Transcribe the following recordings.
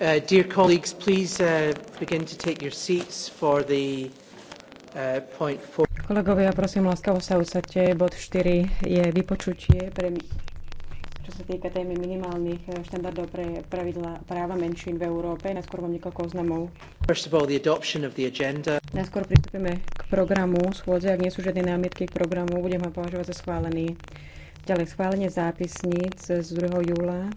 Uh, dear colleagues, please uh, begin to take your seats for the uh, point four. Kolegovia, prosím, láskavo sa usadte. Bod 4 je vypočutie pre mi- čo sa týka témy minimálnych eh, štandardov pre pravidla práva menšín v Európe. Najskôr mám niekoľko oznamov. First of all, the adoption of the agenda. Najskôr pristúpime k programu schôdze. Ak nie sú žiadne námietky k programu, budem ho považovať za schválený. Ďalej schválenie zápisníc z 2. júla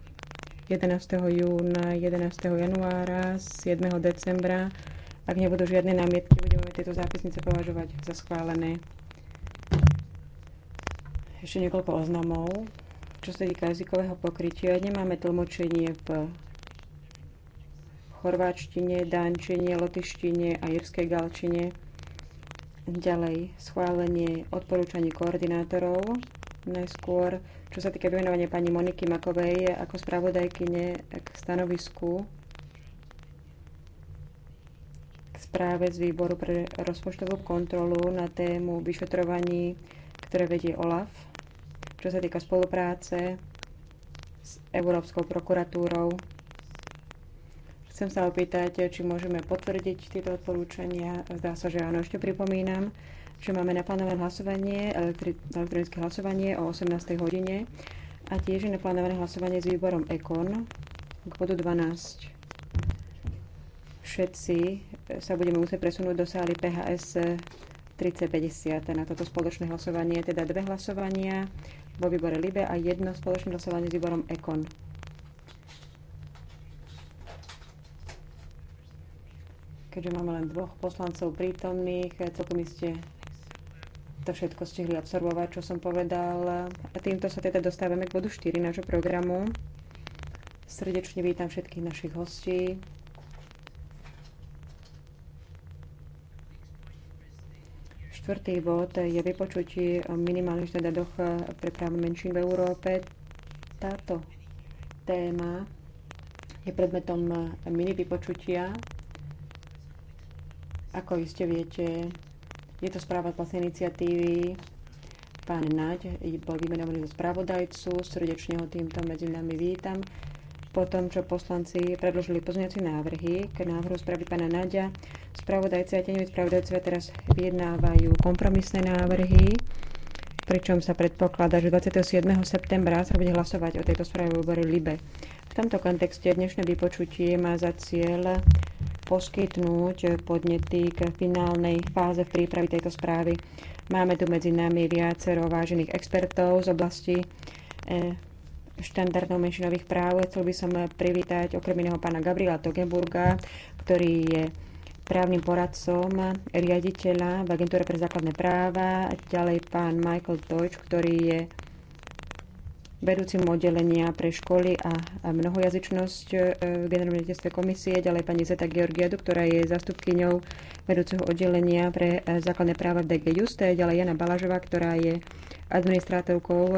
11. júna, 11. januára, 7. decembra. Ak nebudú žiadne námietky, budeme tieto zápisnice považovať za schválené. Ešte niekoľko oznamov. Čo sa týka jazykového pokrytia, nemáme tlmočenie v chorváčtine, dánčine, lotyštine a jirskej galčine. Ďalej schválenie odporúčaní koordinátorov. Najskôr čo sa týka vymenovania pani Moniky Makovej ako spravodajkyne k stanovisku k správe z výboru pre rozpočtovú kontrolu na tému vyšetrovaní, ktoré vedie OLAF, čo sa týka spolupráce s Európskou prokuratúrou. Chcem sa opýtať, či môžeme potvrdiť tieto odporúčania. Zdá sa, že áno, ešte pripomínam, že máme naplánované hlasovanie, e, elektronické hlasovanie o 18. hodine a tiež je naplánované hlasovanie s výborom EKON k bodu 12. Všetci e, sa budeme musieť presunúť do sály PHS 3050 na toto spoločné hlasovanie, teda dve hlasovania vo výbore LIBE a jedno spoločné hlasovanie s výborom EKON. keďže máme len dvoch poslancov prítomných, e, celkom iste to všetko stihli absorbovať, čo som povedal. A týmto sa teda dostávame k bodu 4 nášho programu. Srdečne vítam všetkých našich hostí. Štvrtý bod je vypočutie o minimálnych štandardoch pre právo menšín v Európe. Táto téma je predmetom mini vypočutia. Ako iste viete, je to správa z vlastnej iniciatívy. Pán Naď bol vymenovaný za správodajcu, srdečne ho týmto medzi nami vítam. Po tom, čo poslanci predložili pozmeňovacie návrhy k návrhu správy pána Naďa, správodajci a tenevi správodajcovia teraz vyjednávajú kompromisné návrhy, pričom sa predpokladá, že 27. septembra sa bude hlasovať o tejto správe v LIBE. V tomto kontexte dnešné vypočutie má za cieľ poskytnúť podnety k finálnej fáze v prípravy tejto správy. Máme tu medzi nami viacero vážených expertov z oblasti e, štandardov menšinových práv. Chcel by som privítať okrem iného pána Gabriela Togenburga, ktorý je právnym poradcom riaditeľa v Agentúre pre základné práva. Ďalej pán Michael Deutsch, ktorý je vedúcim oddelenia pre školy a mnohojazyčnosť v e, generálnom riaditeľstve komisie, ďalej pani Zeta Georgiadu, ktorá je zastupkyňou vedúceho oddelenia pre e, základné práva v DG Juste, ďalej Jana Balažová, ktorá je administrátorkou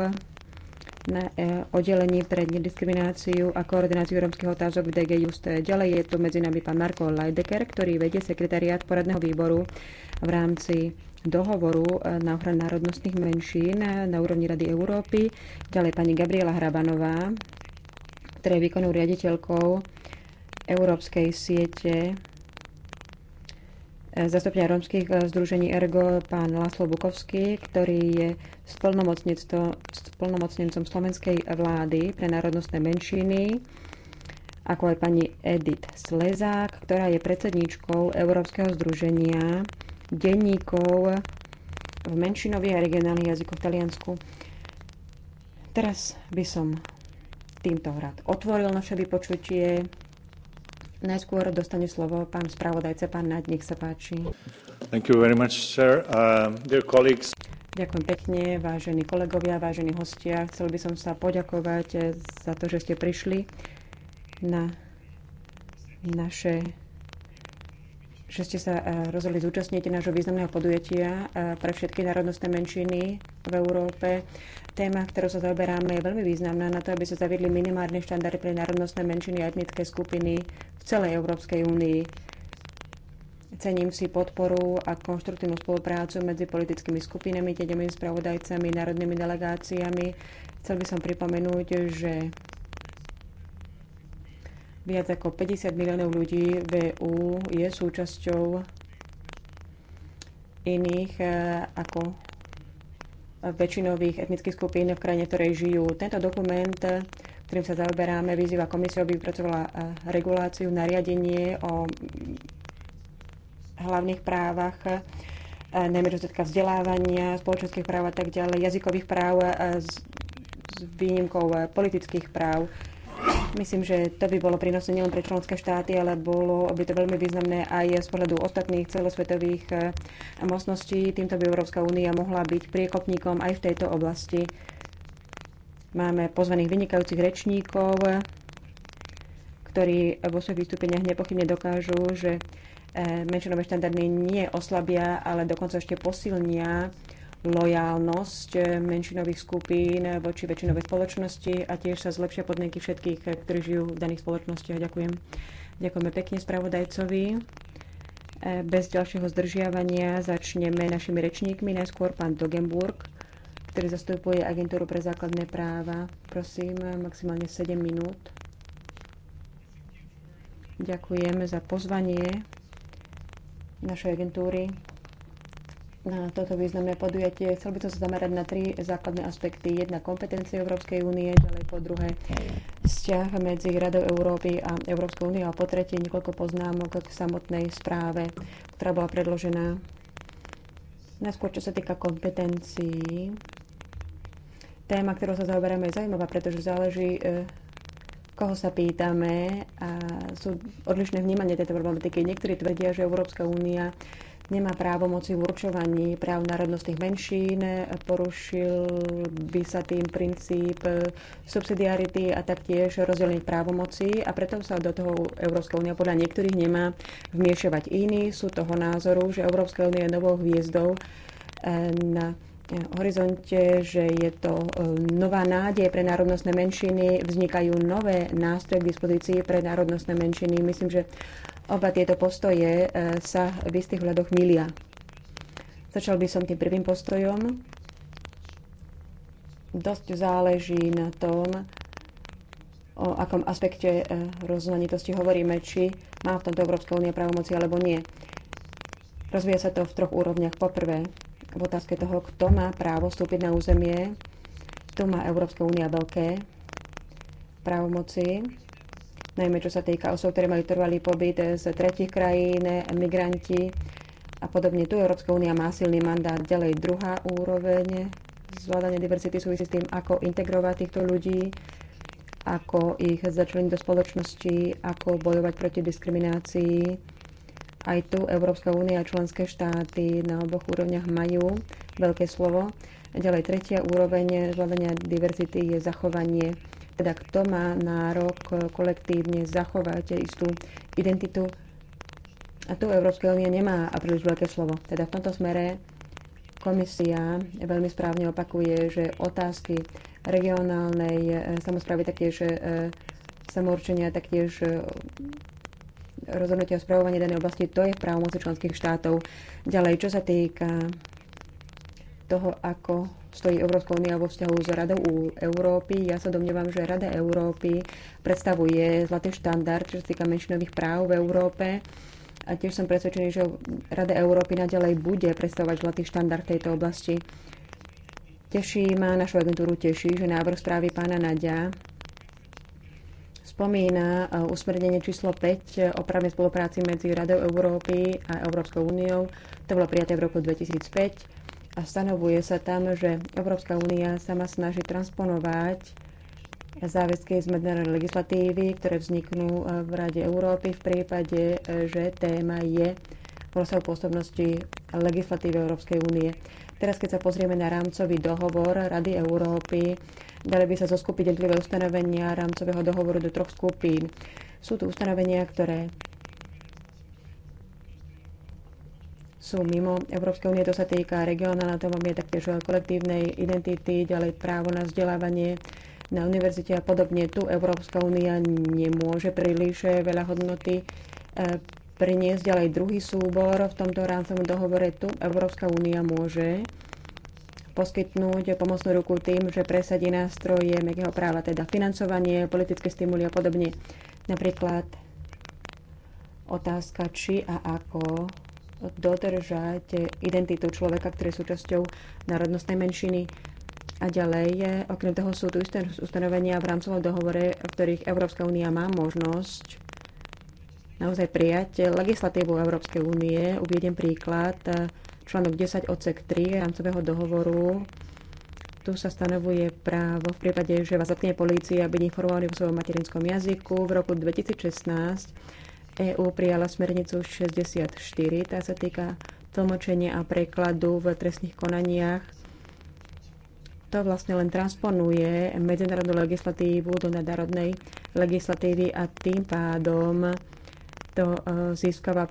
na e, oddelení pre nediskrimináciu a koordináciu rómskych otázok v DG Just. Ďalej je tu medzi nami pán Marko Lajdeker, ktorý vedie sekretariát poradného výboru v rámci dohovoru e, na ochranu národnostných menšín e, na úrovni Rady Európy. Ďalej pani Gabriela Hrabanová, ktorá je výkonnou riaditeľkou Európskej siete e, zastupňa rómskych združení ERGO, pán Laslo Bukovský, ktorý je splnomocnencom slovenskej vlády pre národnostné menšiny, ako aj pani Edith Slezák, ktorá je predsedníčkou Európskeho združenia denníkov v menšinových a regionálnych jazykoch v Taliansku. Teraz by som týmto hrad otvoril naše vypočutie. Najskôr dostane slovo pán spravodajca, pán Naď, nech sa páči. Thank you very much, sir. Uh, dear colleagues. Ďakujem pekne, vážení kolegovia, vážení hostia. Chcel by som sa poďakovať za to, že ste prišli na naše že ste sa e, rozhodli zúčastniť nášho významného podujatia e, pre všetky národnostné menšiny v Európe. Téma, ktorou sa zaoberáme, je veľmi významná na to, aby sa zaviedli minimálne štandardy pre národnostné menšiny a etnické skupiny v celej Európskej únii. Cením si podporu a konštruktívnu spoluprácu medzi politickými skupinami, tedemi spravodajcami, národnými delegáciami. Chcel by som pripomenúť, že Viac ako 50 miliónov ľudí v EU je súčasťou iných e, ako väčšinových etnických skupín v krajine, ktorej žijú. Tento dokument, ktorým sa zaoberáme, vyzýva komisiu, aby vypracovala e, reguláciu, nariadenie o hlavných právach, e, najmä čo týka vzdelávania, spoločenských práv a tak ďalej, jazykových práv s výnimkou politických práv. Myslím, že to by bolo prínosné nielen pre členské štáty, ale bolo by to veľmi významné aj z pohľadu ostatných celosvetových eh, mocností. Týmto by Európska únia mohla byť priekopníkom aj v tejto oblasti. Máme pozvaných vynikajúcich rečníkov, ktorí vo svojich vystúpeniach nepochybne dokážu, že eh, menšinové štandardy nie oslabia, ale dokonca ešte posilnia lojálnosť eh, menšinových skupín eh, voči väčšinovej spoločnosti a tiež sa zlepšia podmienky všetkých, eh, ktorí žijú v daných spoločnostiach. Ďakujem. Ďakujeme pekne spravodajcovi. Bez ďalšieho zdržiavania začneme našimi rečníkmi. Najskôr pán Dogenburg, ktorý zastupuje Agentúru pre základné práva. Prosím, maximálne 7 minút. Ďakujem za pozvanie našej agentúry na toto významné podujatie. Chcel by som sa zamerať na tri základné aspekty. Jedna kompetencie Európskej únie, ďalej po druhé vzťah medzi Radou Európy a Európskou úniou a po tretie niekoľko poznámok k samotnej správe, ktorá bola predložená. Najskôr, čo sa týka kompetencií, téma, ktorou sa zaoberáme, je zaujímavá, pretože záleží, e, koho sa pýtame a sú odlišné vnímanie tejto problematiky. Niektorí tvrdia, že Európska únia nemá právomoci v určovaní práv národnostných menšín, porušil by sa tým princíp subsidiarity a taktiež rozdelenie právomoci a preto sa do toho Európska únia podľa niektorých nemá vmiešovať. Iní sú toho názoru, že Európska únia je novou hviezdou eh, na horizonte, že je to e, nová nádej pre národnostné menšiny, vznikajú nové nástroje k dispozícii pre národnostné menšiny. Myslím, že oba tieto postoje e, sa v istých hľadoch milia. Začal by som tým prvým postojom. Dosť záleží na tom, o akom aspekte e, rozmanitosti hovoríme, či má v tomto Európska únia právomoci alebo nie. Rozvíja sa to v troch úrovniach. Poprvé, v otázke toho, kto má právo vstúpiť na územie. Tu má Európska únia veľké právomoci, najmä čo sa týka osob, ktoré mali trvalý pobyt z tretich krajín, migranti a podobne. Tu Európska únia má silný mandát. Ďalej druhá úroveň zvládania diverzity súvisí s tým, ako integrovať týchto ľudí, ako ich začleniť do spoločnosti, ako bojovať proti diskriminácii aj tu Európska únia a členské štáty na oboch úrovniach majú veľké slovo. A ďalej tretia úroveň zvládania diverzity je zachovanie. Teda kto má nárok kolektívne zachovať istú identitu. A tu Európska únia nemá príliš veľké slovo. Teda v tomto smere komisia veľmi správne opakuje, že otázky regionálnej samozprávy taktiež e, samorčenia taktiež rozhodnutia o spravovaní danej oblasti, to je v právomoci členských štátov. Ďalej, čo sa týka toho, ako stojí Európska únia vo vzťahu s Radou Európy. Ja sa domnievam, že Rada Európy predstavuje zlatý štandard, čo sa týka menšinových práv v Európe. A tiež som presvedčený, že Rada Európy naďalej bude predstavovať zlatý štandard v tejto oblasti. Teší ma, našu agentúru teší, že návrh správy pána Nadia spomína e, usmernenie číslo 5 e, o právnej spolupráci medzi Radou Európy a Európskou úniou. To bolo prijaté v roku 2005 a stanovuje sa tam, že Európska únia sa má snažiť transponovať záväzky z medzinárodnej legislatívy, ktoré vzniknú e, v Rade Európy v prípade, že téma je rozsahu pôsobnosti legislatívy Európskej únie. Teraz, keď sa pozrieme na rámcový dohovor Rady Európy, dali by sa zoskupiť jednotlivé ustanovenia rámcového dohovoru do troch skupín. Sú tu ustanovenia, ktoré sú mimo Európskej únie, to sa týka regionálnej autonómie, taktiež kolektívnej identity, ďalej právo na vzdelávanie na univerzite a podobne. Tu Európska únia nemôže príliš veľa hodnoty eh, preniesť ďalej druhý súbor v tomto rámcovom dohovore. Tu Európska únia môže poskytnúť pomocnú ruku tým, že presadí nástroje mekého práva, teda financovanie, politické stimuly a podobne. Napríklad otázka, či a ako dodržať identitu človeka, ktorý je súčasťou národnostnej menšiny. A ďalej, je, okrem toho sú tu isté ustanovenia v rámcovom dohovore, v ktorých Európska únia má možnosť naozaj prijať legislatívu Európskej únie. Uviedem príklad e, článok 10 odsek 3 rámcového dohovoru. Tu sa stanovuje právo v prípade, že vás zatkne polícia byť informovaný vo svojom materinskom jazyku. V roku 2016 EÚ prijala smernicu 64, tá sa týka tlmočenia a prekladu v trestných konaniach. To vlastne len transponuje medzinárodnú legislatívu do nadárodnej legislatívy a tým pádom to e, získava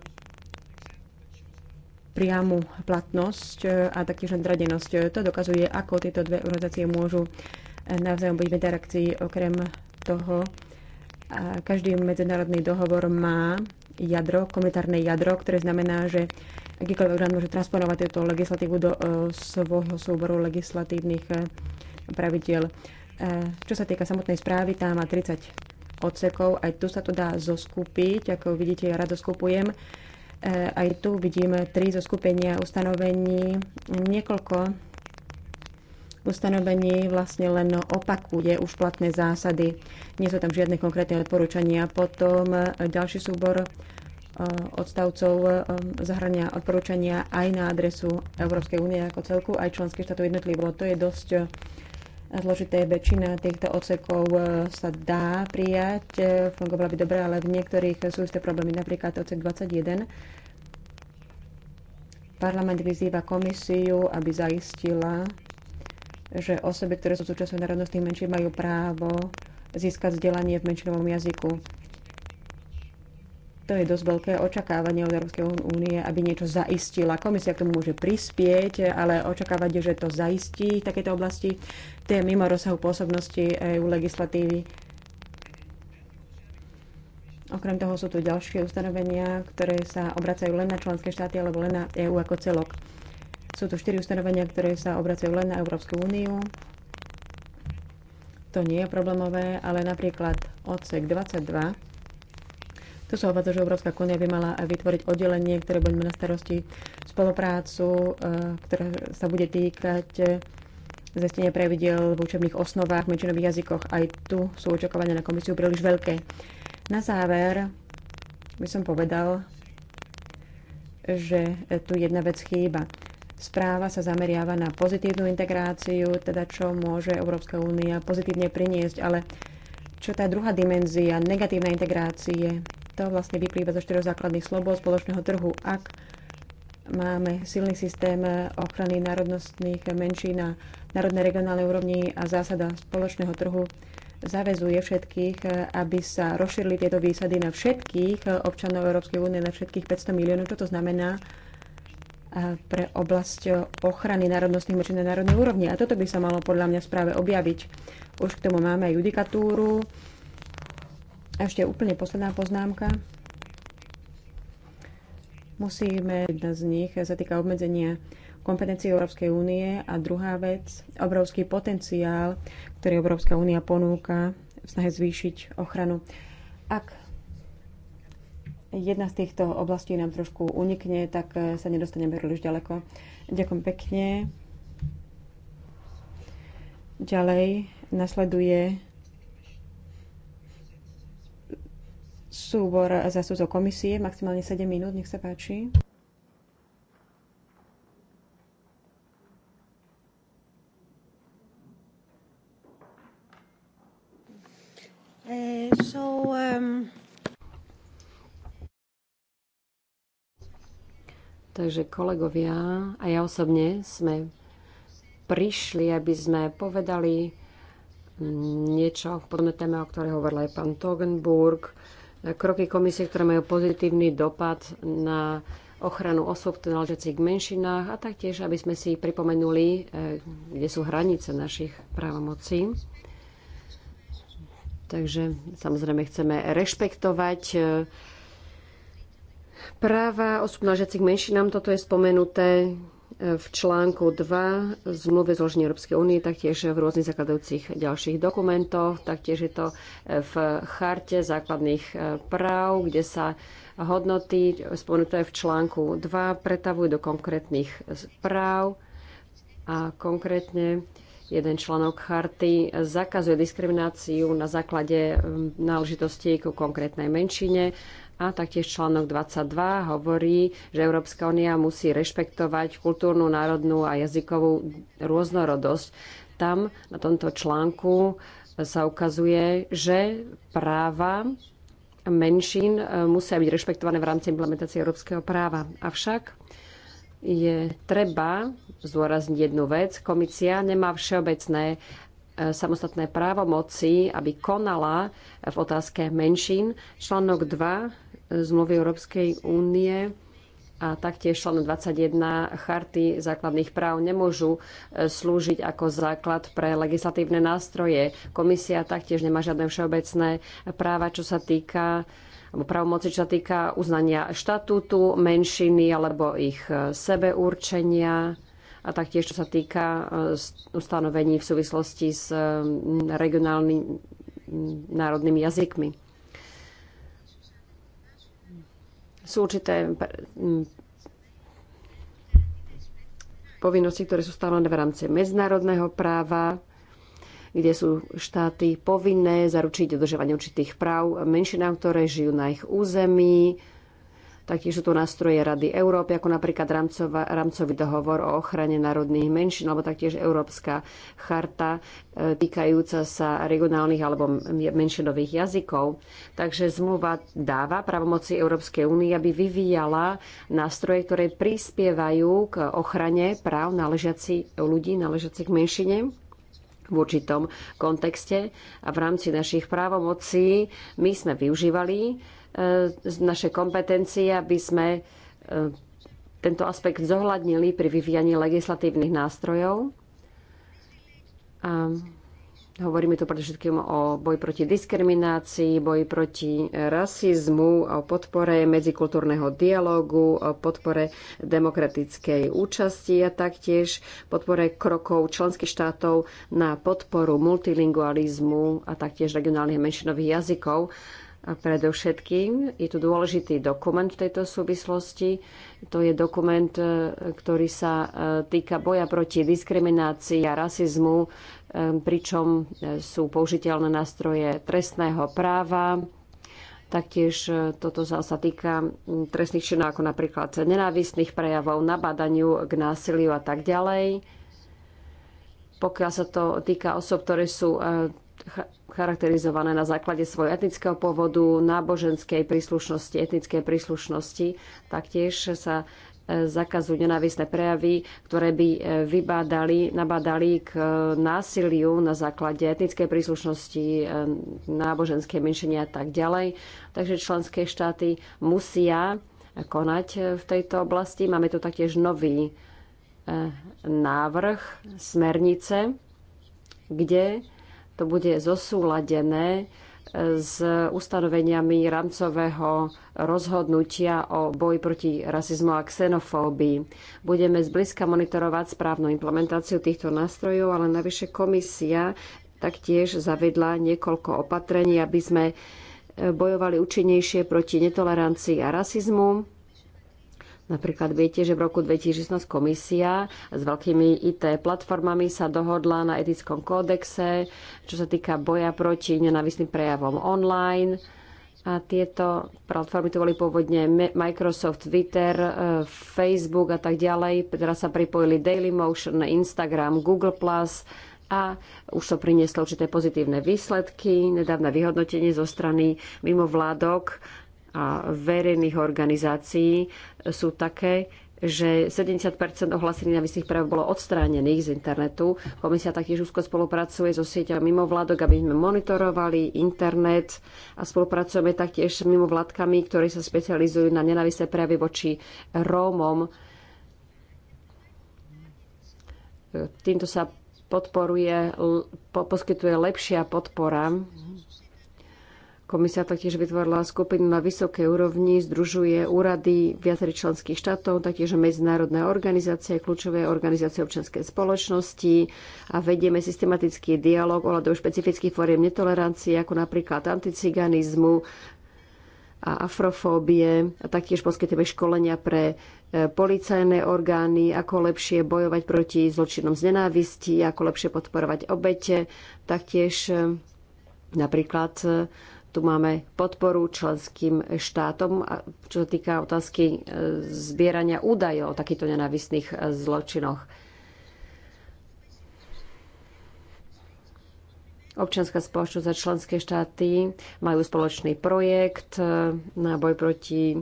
priamu platnosť e, a taktiež nadradenosť. To dokazuje, ako tieto dve organizácie môžu e, navzájom byť v interakcii. Okrem toho, každý medzinárodný dohovor má jadro, komunitárne jadro, ktoré znamená, že akýkoľvek orgán môže transponovať túto legislatívu do svojho súboru legislatívnych pravidiel. Čo sa týka samotnej správy, tá má 30 odsekov. Aj tu sa to dá zoskupiť. Ako vidíte, ja rado skupujem. Eh, aj tu vidíme tri zoskupenia ustanovení. Niekoľko ustanovení vlastne len opakuje už platné zásady. Nie sú tam žiadne konkrétne odporúčania. Potom eh, ďalší súbor eh, odstavcov zahrania odporúčania aj na adresu Európskej únie ako celku, aj členských štátov jednotlivo. To je dosť zložité. Väčšina týchto odsekov e, sa dá prijať, e, fungovala by dobre, ale v niektorých sú isté problémy, napríklad odsek 21. Parlament vyzýva komisiu, aby zaistila, že osoby, ktoré sú súčasťou národnostných menšín, majú právo získať vzdelanie v menšinovom jazyku to je dosť veľké očakávanie od Európskej únie, aby niečo zaistila. Komisia k tomu môže prispieť, ale očakávať, že to zaistí v takéto oblasti, to je mimo rozsahu pôsobnosti EU legislatívy. Okrem toho sú tu ďalšie ustanovenia, ktoré sa obracajú len na členské štáty alebo len na EU ako celok. Sú tu štyri ustanovenia, ktoré sa obracajú len na Európsku úniu. To nie je problémové, ale napríklad odsek 22 to sa uvádza, že Európska konia by mala vytvoriť oddelenie, ktoré bude na starosti spoluprácu, e, ktorá sa bude týkať e, zistenia pravidel v učebných osnovách, menšinových jazykoch. Aj tu sú očakávania na komisiu príliš veľké. Na záver by som povedal, že tu jedna vec chýba. Správa sa zameriava na pozitívnu integráciu, teda čo môže Európska únia pozitívne priniesť, ale čo tá druhá dimenzia, negatívnej integrácie, to vlastne vyplýva zo štyroch základných slobod spoločného trhu. Ak máme silný systém ochrany národnostných menšín na národnej regionálnej úrovni a zásada spoločného trhu zavezuje všetkých, aby sa rozšírili tieto výsady na všetkých občanov Európskej únie, na všetkých 500 miliónov. Čo to znamená? Eh, pre oblasť ochrany národnostných menšín na národnej úrovni. A toto by sa malo podľa mňa v správe objaviť. Už k tomu máme aj judikatúru, a ešte úplne posledná poznámka. Musíme, jedna z nich sa týka obmedzenia kompetencií Európskej únie a druhá vec, obrovský potenciál, ktorý Európska únia ponúka v snahe zvýšiť ochranu. Ak jedna z týchto oblastí nám trošku unikne, tak eh, sa nedostaneme príliš ďaleko. Ďakujem pekne. Ďalej nasleduje súbor zastupcov komisie, maximálne 7 minút, nech sa páči. Eh, so, um... Takže kolegovia a ja osobne sme prišli, aby sme povedali mm, niečo v podobnej téme, o ktorej hovoril aj pán Togenburg kroky komisie, ktoré majú pozitívny dopad na ochranu ktoré náležiacich k menšinách a taktiež, aby sme si pripomenuli, e, kde sú hranice našich právomocí. Takže samozrejme chceme rešpektovať e, práva osôb náležiacich menšinám. Toto je spomenuté v článku 2 zmluvy zloženia Európskej únie, taktiež v rôznych zakladajúcich ďalších dokumentoch, taktiež je to v charte základných e, práv, kde sa hodnoty spomenuté v článku 2 pretavujú do konkrétnych práv a konkrétne jeden článok charty zakazuje diskrimináciu na základe náležitosti ku konkrétnej menšine a taktiež článok 22 hovorí, že Európska únia musí rešpektovať kultúrnu, národnú a jazykovú rôznorodosť. Tam na tomto článku sa ukazuje, že práva menšín e, musia byť rešpektované v rámci implementácie európskeho práva. Avšak je treba zdôrazniť jednu vec. Komisia nemá všeobecné e, samostatné právomoci, aby konala v otázke menšín. Článok 2 zmluvy Európskej únie a taktiež článok 21 charty základných práv nemôžu e, slúžiť ako základ pre legislatívne nástroje. Komisia taktiež nemá žiadne všeobecné práva, čo sa týka alebo pravomoci, čo sa týka uznania štatútu menšiny alebo ich e, sebeurčenia a taktiež čo sa týka e, ustanovení v súvislosti s regionálnymi národnými jazykmi. sú určité mm, povinnosti, ktoré sú stanovené v rámci medzinárodného práva, kde sú štáty povinné zaručiť dodržovanie určitých práv menšinám, ktoré žijú na ich území. Taktiež sú tu nástroje Rady Európy, ako napríklad rámcová, rámcový dohovor o ochrane národných menšín, alebo taktiež Európska charta e, týkajúca sa regionálnych alebo menšinových jazykov. Takže zmluva dáva pravomoci Európskej únie, aby vyvíjala nástroje, ktoré prispievajú k ochrane práv náležiacich ľudí, náležiacich menšine v určitom kontexte a v rámci našich právomocí my sme využívali naše kompetencie, aby sme e, tento aspekt zohľadnili pri vyvíjaní legislatívnych nástrojov. A hovoríme tu predovšetkým o boji proti diskriminácii, boji proti rasizmu, o podpore medzikultúrneho dialogu, o podpore demokratickej účasti a taktiež podpore krokov členských štátov na podporu multilingualizmu a taktiež regionálnych menšinových jazykov. A predovšetkým je tu dôležitý dokument v tejto súvislosti. To je dokument, e, ktorý sa e, týka boja proti diskriminácii a rasizmu, e, pričom sú použiteľné nástroje trestného práva. Taktiež toto sa týka trestných činov ako napríklad nenávistných prejavov, nabádaniu k násiliu a tak ďalej. Pokiaľ sa to týka osob, ktoré sú charakterizované na základe svojho etnického pôvodu, náboženskej príslušnosti, etnickej príslušnosti. Taktiež sa e, zakazujú nenávisné prejavy, ktoré by e, vybádali, nabádali k e, násiliu na základe etnickej príslušnosti, náboženské menšenia a tak ďalej. Takže členské štáty musia konať v tejto oblasti. Máme tu taktiež nový návrh smernice, kde to bude zosúladené e, s ustanoveniami rámcového rozhodnutia o boji proti rasizmu a xenofóbii. Budeme zblízka monitorovať správnu implementáciu týchto nástrojov, ale navyše komisia taktiež zavedla niekoľko opatrení, aby sme e, bojovali účinnejšie proti netolerancii a rasizmu. Napríklad viete, že v roku 2016 komisia s veľkými IT platformami sa dohodla na etickom kódexe, čo sa týka boja proti nenávisným prejavom online. A tieto platformy to boli pôvodne Microsoft, Twitter, e, Facebook a tak ďalej. Teraz sa pripojili Dailymotion, Instagram, Google+, a už to prinieslo určité pozitívne výsledky. Nedávne vyhodnotenie zo strany mimovládok a verejných organizácií sú také, že 70 ohlásení nenávisných práv bolo odstránených z internetu. Komisia taktiež úzko spolupracuje so sieťou mimovládok, aby sme monitorovali internet a spolupracujeme taktiež s mimovládkami, ktorí sa specializujú na nenávisné prejavy voči Rómom. Týmto sa podporuje, poskytuje lepšia podpora Komisia taktiež vytvorila skupinu na vysokej úrovni, združuje úrady viacerých členských štátov, taktiež medzinárodné organizácie, kľúčové organizácie občianskej spoločnosti a vedieme systematický dialog ohľadom špecifických fóriem netolerancie, ako napríklad anticiganizmu a afrofóbie. A taktiež poskytujeme školenia pre e, policajné orgány, ako lepšie bojovať proti zločinom z nenávisti, ako lepšie podporovať obete. Taktiež e, napríklad e, tu máme podporu členským štátom, čo sa týka otázky e, zbierania údajov o takýchto nenávistných e, zločinoch. Občianská spoločnosť a členské štáty majú spoločný projekt e, na boj proti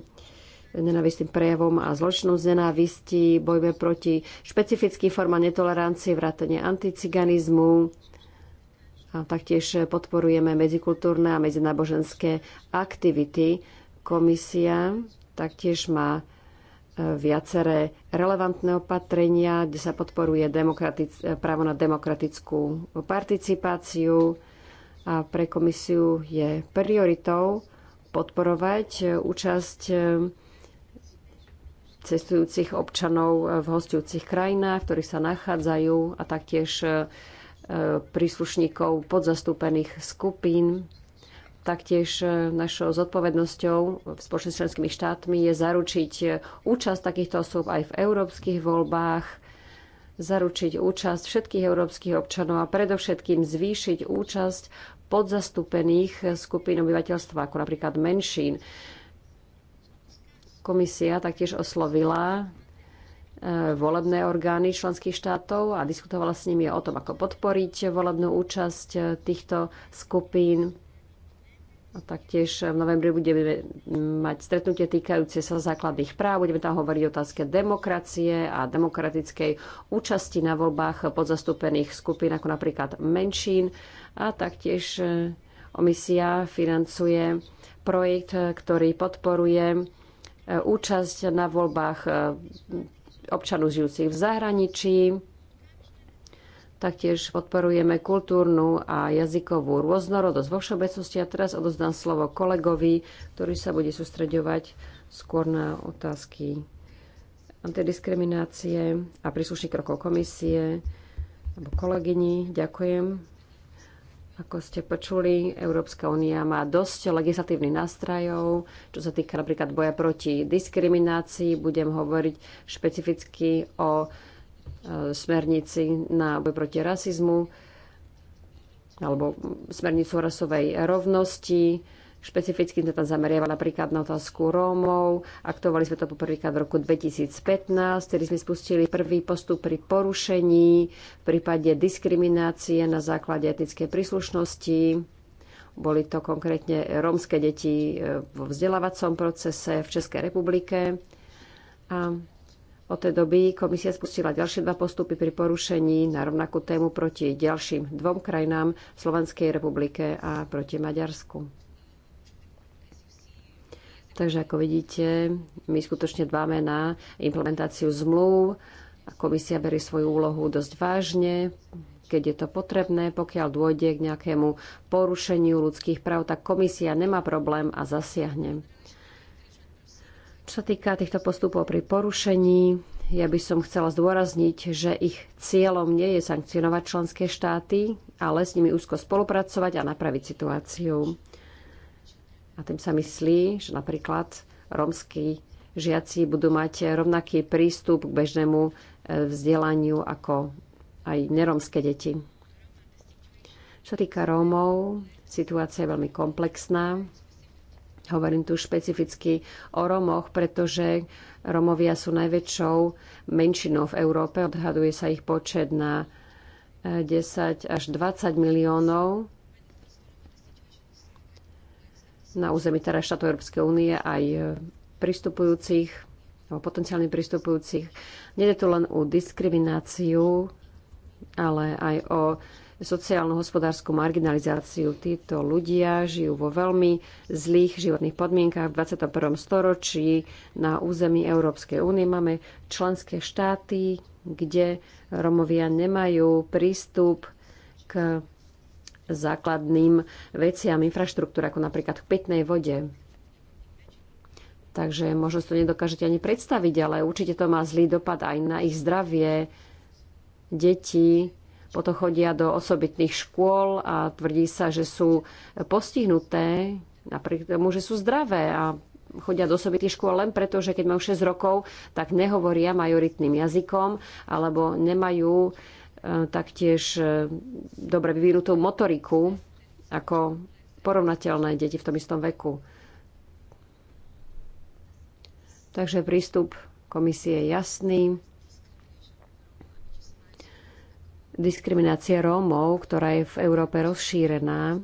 nenávistným prejavom a zločinom z nenávisti, bojme proti špecifickým formám netolerancie, vrátane anticiganizmu, a taktiež podporujeme medzikultúrne a medzináboženské aktivity. Komisia taktiež má e, viaceré relevantné opatrenia, kde sa podporuje e, právo na demokratickú participáciu. A pre komisiu je prioritou podporovať e, účasť cestujúcich občanov v hostujúcich krajinách, v ktorých sa nachádzajú a taktiež príslušníkov podzastúpených skupín. Taktiež e, našou zodpovednosťou spoločne s členskými štátmi je zaručiť e, účasť takýchto osôb aj v európskych voľbách, zaručiť účasť všetkých európskych občanov a predovšetkým zvýšiť účasť podzastúpených skupín obyvateľstva, ako napríklad menšín. Komisia taktiež oslovila Eh, volebné orgány členských štátov a diskutovala s nimi o tom, ako podporiť volebnú účasť eh, týchto skupín. A taktiež v novembri budeme mať stretnutie týkajúce sa základných práv. Budeme tam hovoriť o otázke demokracie a demokratickej účasti na voľbách podzastúpených skupín, ako napríklad menšín. A taktiež komisia eh, financuje projekt, ktorý podporuje účasť na voľbách občanov žijúcich v zahraničí. Taktiež podporujeme kultúrnu a jazykovú rôznorodosť vo všeobecnosti. A teraz odozdám slovo kolegovi, ktorý sa bude sústreďovať skôr na otázky antidiskriminácie a príslušných krokov komisie alebo kolegyni. Ďakujem. Ako ste počuli, Európska únia má dosť legislatívnych nástrojov, čo sa týka napríklad boja proti diskriminácii. Budem hovoriť špecificky o e, smernici na boj proti rasizmu alebo smernicu rasovej rovnosti Špecificky sme tam zameriava napríklad na otázku Rómov. Aktuovali sme to poprvýkrát v roku 2015, kedy sme spustili prvý postup pri porušení v prípade diskriminácie na základe etnickej príslušnosti. Boli to konkrétne rómske deti e, vo vzdelávacom procese v Českej republike. A od tej doby komisia spustila ďalšie dva postupy pri porušení na rovnakú tému proti ďalším dvom krajinám, Slovenskej republike a proti Maďarsku. Takže ako vidíte, my skutočne dbáme na implementáciu zmluv a komisia berie svoju úlohu dosť vážne, keď je to potrebné, pokiaľ dôjde k nejakému porušeniu ľudských práv, tak komisia nemá problém a zasiahne. Čo sa týka týchto postupov pri porušení, ja by som chcela zdôrazniť, že ich cieľom nie je sankcionovať členské štáty, ale s nimi úzko spolupracovať a napraviť situáciu. A tým sa myslí, že napríklad rómsky žiaci budú mať rovnaký prístup k bežnému e, vzdelaniu ako aj neromské deti. Čo týka Rómov, situácia je veľmi komplexná. Hovorím tu špecificky o Rómoch, pretože Rómovia sú najväčšou menšinou v Európe. Odhaduje sa ich počet na 10 e, až 20 miliónov na území teda štátu Európskej únie aj e, pristupujúcich alebo potenciálne pristupujúcich. Nede tu len o diskrimináciu, ale aj o sociálnu hospodárskú marginalizáciu. Títo ľudia žijú vo veľmi zlých životných podmienkach v 21. storočí na území Európskej únie. Máme členské štáty, kde Romovia nemajú prístup k základným veciam, infraštruktúra, ako napríklad v pitnej vode. Takže možno to nedokážete ani predstaviť, ale určite to má zlý dopad aj na ich zdravie. Deti potom chodia do osobitných škôl a tvrdí sa, že sú postihnuté, napriek tomu, že sú zdravé a chodia do osobitých škôl len preto, že keď majú 6 rokov, tak nehovoria majoritným jazykom alebo nemajú E, taktiež e, dobre vyvinutú motoriku ako porovnateľné deti v tom istom veku. Takže prístup komisie je jasný. Diskriminácia Rómov, ktorá je v Európe rozšírená,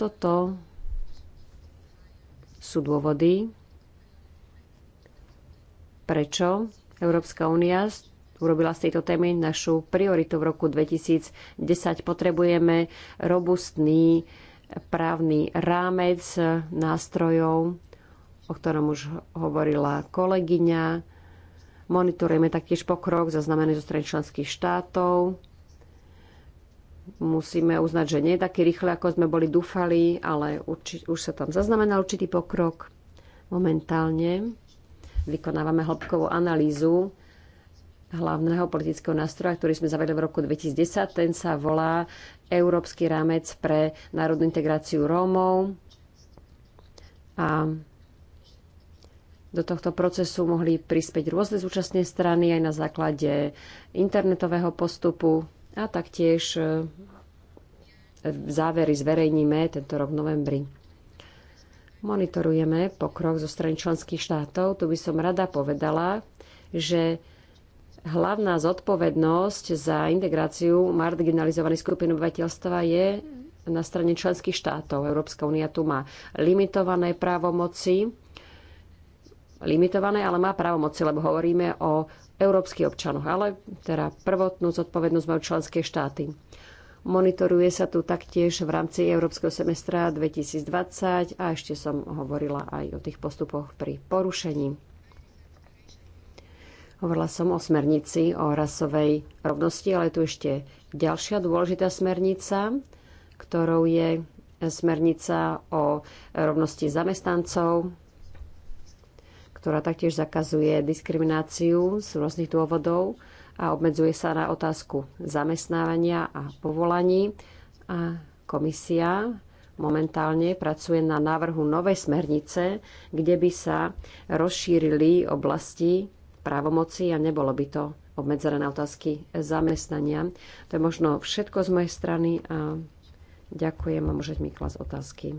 toto sú dôvody, prečo Európska únia urobila z tejto témy našu prioritu v roku 2010. Potrebujeme robustný právny rámec nástrojov, o ktorom už hovorila kolegyňa. Monitorujeme taktiež pokrok zaznamený zo strany členských štátov. Musíme uznať, že nie je taký rýchle, ako sme boli dúfali, ale urči, už sa tam zaznamenal určitý pokrok. Momentálne vykonávame hĺbkovú analýzu hlavného politického nástroja, ktorý sme zavedli v roku 2010. Ten sa volá Európsky rámec pre národnú integráciu Rómov. A do tohto procesu mohli prispäť rôzne zúčastné strany aj na základe internetového postupu a taktiež e, závery zverejníme tento rok v novembri. Monitorujeme pokrok zo strany členských štátov. Tu by som rada povedala, že hlavná zodpovednosť za integráciu marginalizovaných skupín obyvateľstva je na strane členských štátov. Európska únia tu má limitované právomoci, limitované, ale má právomoci, lebo hovoríme o európskych občanoch, ale teda prvotnú zodpovednosť majú členské štáty. Monitoruje sa tu taktiež v rámci Európskeho semestra 2020 a ešte som hovorila aj o tých postupoch pri porušení. Hovorila som o smernici o rasovej rovnosti, ale tu ešte ďalšia dôležitá smernica, ktorou je smernica o rovnosti zamestnancov, ktorá taktiež zakazuje diskrimináciu z rôznych dôvodov a obmedzuje sa na otázku zamestnávania a povolaní. A komisia momentálne pracuje na návrhu novej smernice, kde by sa rozšírili oblasti právomoci a nebolo by to obmedzené na otázky zamestnania. To je možno všetko z mojej strany a ďakujem a môžete mi klas otázky.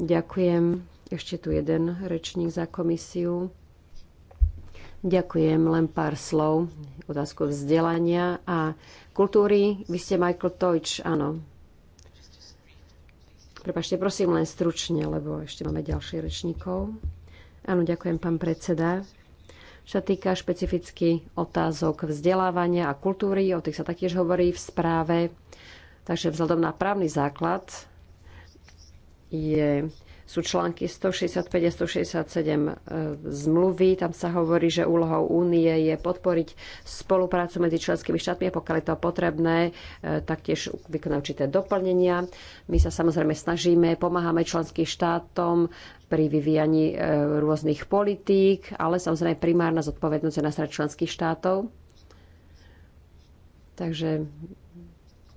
Ďakujem. Ešte tu jeden rečník za komisiu. Ďakujem, len pár slov. Otázku vzdelania a kultúry. Vy ste Michael Tojč, áno. Prepašte, prosím len stručne, lebo ešte máme ďalších rečníkov. Áno, ďakujem, pán predseda. Čo týka špecificky otázok vzdelávania a kultúry, o tých sa taktiež hovorí v správe. Takže vzhľadom na právny základ je sú články 165 a 167 e, zmluvy. Tam sa hovorí, že úlohou únie je podporiť spoluprácu medzi členskými štátmi a pokiaľ je to potrebné, e, taktiež vykonať určité doplnenia. My sa samozrejme snažíme, pomáhame členským štátom pri vyvíjaní e, rôznych politík, ale samozrejme primárna zodpovednosť je na strane členských štátov. Takže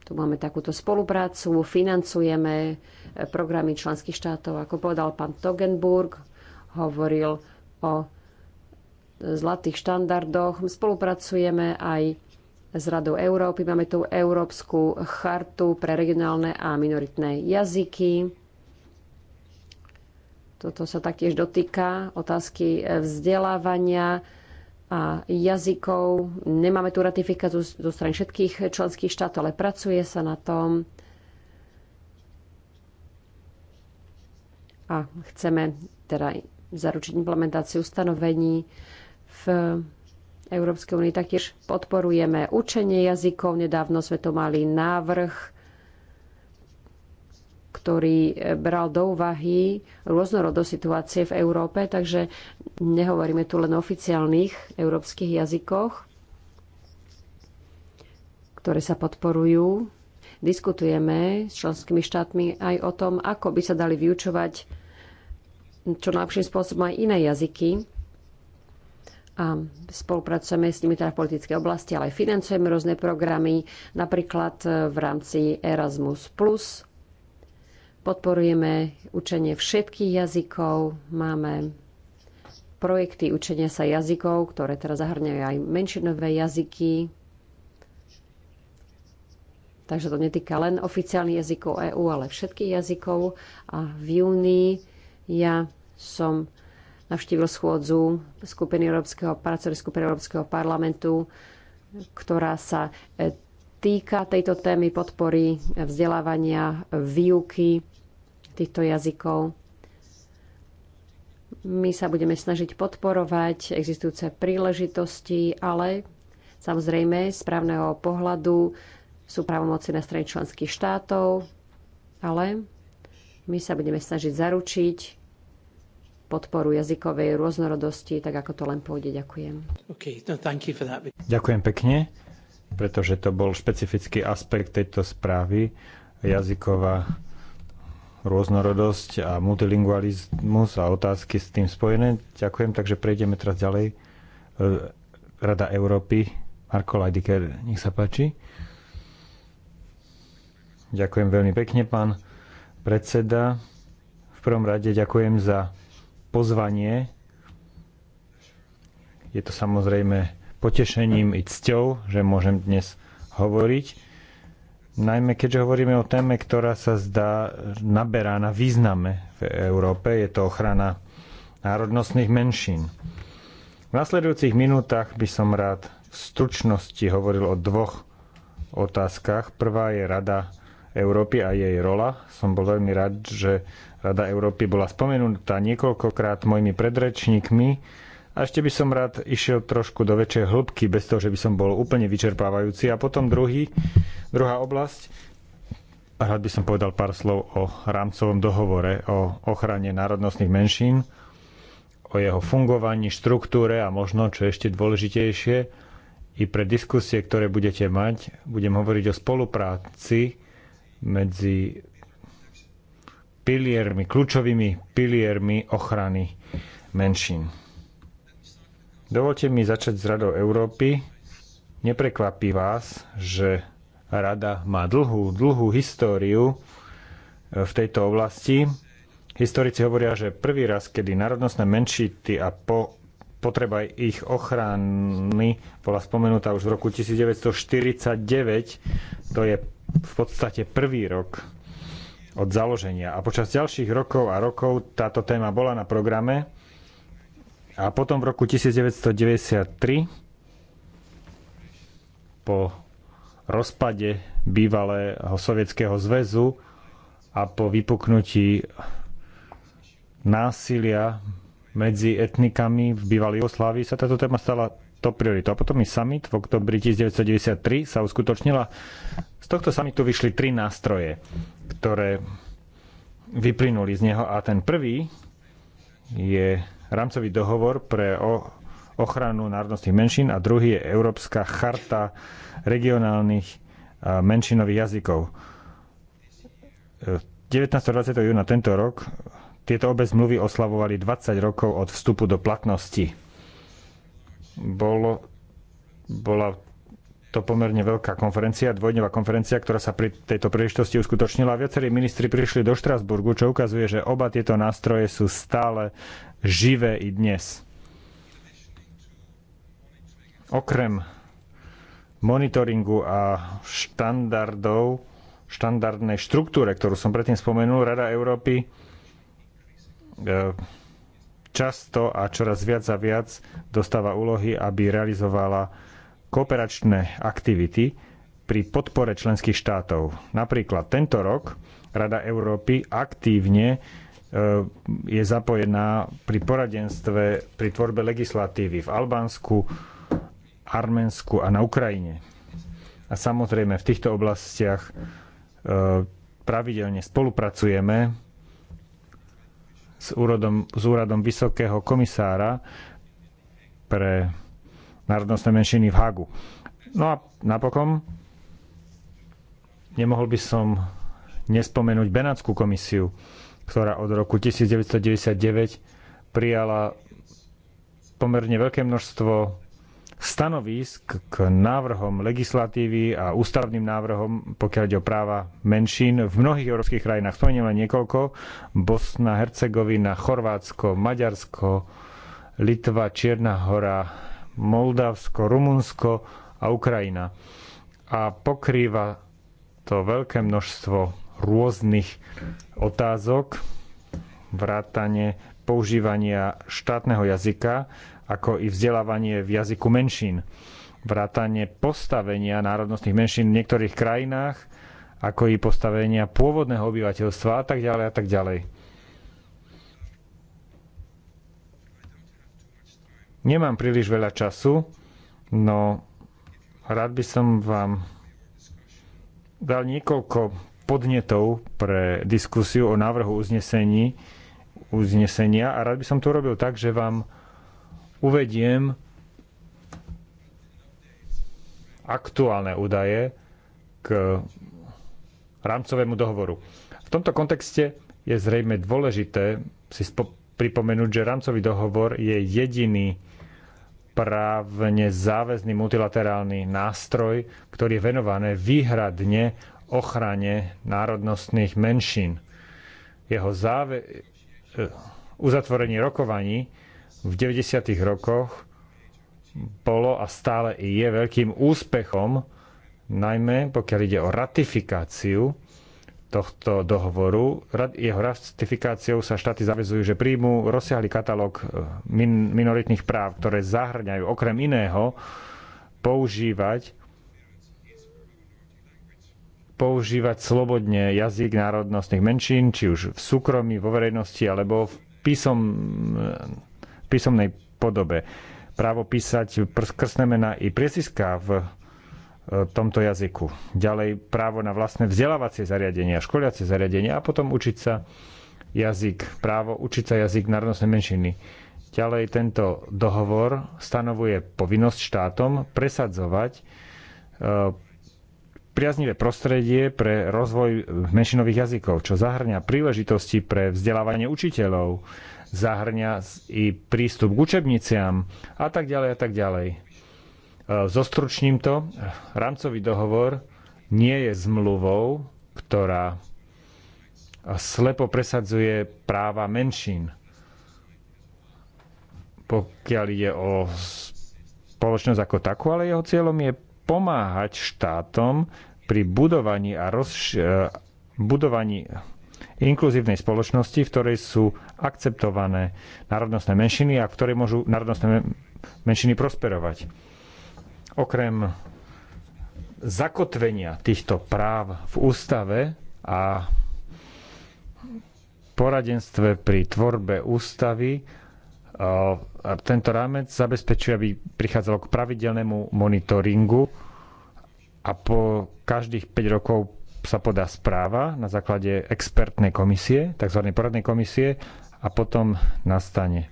tu máme takúto spoluprácu, financujeme programy členských štátov. Ako povedal pán Togenburg, hovoril o zlatých štandardoch. Spolupracujeme aj s Radou Európy. Máme tu Európsku chartu pre regionálne a minoritné jazyky. Toto sa taktiež dotýka otázky vzdelávania a jazykov. Nemáme tu ratifikáciu zo strany všetkých členských štátov, ale pracuje sa na tom. a chceme teda zaručiť implementáciu ustanovení v Európskej únii. Taktiež podporujeme učenie jazykov. Nedávno sme to mali návrh, ktorý bral do úvahy rôznorodosť situácie v Európe, takže nehovoríme tu len o oficiálnych európskych jazykoch, ktoré sa podporujú diskutujeme s členskými štátmi aj o tom, ako by sa dali vyučovať čo najlepším spôsobom aj iné jazyky. A spolupracujeme s nimi teda v politickej oblasti, ale aj financujeme rôzne programy, napríklad e, v rámci Erasmus+. Podporujeme učenie všetkých jazykov, máme projekty učenia sa jazykov, ktoré teraz zahrňajú aj menšinové jazyky, Takže to netýka len oficiálnych jazykov EÚ, ale všetkých jazykov. A v júni ja som navštívil schôdzu skupiny Európskeho, pracovnej skupiny Európskeho parlamentu, ktorá sa e, týka tejto témy podpory vzdelávania, výuky týchto jazykov. My sa budeme snažiť podporovať existujúce príležitosti, ale samozrejme z právneho pohľadu sú právomoci na strane členských štátov, ale my sa budeme snažiť zaručiť podporu jazykovej rôznorodosti, tak ako to len pôjde. Ďakujem. Okay, no, Ďakujem pekne, pretože to bol špecifický aspekt tejto správy, jazyková rôznorodosť a multilingualizmus a otázky s tým spojené. Ďakujem, takže prejdeme teraz ďalej. E, Rada Európy, Marko Lajdiker, nech sa páči. Ďakujem veľmi pekne, pán predseda. V prvom rade ďakujem za pozvanie. Je to samozrejme potešením i cťou, že môžem dnes hovoriť. Najmä keďže hovoríme o téme, ktorá sa zdá naberá na význame v Európe, je to ochrana národnostných menšín. V nasledujúcich minútach by som rád v stručnosti hovoril o dvoch otázkach. Prvá je rada Európy a jej rola. Som bol veľmi rád, že Rada Európy bola spomenutá niekoľkokrát mojimi predrečníkmi. A ešte by som rád išiel trošku do väčšej hĺbky, bez toho, že by som bol úplne vyčerpávajúci. A potom druhý, druhá oblasť. Rád by som povedal pár slov o rámcovom dohovore o ochrane národnostných menšín, o jeho fungovaní, štruktúre a možno, čo ešte dôležitejšie, i pre diskusie, ktoré budete mať, budem hovoriť o spolupráci medzi piliermi, kľúčovými piliermi ochrany menšín. Dovolte mi začať s Radou Európy. Neprekvapí vás, že Rada má dlhú, dlhú históriu e, v tejto oblasti. Historici hovoria, že prvý raz, kedy národnostné menšity a po, potreba ich ochrany bola spomenutá už v roku 1949. To je v podstate prvý rok od založenia. A počas ďalších rokov a rokov táto téma bola na programe. A potom v roku 1993 po rozpade bývalého sovietského zväzu a po vypuknutí násilia medzi etnikami v bývalej Jugoslávii sa táto téma stala top prioritou. A potom i summit v oktobri 1993 sa uskutočnila. Z tohto summitu vyšli tri nástroje, ktoré vyplynuli z neho. A ten prvý je rámcový dohovor pre ochranu národnostných menšín a druhý je Európska charta regionálnych menšinových jazykov. 19. 20. júna tento rok tieto obe zmluvy oslavovali 20 rokov od vstupu do platnosti bolo, bola to pomerne veľká konferencia, dvojdňová konferencia, ktorá sa pri tejto príležitosti uskutočnila. Viacerí ministri prišli do Štrasburgu, čo ukazuje, že oba tieto nástroje sú stále živé i dnes. Okrem monitoringu a štandardov, štandardnej štruktúre, ktorú som predtým spomenul, Rada Európy e, často a čoraz viac a viac dostáva úlohy, aby realizovala kooperačné aktivity pri podpore členských štátov. Napríklad tento rok Rada Európy aktívne e, je zapojená pri poradenstve pri tvorbe legislatívy v Albánsku, Arménsku a na Ukrajine. A samozrejme v týchto oblastiach e, pravidelne spolupracujeme s, úradom, s úradom Vysokého komisára pre národnostné menšiny v Hagu. No a napokon nemohol by som nespomenúť Benátskú komisiu, ktorá od roku 1999 prijala pomerne veľké množstvo stanovisk k návrhom legislatívy a ústavným návrhom, pokiaľ ide o práva menšín v mnohých európskych krajinách. Spomeniem len niekoľko. Bosna, Hercegovina, Chorvátsko, Maďarsko, Litva, Čierna hora, Moldavsko, Rumunsko a Ukrajina. A pokrýva to veľké množstvo rôznych otázok, vrátane používania štátneho jazyka, ako i vzdelávanie v jazyku menšín, vrátanie postavenia národnostných menšín v niektorých krajinách, ako i postavenia pôvodného obyvateľstva a tak ďalej a tak ďalej. Nemám príliš veľa času, no rád by som vám dal niekoľko podnetov pre diskusiu o návrhu uznesení, uznesenia a rád by som to urobil tak, že vám uvediem aktuálne údaje k rámcovému dohovoru. V tomto kontexte je zrejme dôležité si pripomenúť, že rámcový dohovor je jediný právne záväzný multilaterálny nástroj, ktorý je venovaný výhradne ochrane národnostných menšín. Jeho záve... E, uzatvorenie rokovaní v 90. rokoch bolo a stále je veľkým úspechom, najmä pokiaľ ide o ratifikáciu tohto dohovoru. Jeho ratifikáciou sa štáty zavezujú, že príjmu rozsiahly katalóg eh, min- minoritných práv, ktoré zahrňajú okrem iného používať používať slobodne jazyk národnostných menšín, či už v súkromí, vo verejnosti alebo v písom písomnej podobe. Právo písať krstné mená i priesiská v e, tomto jazyku. Ďalej právo na vlastné vzdelávacie zariadenia, školiacie zariadenia a potom učiť sa jazyk, právo učiť sa jazyk národnostnej menšiny. Ďalej tento dohovor stanovuje povinnosť štátom presadzovať e, priaznivé prostredie pre rozvoj menšinových jazykov, čo zahrňa príležitosti pre vzdelávanie učiteľov, zahrňa i prístup k učebniciám a tak ďalej a tak ďalej. E, zostručním to, rámcový dohovor nie je zmluvou, ktorá slepo presadzuje práva menšín. Pokiaľ ide o spoločnosť ako takú, ale jeho cieľom je pomáhať štátom pri budovaní a rozš- e, budovaní inkluzívnej spoločnosti, v ktorej sú akceptované národnostné menšiny a v ktorej môžu národnostné menšiny prosperovať. Okrem zakotvenia týchto práv v ústave a poradenstve pri tvorbe ústavy e, tento rámec zabezpečuje, aby prichádzalo k pravidelnému monitoringu a po každých 5 rokov sa podá správa na základe expertnej komisie, tzv. poradnej komisie a potom nastane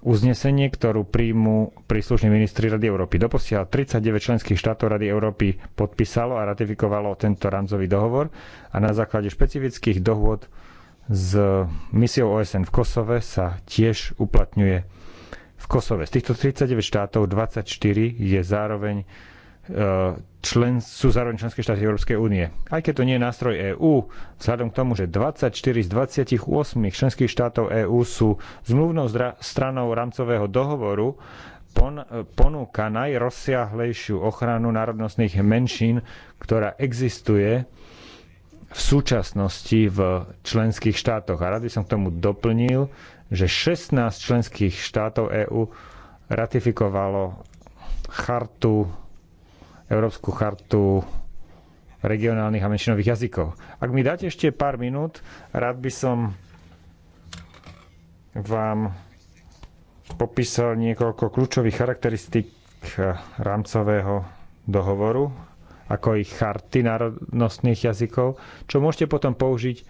uznesenie, ktorú príjmu príslušní ministri Rady Európy. Doposiaľ 39 členských štátov Rady Európy podpísalo a ratifikovalo tento rámcový dohovor a na základe špecifických dohôd s misiou OSN v Kosove sa tiež uplatňuje v Kosove. Z týchto 39 štátov 24 je zároveň E, člen, sú zároveň členské štáty Európskej únie. Aj keď to nie je nástroj EÚ, vzhľadom k tomu, že 24 z 28 členských štátov EÚ sú zmluvnou stranou rámcového dohovoru, pon, e, ponúka najrozsiahlejšiu ochranu národnostných menšín, ktorá existuje v súčasnosti v členských štátoch. A rád by som k tomu doplnil, že 16 členských štátov EÚ ratifikovalo chartu Európsku chartu regionálnych a menšinových jazykov. Ak mi dáte ešte pár minút, rád by som vám popísal niekoľko kľúčových charakteristík eh, rámcového dohovoru, ako ich charty národnostných jazykov, čo môžete potom použiť eh,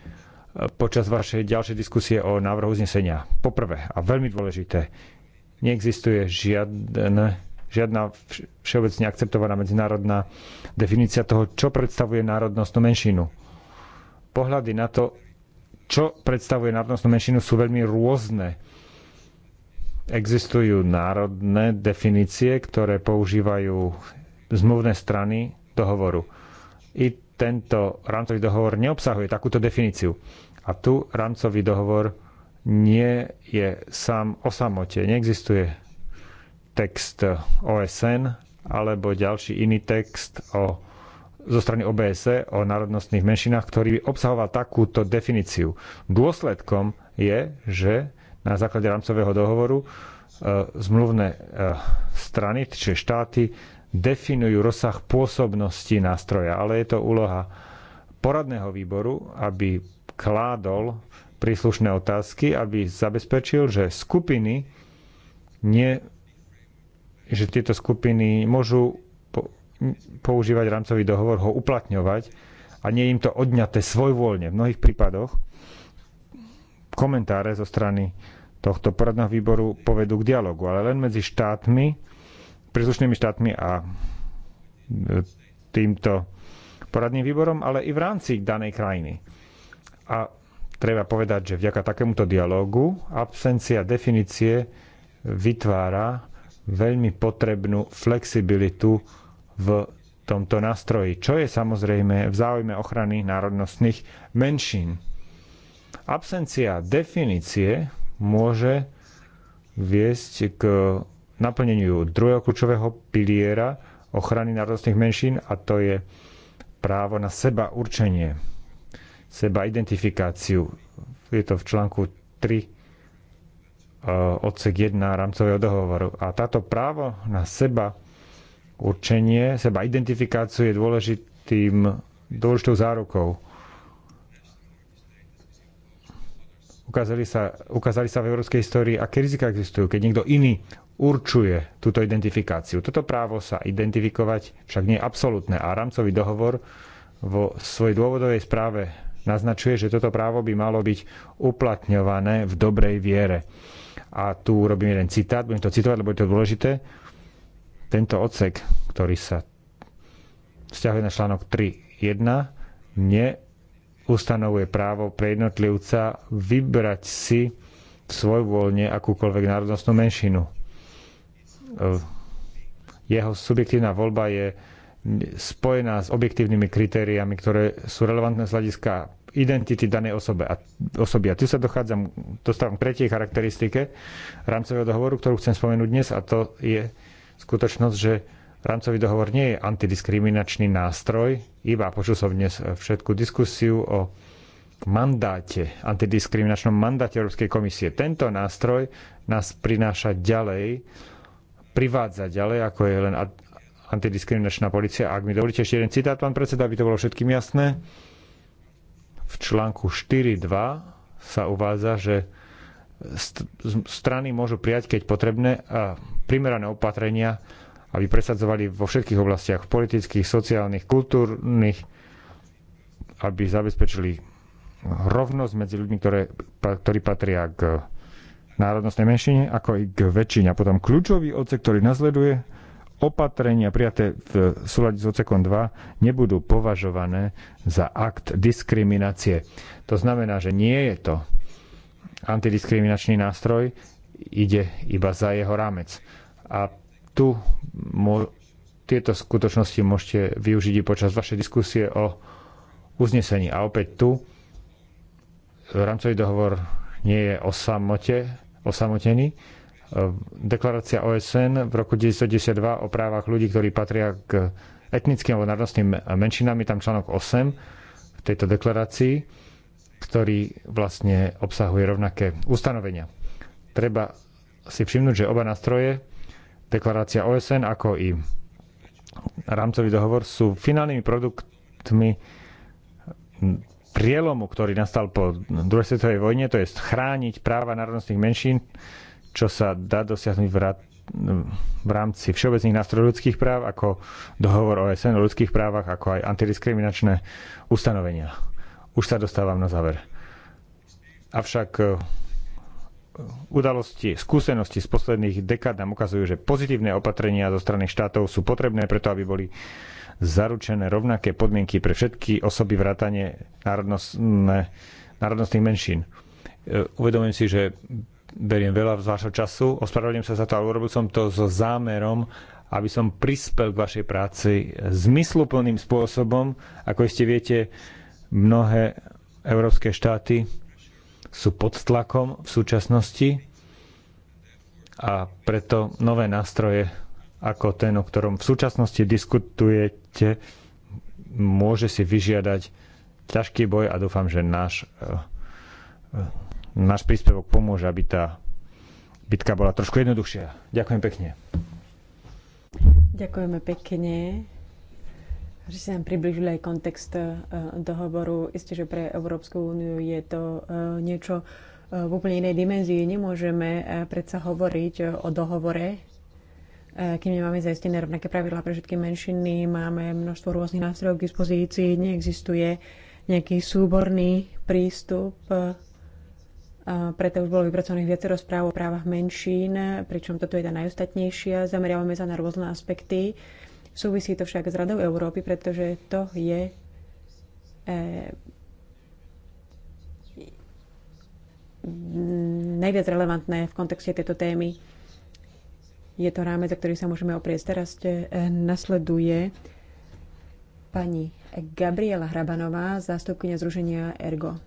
počas vašej ďalšej diskusie o návrhu znesenia. Poprvé, a veľmi dôležité, neexistuje žiadne žiadna všeobecne akceptovaná medzinárodná definícia toho, čo predstavuje národnostnú menšinu. Pohľady na to, čo predstavuje národnostnú menšinu, sú veľmi rôzne. Existujú národné definície, ktoré používajú zmluvné strany dohovoru. I tento rámcový dohovor neobsahuje takúto definíciu. A tu rámcový dohovor nie je sám o samote, neexistuje text OSN alebo ďalší iný text o, zo strany OBSE o národnostných menšinách, ktorý obsahoval takúto definíciu. Dôsledkom je, že na základe rámcového dohovoru e, zmluvné e, strany, čiže štáty, definujú rozsah pôsobnosti nástroja, ale je to úloha poradného výboru, aby kládol príslušné otázky, aby zabezpečil, že skupiny nie že tieto skupiny môžu používať rámcový dohovor, ho uplatňovať a nie im to odňaté svojvoľne v mnohých prípadoch. Komentáre zo strany tohto poradného výboru povedú k dialogu, ale len medzi štátmi, príslušnými štátmi a e, týmto poradným výborom, ale i v rámci danej krajiny. A treba povedať, že vďaka takémuto dialogu absencia definície vytvára veľmi potrebnú flexibilitu v tomto nástroji, čo je samozrejme v záujme ochrany národnostných menšín. Absencia definície môže viesť k naplneniu druhého kľúčového piliera ochrany národnostných menšín a to je právo na seba určenie, seba identifikáciu. Je to v článku 3 Eh, odsek 1 rámcového dohovoru. A táto právo na seba určenie, seba identifikáciu je dôležitým, dôležitou zárukou. Ukázali sa, ukázali sa v európskej histórii, aké rizika existujú, keď niekto iný určuje túto identifikáciu. Toto právo sa identifikovať však nie je absolútne a rámcový dohovor vo svojej dôvodovej správe naznačuje, že toto právo by malo byť uplatňované v dobrej viere. A tu robím jeden citát, budem to citovať, lebo je to dôležité. Tento odsek, ktorý sa vzťahuje na článok 3.1, neustanovuje právo pre jednotlivca vybrať si svoj voľne akúkoľvek národnostnú menšinu. Jeho subjektívna voľba je spojená s objektívnymi kritériami, ktoré sú relevantné z hľadiska identity danej osobe a, osoby. A tu sa dochádzam, dostávam k tretej charakteristike rámcového dohovoru, ktorú chcem spomenúť dnes a to je skutočnosť, že rámcový dohovor nie je antidiskriminačný nástroj, iba počul som dnes všetku diskusiu o mandáte, antidiskriminačnom mandáte Európskej komisie. Tento nástroj nás prináša ďalej, privádza ďalej, ako je len antidiskriminačná policia. Ak mi dovolíte ešte jeden citát, pán predseda, aby to bolo všetkým jasné. V článku 4.2 sa uvádza, že strany môžu prijať, keď potrebné, a primerané opatrenia, aby presadzovali vo všetkých oblastiach politických, sociálnych, kultúrnych, aby zabezpečili rovnosť medzi ľuďmi, ktoré, ktorí patria k národnostnej menšine, ako i k väčšine. A potom kľúčový odsek, ktorý nasleduje, opatrenia prijaté v súlade s ocekom 2 nebudú považované za akt diskriminácie. To znamená, že nie je to antidiskriminačný nástroj, ide iba za jeho rámec. A tu mo- tieto skutočnosti môžete využiť i počas vašej diskusie o uznesení. A opäť tu rámcový dohovor nie je o samote, osamotený, deklarácia OSN v roku 1992 o právach ľudí, ktorí patria k etnickým alebo národnostným menšinám, je tam článok 8 v tejto deklarácii, ktorý vlastne obsahuje rovnaké ustanovenia. Treba si všimnúť, že oba nástroje, deklarácia OSN ako i rámcový dohovor, sú finálnymi produktmi prielomu, ktorý nastal po druhej svetovej vojne, to je chrániť práva národnostných menšín čo sa dá dosiahnuť v, rad, v rámci všeobecných nástrojov ľudských práv, ako dohovor OSN o ľudských právach, ako aj antidiskriminačné ustanovenia. Už sa dostávam na záver. Avšak e, udalosti, skúsenosti z posledných dekád nám ukazujú, že pozitívne opatrenia zo strany štátov sú potrebné preto, aby boli zaručené rovnaké podmienky pre všetky osoby vrátane národnostných menšín. E, uvedomujem si, že beriem veľa z vášho času, ospravedlňujem sa za to, ale urobil som to so zámerom, aby som prispel k vašej práci zmysluplným spôsobom. Ako ste viete, mnohé európske štáty sú pod tlakom v súčasnosti a preto nové nástroje ako ten, o ktorom v súčasnosti diskutujete, môže si vyžiadať ťažký boj a dúfam, že náš eh, náš príspevok pomôže, aby tá bitka bola trošku jednoduchšia. Ďakujem pekne. Ďakujeme pekne že si nám približili aj kontext e, dohovoru. Isté, že pre Európsku úniu je to e, niečo e, v úplne inej dimenzii. Nemôžeme predsa hovoriť o dohovore, kým nemáme zaistené rovnaké pravidlá pre všetky menšiny, máme množstvo rôznych nástrojov k dispozícii, neexistuje nejaký súborný prístup preto už bolo vypracovaných viacero správ o právach menšín, pričom toto je tá najostatnejšia. Zameriavame sa na rôzne aspekty. Súvisí to však s Radou Európy, pretože to je e, najviac relevantné v kontexte tejto témy. Je to rámec, za ktorý sa môžeme oprieť. Teraz e, nasleduje pani Gabriela Hrabanová, zástupkynia Združenia Ergo.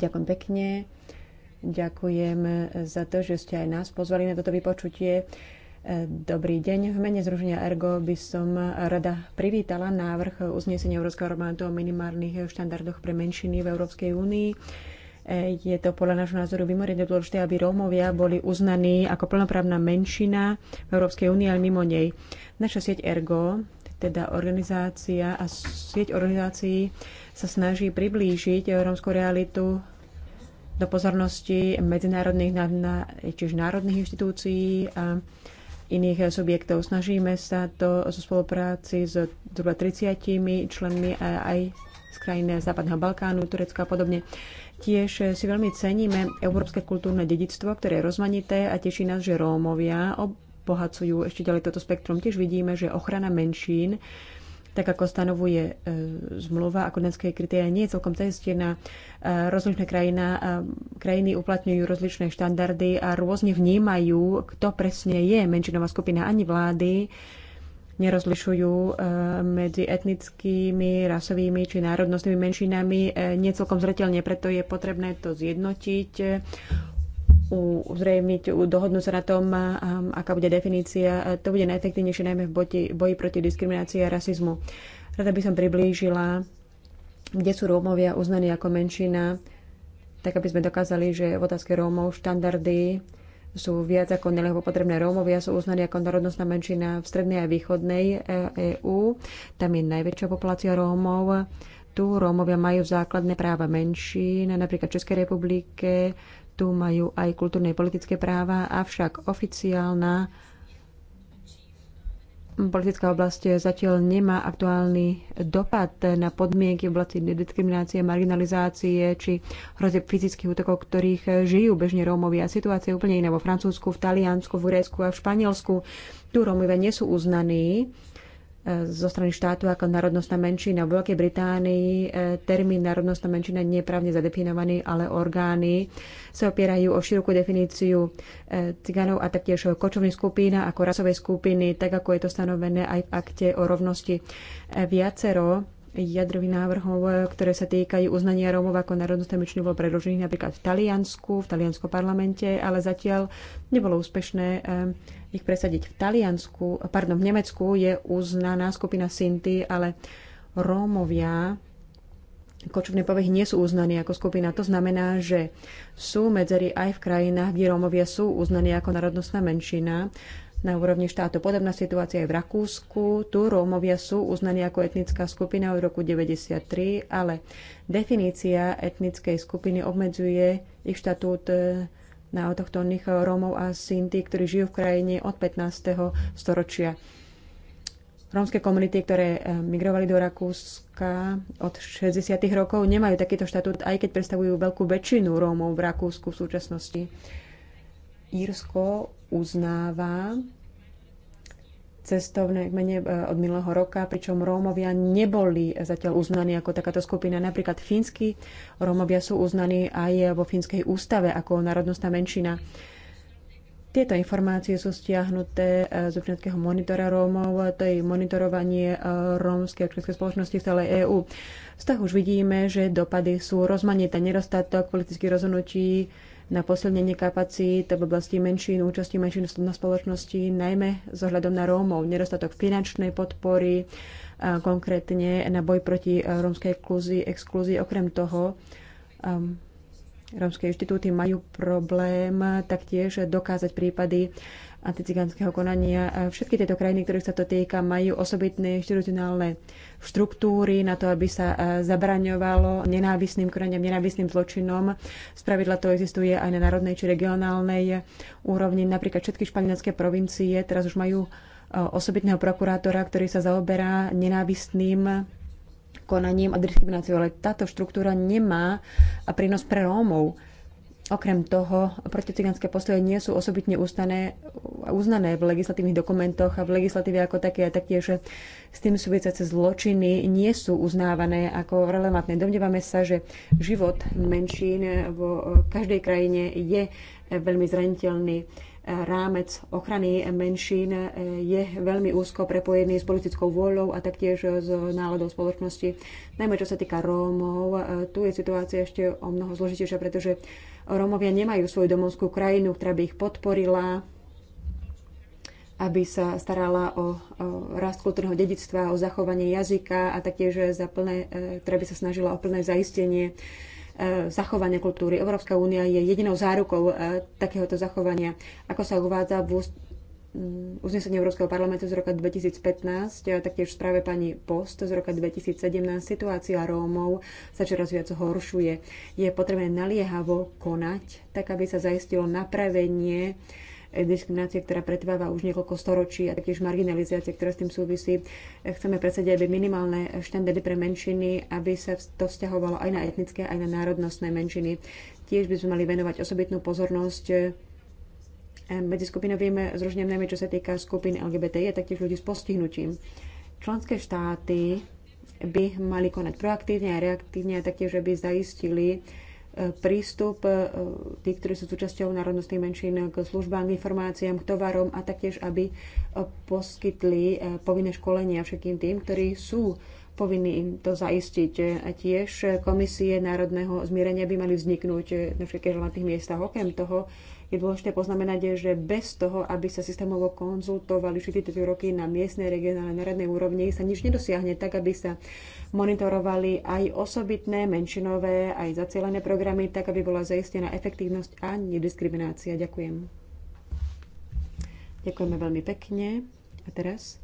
Ďakujem pekne. Ďakujem za to, že ste aj nás pozvali na toto vypočutie. Dobrý deň. V mene Združenia Ergo by som rada privítala návrh uznesenia Európskeho parlamentu o minimálnych štandardoch pre menšiny v Európskej únii. Je to podľa nášho názoru mimoriadne dôležité, aby Rómovia boli uznaní ako plnoprávna menšina v Európskej únii, ale mimo nej. Naša sieť Ergo, teda organizácia a sieť organizácií sa snaží priblížiť rómskú realitu do pozornosti medzinárodných, tiež národných inštitúcií a iných subjektov. Snažíme sa to zo spolupráci s zhruba 30 členmi aj z krajín Západného Balkánu, Turecka a podobne. Tiež si veľmi ceníme európske kultúrne dedictvo, ktoré je rozmanité a teší nás, že Rómovia obohacujú ešte ďalej toto spektrum. Tiež vidíme, že ochrana menšín tak ako stanovuje e, zmluva a kodenské kritéria, nie je celkom cestená. E, rozličné krajina, e, krajiny uplatňujú rozličné štandardy a rôzne vnímajú, kto presne je menšinová skupina. Ani vlády nerozlišujú e, medzi etnickými, rasovými či národnostnými menšinami e, nie celkom zretelne, preto je potrebné to zjednotiť, uzrejmiť, dohodnúť sa na tom, aká bude definícia. To bude najefektívnejšie najmä v boji, boji proti diskriminácii a rasizmu. Rada by som priblížila, kde sú Rómovia uznaní ako menšina, tak aby sme dokázali, že v otázke Rómov štandardy sú viac ako nelebo potrebné. Rómovia sú uznaní ako národnostná menšina v strednej a východnej EÚ. E Tam je najväčšia populácia Rómov. Tu Rómovia majú základné práva menšín, napríklad v Českej republike tu majú aj kultúrne politické práva, avšak oficiálna politická oblasť zatiaľ nemá aktuálny dopad na podmienky v oblasti diskriminácie, marginalizácie či hrozieb fyzických útokov, ktorých žijú bežne Rómovia. Situácia je úplne iná vo Francúzsku, v Taliansku, v Grécku a v Španielsku. Tu Rómovia nie sú uznaní zo strany štátu ako národnostná menšina. V Veľkej Británii e, termín národnostná menšina nie je právne zadefinovaný, ale orgány sa opierajú o širokú definíciu e, cigánov a taktiež kočovných skupín ako rasovej skupiny, tak ako je to stanovené aj v akte o rovnosti. E, viacero jadrových návrhov, e, ktoré sa týkajú uznania Rómov ako národnostné menšiny bolo predložených napríklad v Taliansku, v talianskom parlamente, ale zatiaľ nebolo úspešné e, ich presadiť v Taliansku, pardon, v Nemecku je uznaná skupina Sinti, ale Rómovia kočovné poveh nie sú uznaní ako skupina. To znamená, že sú medzery aj v krajinách, kde Rómovia sú uznaní ako národnostná menšina na úrovni štátu. Podobná situácia je v Rakúsku. Tu Rómovia sú uznaní ako etnická skupina od roku 1993, ale definícia etnickej skupiny obmedzuje ich štatút e, na autochtónnych Rómov a Sinti, ktorí žijú v krajine od 15. storočia. Rómske komunity, ktoré e, migrovali do Rakúska od 60. rokov, nemajú takýto štatút, aj keď predstavujú veľkú väčšinu Rómov v Rakúsku v súčasnosti. Írsko uznáva cestovné kmene e, od minulého roka, pričom Rómovia neboli zatiaľ uznaní ako takáto skupina. Napríklad fínsky Rómovia sú uznaní aj vo fínskej ústave ako národnostná menšina. Tieto informácie sú stiahnuté e, z občianského monitora Rómov, to je monitorovanie e, rómskej občianskej spoločnosti v celej EÚ. Z toho už vidíme, že dopady sú rozmanité, nedostatok politických rozhodnutí, na posilnenie kapacít v oblasti menšín, účasti menšín na spoločnosti, najmä s ohľadom na Rómov, nedostatok finančnej podpory, konkrétne na boj proti rómskej exkluzii. Okrem toho, rómske inštitúty majú problém taktiež dokázať prípady anticigánskeho konania. Všetky tieto krajiny, ktorých sa to týka, majú osobitné inštitucionálne štruktúry na to, aby sa e, zabraňovalo nenávisným konaniam, nenávisným zločinom. Spravidla to existuje aj na národnej či regionálnej úrovni. Napríklad všetky španielské provincie teraz už majú e, osobitného prokurátora, ktorý sa zaoberá nenávistným konaním a diskrimináciou, ale táto štruktúra nemá prínos pre Rómov Okrem toho, proticiganské postoje nie sú osobitne ústané, uznané v legislatívnych dokumentoch a v legislatíve ako také a taktiež s tým súvisiace zločiny nie sú uznávané ako relevantné. Domnievame sa, že život menšín vo každej krajine je veľmi zraniteľný. Rámec ochrany menšín je veľmi úzko prepojený s politickou vôľou a taktiež s náladou spoločnosti. Najmä čo sa týka Rómov, tu je situácia ešte o mnoho zložitejšia, pretože Rómovia nemajú svoju domovskú krajinu, ktorá by ich podporila, aby sa starala o, o rast kultúrneho dedictva, o zachovanie jazyka a taktiež za plné, e, ktorá by sa snažila o plné zaistenie e, zachovania kultúry. Európska únia je jedinou zárukou e, takéhoto zachovania. Ako sa uvádza v Mm, uznesenie Európskeho parlamentu z roka 2015, taktiež v správe pani Post z roka 2017, situácia Rómov sa čoraz viac horšuje. Je potrebné naliehavo konať, tak aby sa zaistilo napravenie eh, diskriminácie, ktorá pretrváva už niekoľko storočí a taktiež marginalizácie, ktorá s tým súvisí. Eh, chceme presadiť aby minimálne štandardy pre menšiny, aby sa to vzťahovalo aj na etnické, aj na národnostné menšiny. Tiež by sme mali venovať osobitnú pozornosť eh, medziskopinovým zružňam, čo sa týka skupín LGBTI a taktiež ľudí s postihnutím. Členské štáty by mali konať proaktívne a reaktívne a taktiež by zaistili e, prístup e, tých, ktorí sú súčasťou národnostných menšín k službám, informáciám, k tovarom a taktiež, aby e, poskytli povinné školenia všetkým tým, ktorí sú povinní im to zaistiť. A tiež komisie národného zmierenia by mali vzniknúť na všetkých želatých miestach. Okrem toho, je dôležité poznamenať, že bez toho, aby sa systémovo konzultovali všetky tieto roky na miestnej, regionálnej, národnej úrovni, sa nič nedosiahne tak, aby sa monitorovali aj osobitné, menšinové, aj zacielené programy, tak, aby bola zaistená efektívnosť a nediskriminácia. Ďakujem. Ďakujeme veľmi pekne. A teraz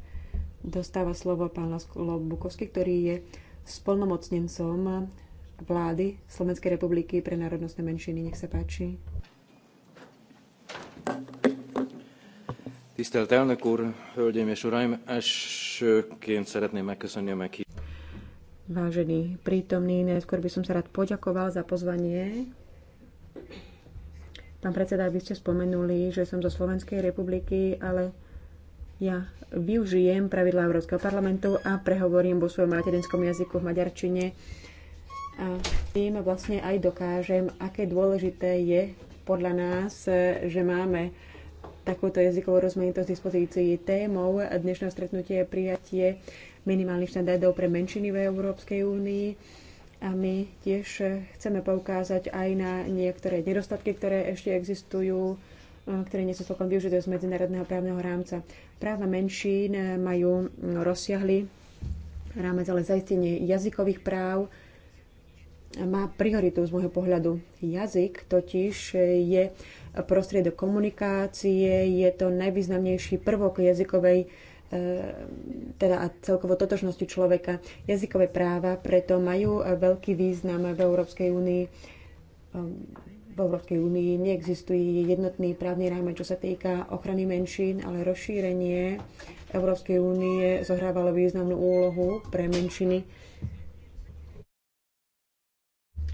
dostáva slovo pán Laskolo Bukovský, ktorý je spolnomocnencom vlády Slovenskej republiky pre národnostné menšiny. Nech sa páči. Tisztelt elnök úr, hölgyeim és uraim, elsőként szeretném megköszönni a meghívást. Vážení prítomní, najskôr by som sa rád poďakoval za pozvanie. Pán predseda, vy ste spomenuli, že som zo Slovenskej republiky, ale ja využijem pravidlá Európskeho parlamentu a prehovorím vo svojom materinskom jazyku v maďarčine. A tým vlastne aj dokážem, aké dôležité je podľa nás, e, že máme takúto jazykovú rozmanitosť dispozícii. Témou Dnešné stretnutie je prijatie minimálnych štandardov pre menšiny v Európskej únii. A my tiež chceme poukázať aj na niektoré nedostatky, ktoré ešte existujú, e, ktoré nie sú celkom využité z medzinárodného právneho rámca. Práva menšín majú rozsiahly rámec, ale zaistenie jazykových práv má prioritu z môjho pohľadu. Jazyk totiž je prostriedok komunikácie, je to najvýznamnejší prvok jazykovej eh, teda a celkovo totožnosti človeka. Jazykové práva preto majú veľký význam v Európskej únii. Ehm, v Európskej únii neexistuje jednotný právny rámec, čo sa týka ochrany menšín, ale rozšírenie Európskej únie zohrávalo významnú úlohu pre menšiny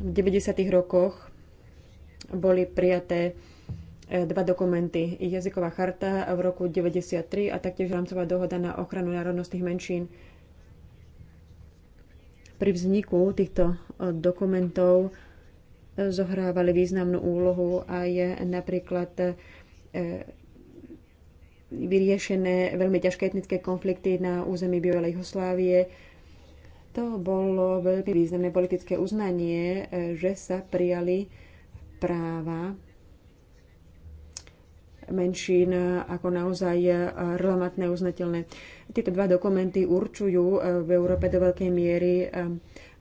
v 90. rokoch boli prijaté e, dva dokumenty. Jazyková charta v roku 93 a taktiež rámcová dohoda na ochranu národnostných menšín. Pri vzniku týchto e, dokumentov e, zohrávali významnú úlohu a je napríklad vyriešené veľmi ťažké etnické konflikty na území bývalej Jugoslávie, to bolo veľmi významné politické uznanie, e, že sa prijali práva menšín ako naozaj e, relevantné, uznateľné. Tieto dva dokumenty určujú e, v Európe do veľkej miery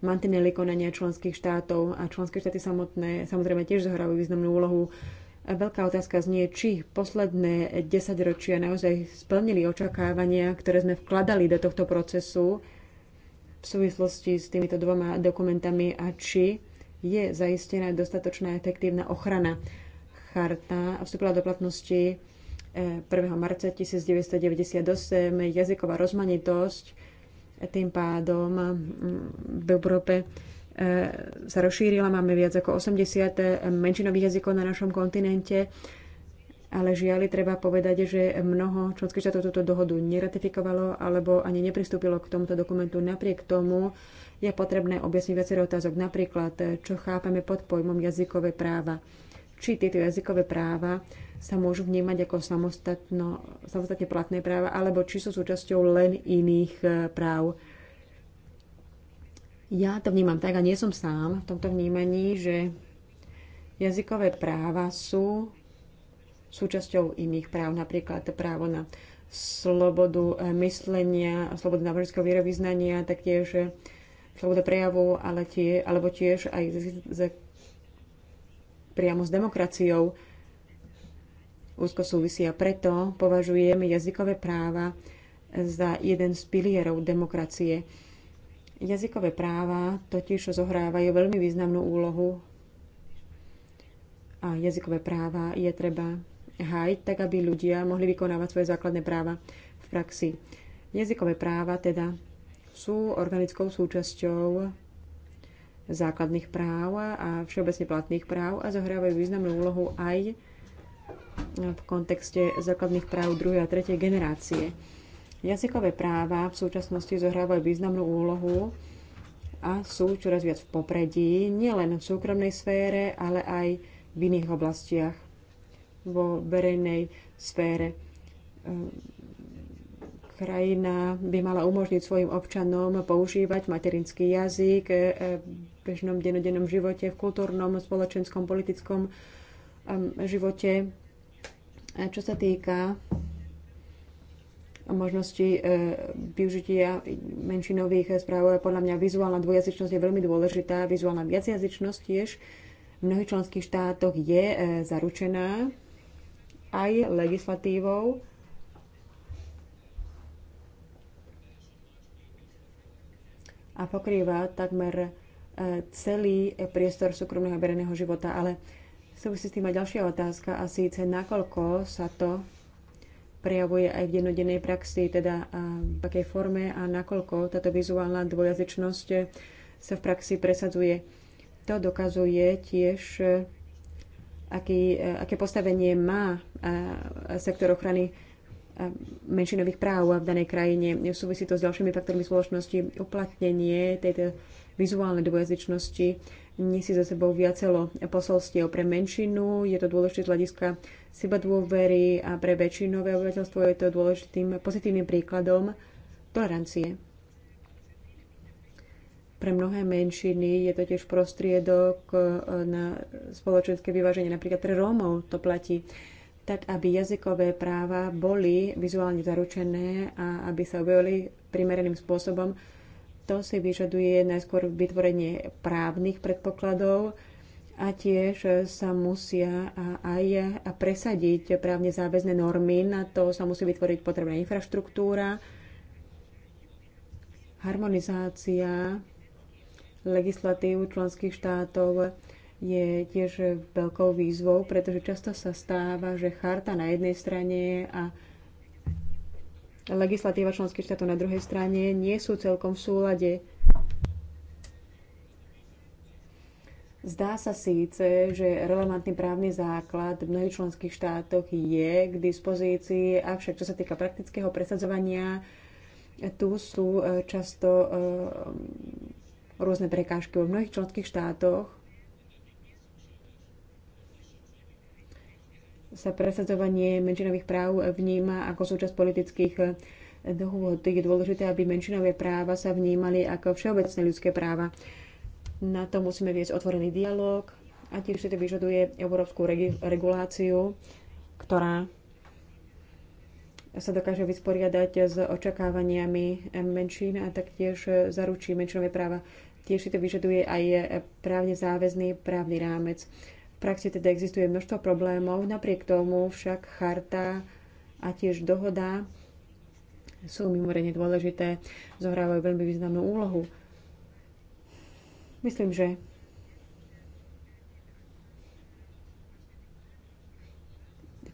mantinely konania členských štátov a členské štáty samotné samozrejme tiež zohrávajú významnú úlohu. Veľká otázka znie, či posledné desaťročia naozaj splnili očakávania, ktoré sme vkladali do tohto procesu v súvislosti s týmito dvoma dokumentami a či je zaistená dostatočná efektívna ochrana. Charta vstúpila do platnosti 1. Eh, marca 1998. Jazyková rozmanitosť eh, tým pádom mm, v Európe eh, sa rozšírila. Máme viac ako 80 menšinových jazykov na našom kontinente ale žiaľ treba povedať, že mnoho členských štátov túto dohodu neratifikovalo alebo ani nepristúpilo k tomuto dokumentu. Napriek tomu je potrebné objasniť viacero otázok, napríklad čo chápame pod pojmom jazykové práva. Či tieto jazykové práva sa môžu vnímať ako samostatne platné práva, alebo či sú súčasťou len iných e, práv. Ja to vnímam tak a nie som sám v tomto vnímaní, že jazykové práva sú súčasťou iných práv, napríklad právo na slobodu eh, myslenia, slobodu náboženského vierovýznania, taktiež eh, sloboda prejavu, ale tie, alebo tiež aj z, z, priamo s demokraciou úzko súvisia. Preto považujem jazykové práva za jeden z pilierov demokracie. Jazykové práva totiž zohrávajú veľmi významnú úlohu a jazykové práva je treba hájiť, tak aby ľudia mohli vykonávať svoje základné práva v praxi. Jazykové práva teda sú organickou súčasťou základných práv a všeobecne platných práv a zohrávajú významnú úlohu aj v kontexte základných práv druhej a tretej generácie. Jazykové práva v súčasnosti zohrávajú významnú úlohu a sú čoraz viac v popredí, nielen v súkromnej sfére, ale aj v iných oblastiach vo verejnej sfére. Ehm, krajina by mala umožniť svojim občanom používať materinský jazyk e, e, v bežnom denodennom živote, v kultúrnom, spoločenskom, politickom ehm, živote. Čo sa týka možnosti e, využitia menšinových správ. Podľa mňa vizuálna dvojazyčnosť je veľmi dôležitá. Vizuálna viacjazyčnosť tiež v mnohých členských štátoch je zaručená aj legislatívou. A pokrýva takmer e, celý priestor súkromného a verejného života. Ale súvisí s tým aj ďalšia otázka a síce nakoľko sa to prejavuje aj v dennodennej praxi, teda v akej forme a nakoľko táto vizuálna dvojazyčnosť sa v praxi presadzuje. To dokazuje tiež aký, e, aké postavenie má e, sektor ochrany e, menšinových práv v danej krajine. súvisí to s ďalšími faktormi spoločnosti. Uplatnenie tejto vizuálnej dvojazyčnosti nesie za sebou viacelo posolstiev pre menšinu. Je to dôležité z hľadiska seba dôvery a pre väčšinové obyvateľstvo je to dôležitým pozitívnym príkladom tolerancie. Pre mnohé menšiny je to tiež prostriedok e, na spoločenské vyváženie. Napríklad pre Rómov to platí tak aby jazykové práva boli vizuálne zaručené a aby sa objavili primereným spôsobom. To si vyžaduje najskôr vytvorenie právnych predpokladov a tiež sa musia aj presadiť právne záväzné normy. Na to sa musí vytvoriť potrebná infraštruktúra, harmonizácia Legislatívu členských štátov je tiež veľkou výzvou, pretože často sa stáva, že charta na jednej strane a legislatíva členských štátov na druhej strane nie sú celkom v súlade. Zdá sa síce, že relevantný právny základ v mnohých členských štátoch je k dispozícii, avšak čo sa týka praktického presadzovania, tu sú eh, často eh, rôzne prekážky vo mnohých členských štátoch sa presadzovanie menšinových práv vníma ako súčasť politických dohôd. Je dôležité, aby menšinové práva sa vnímali ako všeobecné ľudské práva. Na to musíme viesť otvorený dialog a tiež si to vyžaduje európsku reguláciu, ktorá sa dokáže vysporiadať s očakávaniami menšín a taktiež zaručí menšinové práva. Tiež si to vyžaduje aj právne záväzný právny rámec. V praxi teda existuje množstvo problémov, napriek tomu však charta a tiež dohoda sú mimoriadne dôležité, zohrávajú veľmi významnú úlohu. Myslím, že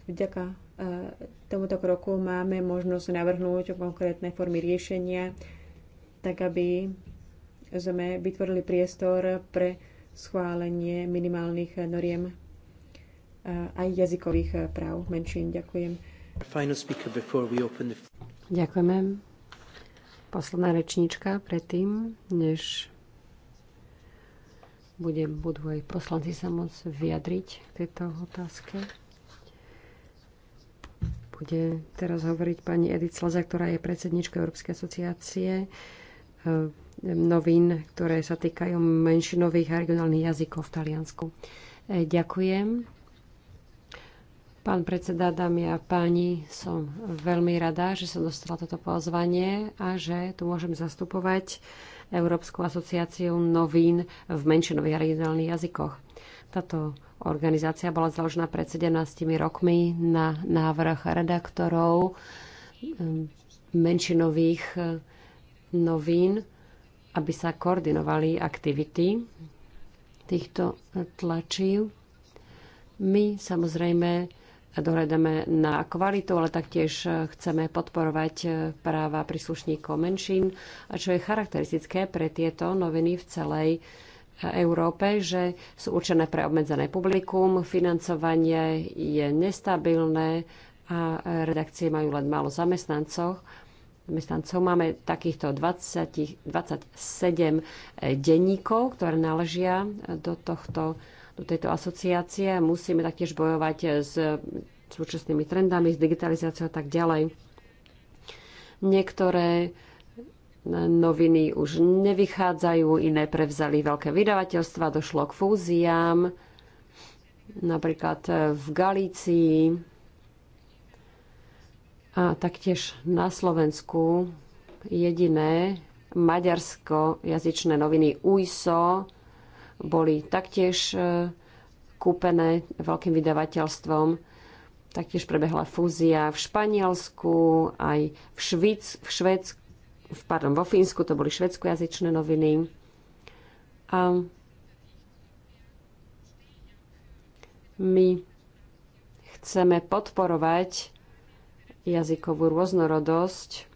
vďaka E, tomuto kroku máme možnosť navrhnúť konkrétne formy riešenia, tak aby sme vytvorili priestor pre schválenie minimálnych noriem e, aj jazykových práv menšín. Ďakujem. Ďakujeme. Posledná rečníčka predtým, než bude, budú aj poslanci sa môcť vyjadriť k tejto otázke. Bude teraz hovoriť pani Edith Slaza, ktorá je predsednička Európskej asociácie e, novín, ktoré sa týkajú menšinových a regionálnych jazykov v Taliansku. E, ďakujem. Pán predseda, dámy a páni, som veľmi rada, že som dostala toto pozvanie a že tu môžem zastupovať Európskou asociáciou novín v menšinových a regionálnych jazykoch. Táto organizácia bola založená pred 17 rokmi na návrh redaktorov ehm, menšinových ehm, novín, aby sa koordinovali aktivity týchto tlačí. My samozrejme dohľadáme na kvalitu, ale taktiež chceme podporovať práva príslušníkov menšín. A čo je charakteristické pre tieto noviny v celej Európe, že sú určené pre obmedzené publikum, financovanie je nestabilné a redakcie majú len málo zamestnancov. Zamestnancov máme takýchto 20, 27 denníkov, ktoré náležia do tohto do tejto asociácie. Musíme taktiež bojovať s súčasnými trendami, s digitalizáciou a tak ďalej. Niektoré noviny už nevychádzajú, iné prevzali veľké vydavateľstva, došlo k fúziám, napríklad v Galícii a taktiež na Slovensku jediné maďarsko jazyčné noviny UISO boli taktiež e, kúpené veľkým vydavateľstvom. Taktiež prebehla fúzia v Španielsku, aj v, Švíc, v Švédsku, pardon, vo Fínsku, to boli švedskojazyčné noviny. A my chceme podporovať jazykovú rôznorodosť,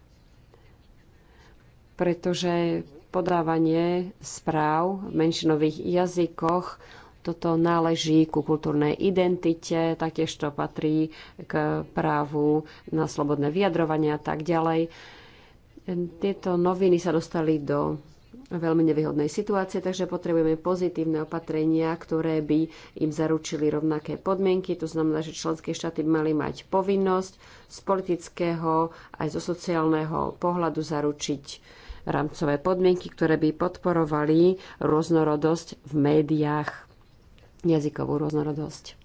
pretože podávanie správ v menšinových jazykoch. Toto náleží ku kultúrnej identite, taktiež to patrí k právu na slobodné vyjadrovanie a tak ďalej. Tieto noviny sa dostali do veľmi nevýhodnej situácie, takže potrebujeme pozitívne opatrenia, ktoré by im zaručili rovnaké podmienky. To znamená, že členské štáty by mali mať povinnosť z politického aj zo sociálneho pohľadu zaručiť rámcové podmienky, ktoré by podporovali rôznorodosť v médiách, jazykovú rôznorodosť.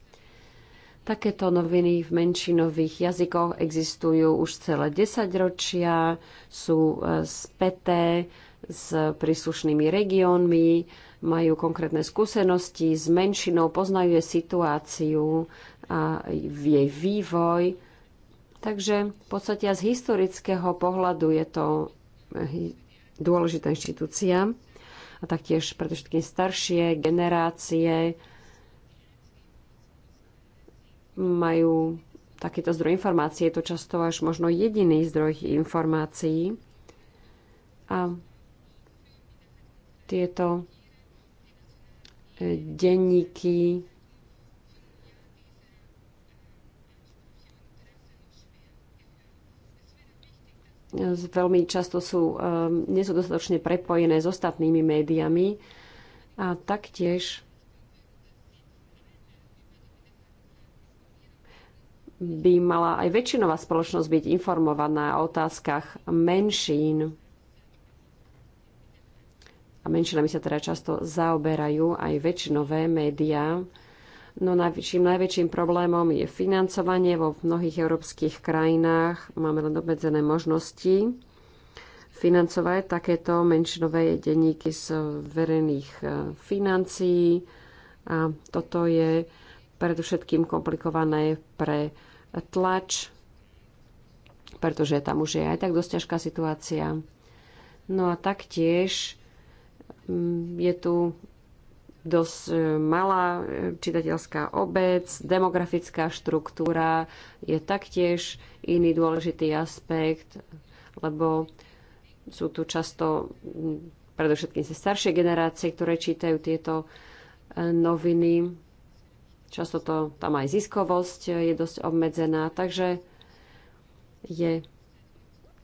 Takéto noviny v menšinových jazykoch existujú už celé 10 ročia, sú e, späté s príslušnými regiónmi, majú konkrétne skúsenosti s menšinou, poznajú jej situáciu a jej vývoj. Takže v podstate z historického pohľadu je to e, dôležitá inštitúcia a taktiež všetkým staršie generácie majú takýto zdroj informácií. Je to často až možno jediný zdroj informácií. A tieto denníky veľmi často sú, ehm, nie sú dostatočne prepojené s ostatnými médiami a taktiež by mala aj väčšinová spoločnosť byť informovaná o otázkach menšín. A menšinami sa teda často zaoberajú aj väčšinové médiá. No najväčším, najväčším problémom je financovanie vo mnohých európskych krajinách. Máme len obmedzené možnosti financovať takéto menšinové denníky z verejných e, financií. A toto je predovšetkým komplikované pre tlač, pretože tam už je aj tak dosť ťažká situácia. No a taktiež mm, je tu dosť e, malá e, čitateľská obec, demografická štruktúra je taktiež iný dôležitý aspekt, lebo sú tu často predovšetkým sa staršie generácie, ktoré čítajú tieto e, noviny. Často to, tam aj ziskovosť je dosť obmedzená, takže je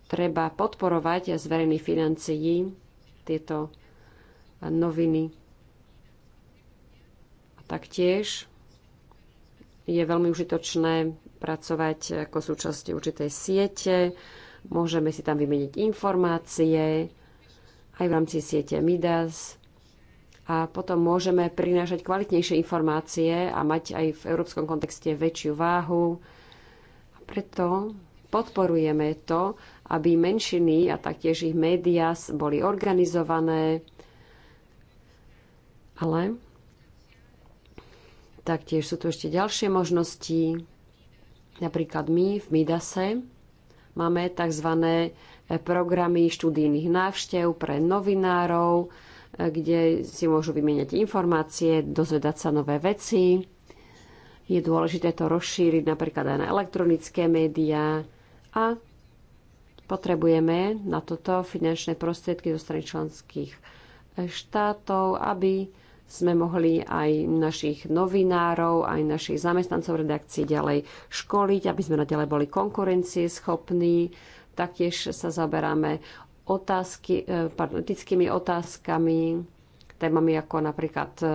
treba podporovať z verejných financií tieto noviny Taktiež je veľmi užitočné pracovať ako súčasť určitej siete. Môžeme si tam vymeniť informácie aj v rámci siete MIDAS a potom môžeme prinášať kvalitnejšie informácie a mať aj v európskom kontexte väčšiu váhu. A preto podporujeme to, aby menšiny a taktiež ich médias boli organizované, ale Taktiež sú tu ešte ďalšie možnosti. Napríklad my v Midase máme tzv. Eh, programy študijných návštev pre novinárov, eh, kde si môžu vymieňať informácie, dozvedať sa nové veci. Je dôležité to rozšíriť napríklad aj na elektronické médiá a potrebujeme na toto finančné prostriedky zo strany členských eh, štátov, aby sme mohli aj našich novinárov, aj našich zamestnancov redakcií ďalej školiť, aby sme naďalej boli konkurencieschopní. Taktiež sa zaberáme otázky, e, pardon, etickými otázkami, témami ako napríklad e,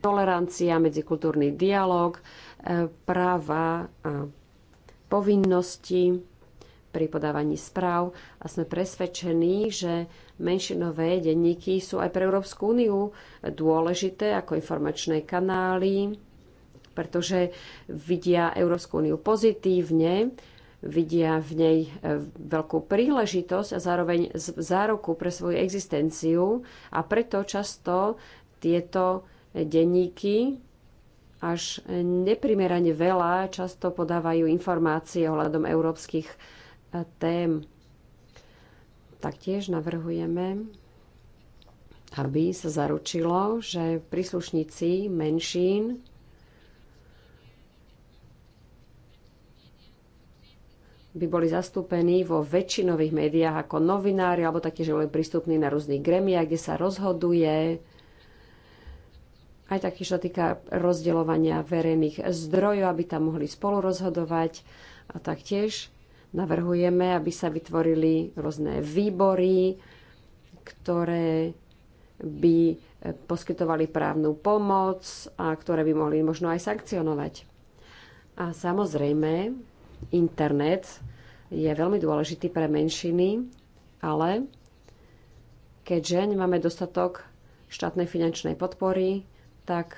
tolerancia, medzikultúrny dialog, e, práva a povinnosti pri podávaní správ a sme presvedčení, že menšinové denníky sú aj pre Európsku úniu dôležité ako informačné kanály, pretože vidia Európsku úniu pozitívne, vidia v nej e, veľkú príležitosť a zároveň zároku pre svoju existenciu a preto často tieto denníky až neprimerane veľa často podávajú informácie ohľadom európskych tém. Taktiež navrhujeme, aby sa zaručilo, že príslušníci menšín by boli zastúpení vo väčšinových médiách ako novinári, alebo taktiež boli prístupní na rôznych gremiách, kde sa rozhoduje. Aj taký, čo týka rozdeľovania verejných zdrojov, aby tam mohli spolu rozhodovať. A taktiež Navrhujeme, aby sa vytvorili rôzne výbory, ktoré by eh, poskytovali právnu pomoc a ktoré by mohli možno aj sankcionovať. A samozrejme, internet je veľmi dôležitý pre menšiny, ale keďže nemáme dostatok štátnej finančnej podpory, tak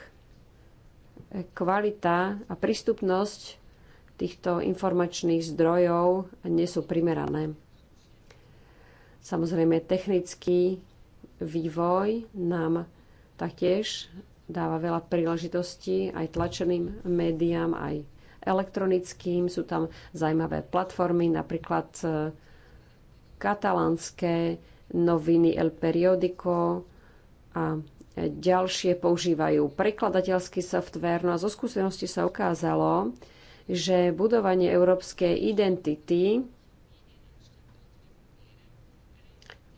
eh, kvalita a prístupnosť týchto informačných zdrojov nie sú primerané. Samozrejme, technický vývoj nám taktiež dáva veľa príležitostí aj tlačeným médiám, aj elektronickým. Sú tam zaujímavé platformy, napríklad eh, katalánske noviny El Periodico a ďalšie používajú prekladateľský software. No a zo skúsenosti sa ukázalo, že budovanie európskej identity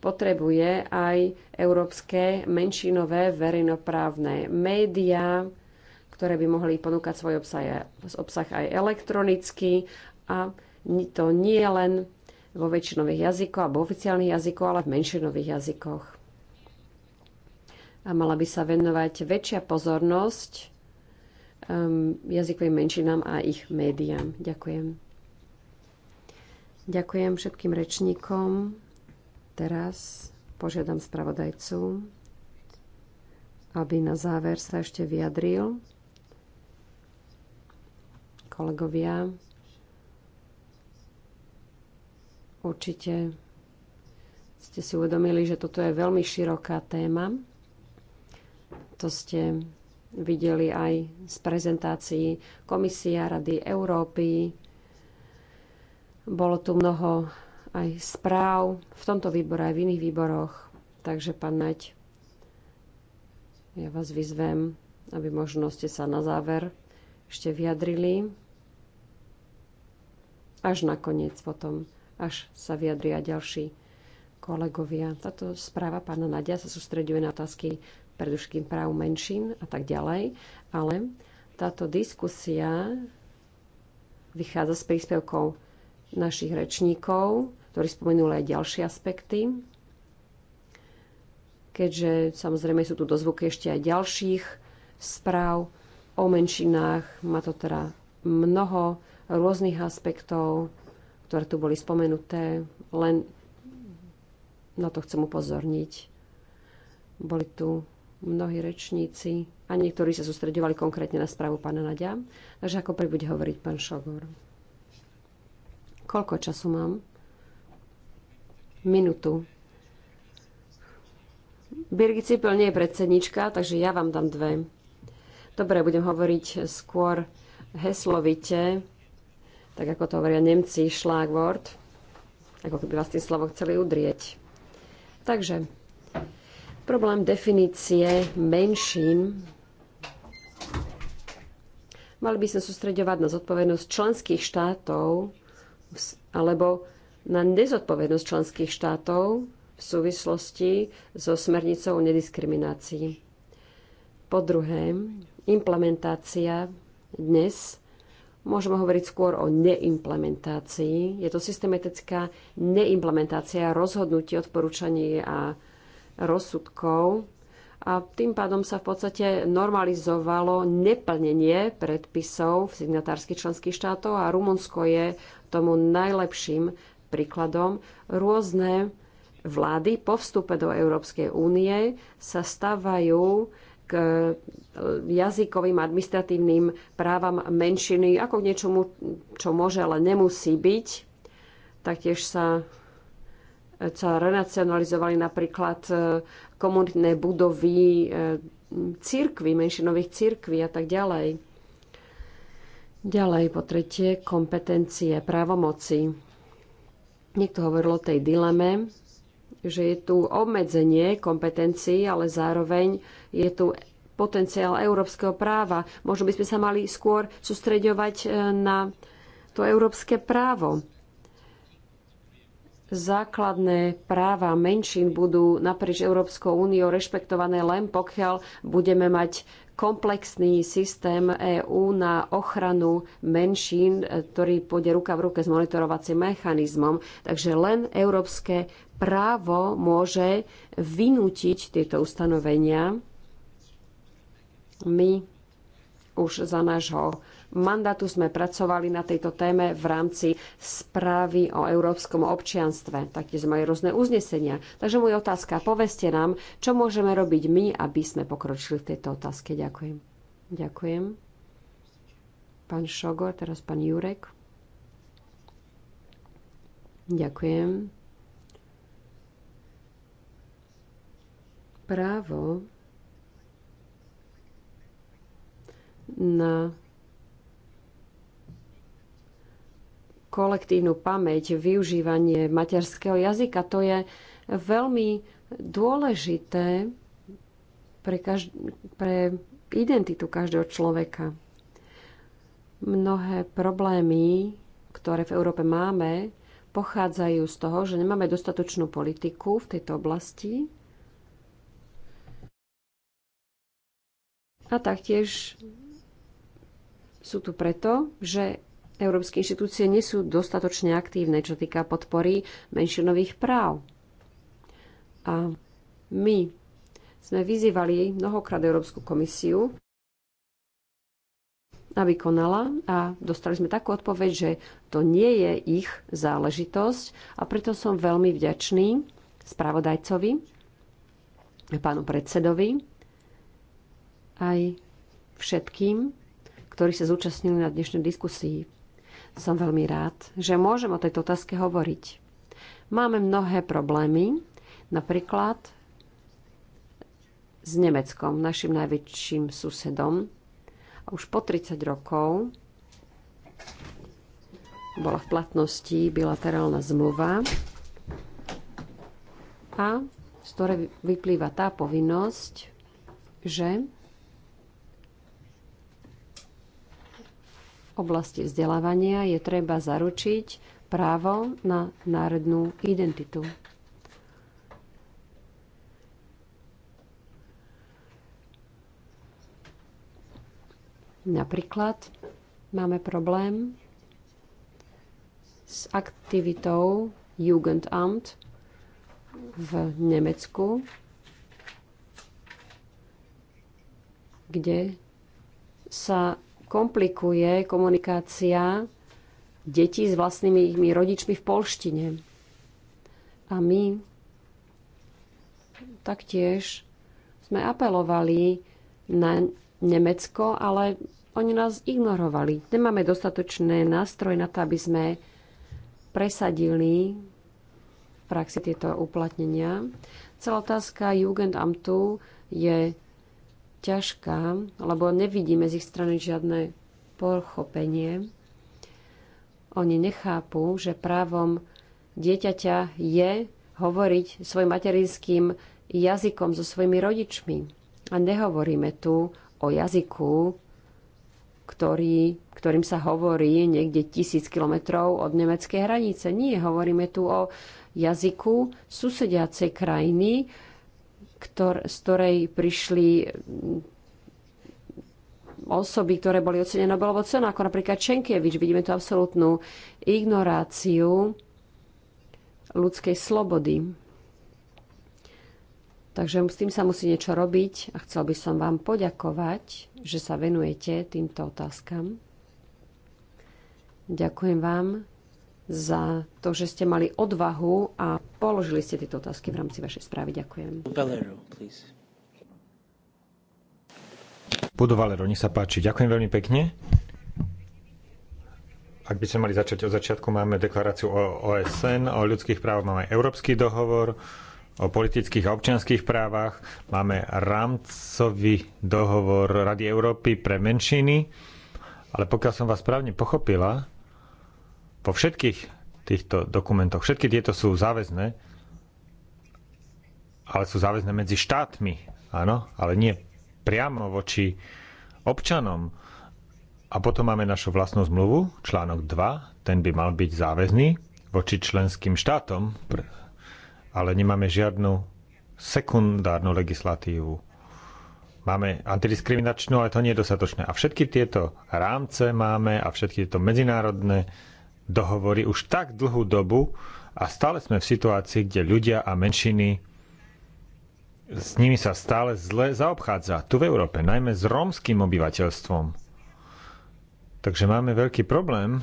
potrebuje aj európske menšinové verejnoprávne médiá, ktoré by mohli ponúkať svoj obsah, obsah aj elektronicky a to nie len vo väčšinových jazykoch alebo oficiálnych jazykoch, ale v menšinových jazykoch. A mala by sa venovať väčšia pozornosť Um, jazykovým menšinám a ich médiám. Ďakujem. Ďakujem všetkým rečníkom. Teraz požiadam spravodajcu, aby na záver sa ešte vyjadril. Kolegovia, určite ste si uvedomili, že toto je veľmi široká téma. To ste videli aj z prezentácií Komisia Rady Európy. Bolo tu mnoho aj správ v tomto výbore aj v iných výboroch. Takže, pán Naď, ja vás vyzvem, aby možno ste sa na záver ešte vyjadrili. Až nakoniec potom, až sa vyjadria ďalší kolegovia. Táto správa pána Nadia sa sústreďuje na otázky predovšetkým práv menšín a tak ďalej. Ale táto diskusia vychádza z príspevkov našich rečníkov, ktorí spomenuli aj ďalšie aspekty. Keďže samozrejme sú tu dozvuky ešte aj ďalších správ o menšinách, má to teda mnoho rôznych aspektov, ktoré tu boli spomenuté, len na to chcem upozorniť. Boli tu mnohí rečníci a niektorí sa sústredovali konkrétne na správu pána Nadia. Takže ako prvý bude hovoriť pán Šogor? Koľko času mám? Minutu. Birgit Cipel nie je predsednička, takže ja vám dám dve. Dobre, budem hovoriť skôr heslovite, tak ako to hovoria Nemci, šlágvord, ako keby vás tým slovom chceli udrieť. Takže, Problém definície menšín mali by sme sústredovať na zodpovednosť členských štátov alebo na nezodpovednosť členských štátov v súvislosti so smernicou o nediskriminácii. Po druhé, implementácia dnes môžeme hovoriť skôr o neimplementácii. Je to systematická neimplementácia rozhodnutí, odporúčaní a rozsudkov a tým pádom sa v podstate normalizovalo neplnenie predpisov v signatárskych členských štátov a Rumunsko je tomu najlepším príkladom. Rôzne vlády po vstupe do Európskej únie sa stávajú k e, jazykovým administratívnym právam menšiny ako k niečomu, čo môže, ale nemusí byť. Taktiež sa sa renacionalizovali napríklad e, komunitné budovy e, církvy, menšinových církví a tak ďalej. Ďalej, po tretie, kompetencie, právomoci. Niekto hovoril o tej dileme, že je tu obmedzenie kompetencií, ale zároveň je tu potenciál európskeho práva. Možno by sme sa mali skôr sústreďovať e, na to európske právo základné práva menšín budú naprieč Európskou úniou rešpektované len pokiaľ budeme mať komplexný systém EÚ na ochranu menšín, ktorý pôjde ruka v ruke s monitorovacím mechanizmom. Takže len európske právo môže vynútiť tieto ustanovenia. My už za nášho mandátu sme pracovali na tejto téme v rámci správy o európskom občianstve. Taktiež sme mali rôzne uznesenia. Takže moja otázka, poveste nám, čo môžeme robiť my, aby sme pokročili v tejto otázke. Ďakujem. Ďakujem. Pán Šogor, teraz pán Jurek. Ďakujem. Právo na kolektívnu pamäť, využívanie materského jazyka. To je veľmi dôležité pre, každ- pre identitu každého človeka. Mnohé problémy, ktoré v Európe máme, pochádzajú z toho, že nemáme dostatočnú politiku v tejto oblasti. A taktiež sú tu preto, že európske inštitúcie nie sú dostatočne aktívne, čo týka podpory menšinových práv. A my sme vyzývali mnohokrát Európsku komisiu, aby konala a dostali sme takú odpoveď, že to nie je ich záležitosť a preto som veľmi vďačný spravodajcovi, pánu predsedovi, aj všetkým, ktorí sa zúčastnili na dnešnej diskusii som veľmi rád, že môžem o tejto otázke hovoriť. Máme mnohé problémy, napríklad s Nemeckom, našim najväčším susedom. A už po 30 rokov bola v platnosti bilaterálna zmluva, a z ktorej vyplýva tá povinnosť, že oblasti vzdelávania je treba zaručiť právo na národnú identitu. Napríklad máme problém s aktivitou Jugendamt v Nemecku, kde sa komplikuje komunikácia detí s vlastnými rodičmi v polštine. A my taktiež sme apelovali na Nemecko, ale oni nás ignorovali. Nemáme dostatočné nástroje na to, aby sme presadili v praxi tieto uplatnenia. Celá otázka Jugendamtu je ťažká, lebo nevidíme z ich strany žiadne pochopenie. Oni nechápu, že právom dieťaťa je hovoriť svojim materinským jazykom so svojimi rodičmi. A nehovoríme tu o jazyku, ktorý, ktorým sa hovorí niekde tisíc kilometrov od nemeckej hranice. Nie, hovoríme tu o jazyku susediacej krajiny, ktor- z ktorej prišli osoby, ktoré boli ocenené Nobelovou cenou, ako napríklad Čenkevič. Vidíme tu absolútnu ignoráciu ľudskej slobody. Takže s tým sa musí niečo robiť a chcel by som vám poďakovať, že sa venujete týmto otázkam. Ďakujem vám za to, že ste mali odvahu a položili ste tieto otázky v rámci vašej správy. Ďakujem. Budu Valero, nech sa páči. Ďakujem veľmi pekne. Ak by sme mali začať od začiatku, máme deklaráciu o OSN, o ľudských právach, máme Európsky dohovor, o politických a občianských právach, máme rámcový dohovor Rady Európy pre menšiny, ale pokiaľ som vás správne pochopila, vo všetkých týchto dokumentoch, všetky tieto sú záväzné, ale sú záväzné medzi štátmi, áno, ale nie priamo voči občanom. A potom máme našu vlastnú zmluvu, článok 2, ten by mal byť záväzný voči členským štátom, ale nemáme žiadnu sekundárnu legislatívu. Máme antidiskriminačnú, ale to nie je dostatočné. A všetky tieto rámce máme a všetky tieto medzinárodné dohovory už tak dlhú dobu a stále sme v situácii, kde ľudia a menšiny s nimi sa stále zle zaobchádza tu v Európe, najmä s rómským obyvateľstvom. Takže máme veľký problém,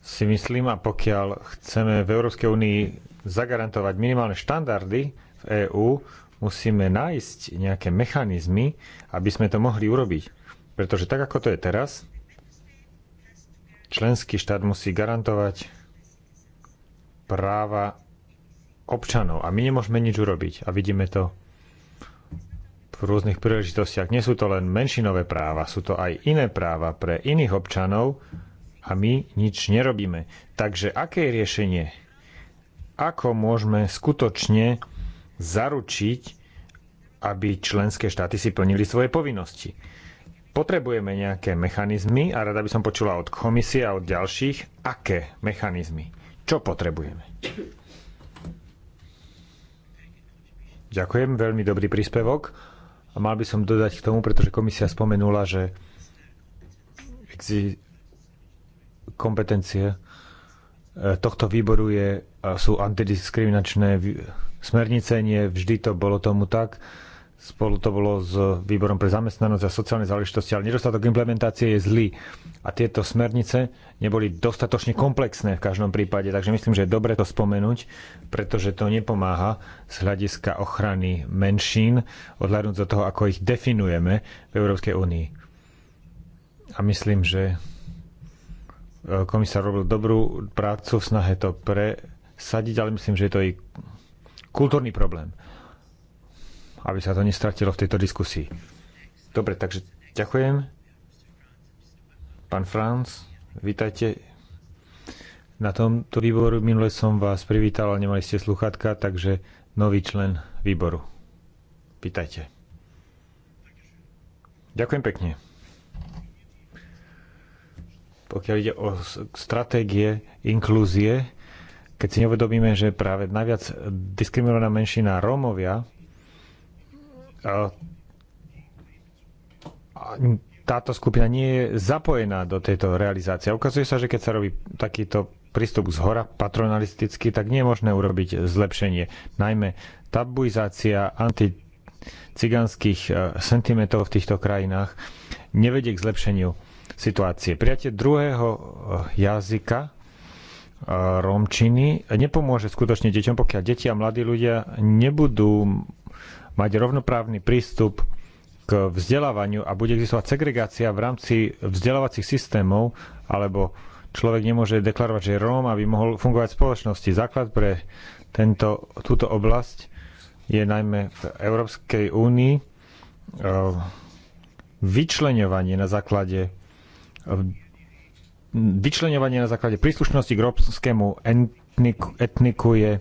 si myslím, a pokiaľ chceme v Európskej únii zagarantovať minimálne štandardy v EÚ, musíme nájsť nejaké mechanizmy, aby sme to mohli urobiť. Pretože tak, ako to je teraz, Členský štát musí garantovať práva občanov a my nemôžeme nič urobiť. A vidíme to v rôznych príležitostiach. Nie sú to len menšinové práva, sú to aj iné práva pre iných občanov a my nič nerobíme. Takže aké je riešenie? Ako môžeme skutočne zaručiť, aby členské štáty si plnili svoje povinnosti? potrebujeme nejaké mechanizmy a rada by som počula od komisie a od ďalších, aké mechanizmy, čo potrebujeme. Ďakujem, veľmi dobrý príspevok. A mal by som dodať k tomu, pretože komisia spomenula, že kompetencie e, tohto výboru je, sú antidiskriminačné smernice, nie vždy to bolo tomu tak Spolu to bolo s výborom pre zamestnanosť a sociálne záležitosti, ale nedostatok implementácie je zlý. A tieto smernice neboli dostatočne komplexné v každom prípade, takže myslím, že je dobre to spomenúť, pretože to nepomáha z hľadiska ochrany menšín, odhľadnúť do toho, ako ich definujeme v Európskej únii. A myslím, že e, komisár robil dobrú prácu v snahe to presadiť, ale myslím, že je to i kultúrny problém aby sa to nestratilo v tejto diskusii. Dobre, takže ďakujem. Pán Franz, vítajte na tomto výboru. Minule som vás privítal, ale nemali ste sluchatka, takže nový člen výboru. Vítajte. Ďakujem pekne. Pokiaľ ide o stratégie inklúzie, keď si neuvedomíme, že práve najviac diskriminovaná menšina Rómovia táto skupina nie je zapojená do tejto realizácie. Ukazuje sa, že keď sa robí takýto prístup z hora patronalisticky, tak nie je možné urobiť zlepšenie. Najmä tabuizácia anticiganských e, sentimentov v týchto krajinách nevedie k zlepšeniu situácie. Prijatie druhého e, jazyka e, romčiny nepomôže skutočne deťom, pokiaľ deti a mladí ľudia nebudú mať rovnoprávny prístup k vzdelávaniu a bude existovať segregácia v rámci vzdelávacích systémov, alebo človek nemôže deklarovať, že je Róm, aby mohol fungovať v spoločnosti. Základ pre tento, túto oblasť je najmä v Európskej únii e, vyčlenovanie na základe vyčlenovanie na základe príslušnosti k rómskému etniku, etniku je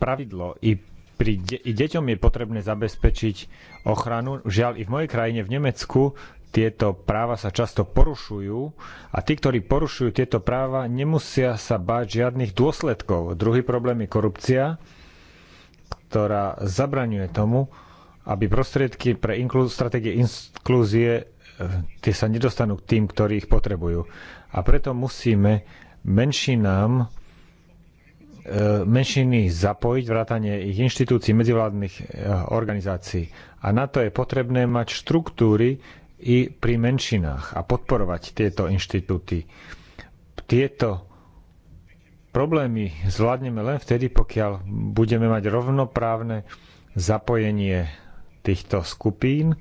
pravidlo i pri de- deťom je potrebné zabezpečiť ochranu. Žiaľ, i v mojej krajine, v Nemecku, tieto práva sa často porušujú a tí, ktorí porušujú tieto práva, nemusia sa báť žiadnych dôsledkov. Druhý problém je korupcia, ktorá zabraňuje tomu, aby prostriedky pre inklu- stratégie inklúzie e, tie sa nedostanú k tým, ktorí ich potrebujú. A preto musíme menšinám E, menšiny zapojiť, vrátanie ich inštitúcií, medzivládnych e, organizácií. A na to je potrebné mať štruktúry i pri menšinách a podporovať tieto inštitúty. Tieto problémy zvládneme len vtedy, pokiaľ budeme mať rovnoprávne zapojenie týchto skupín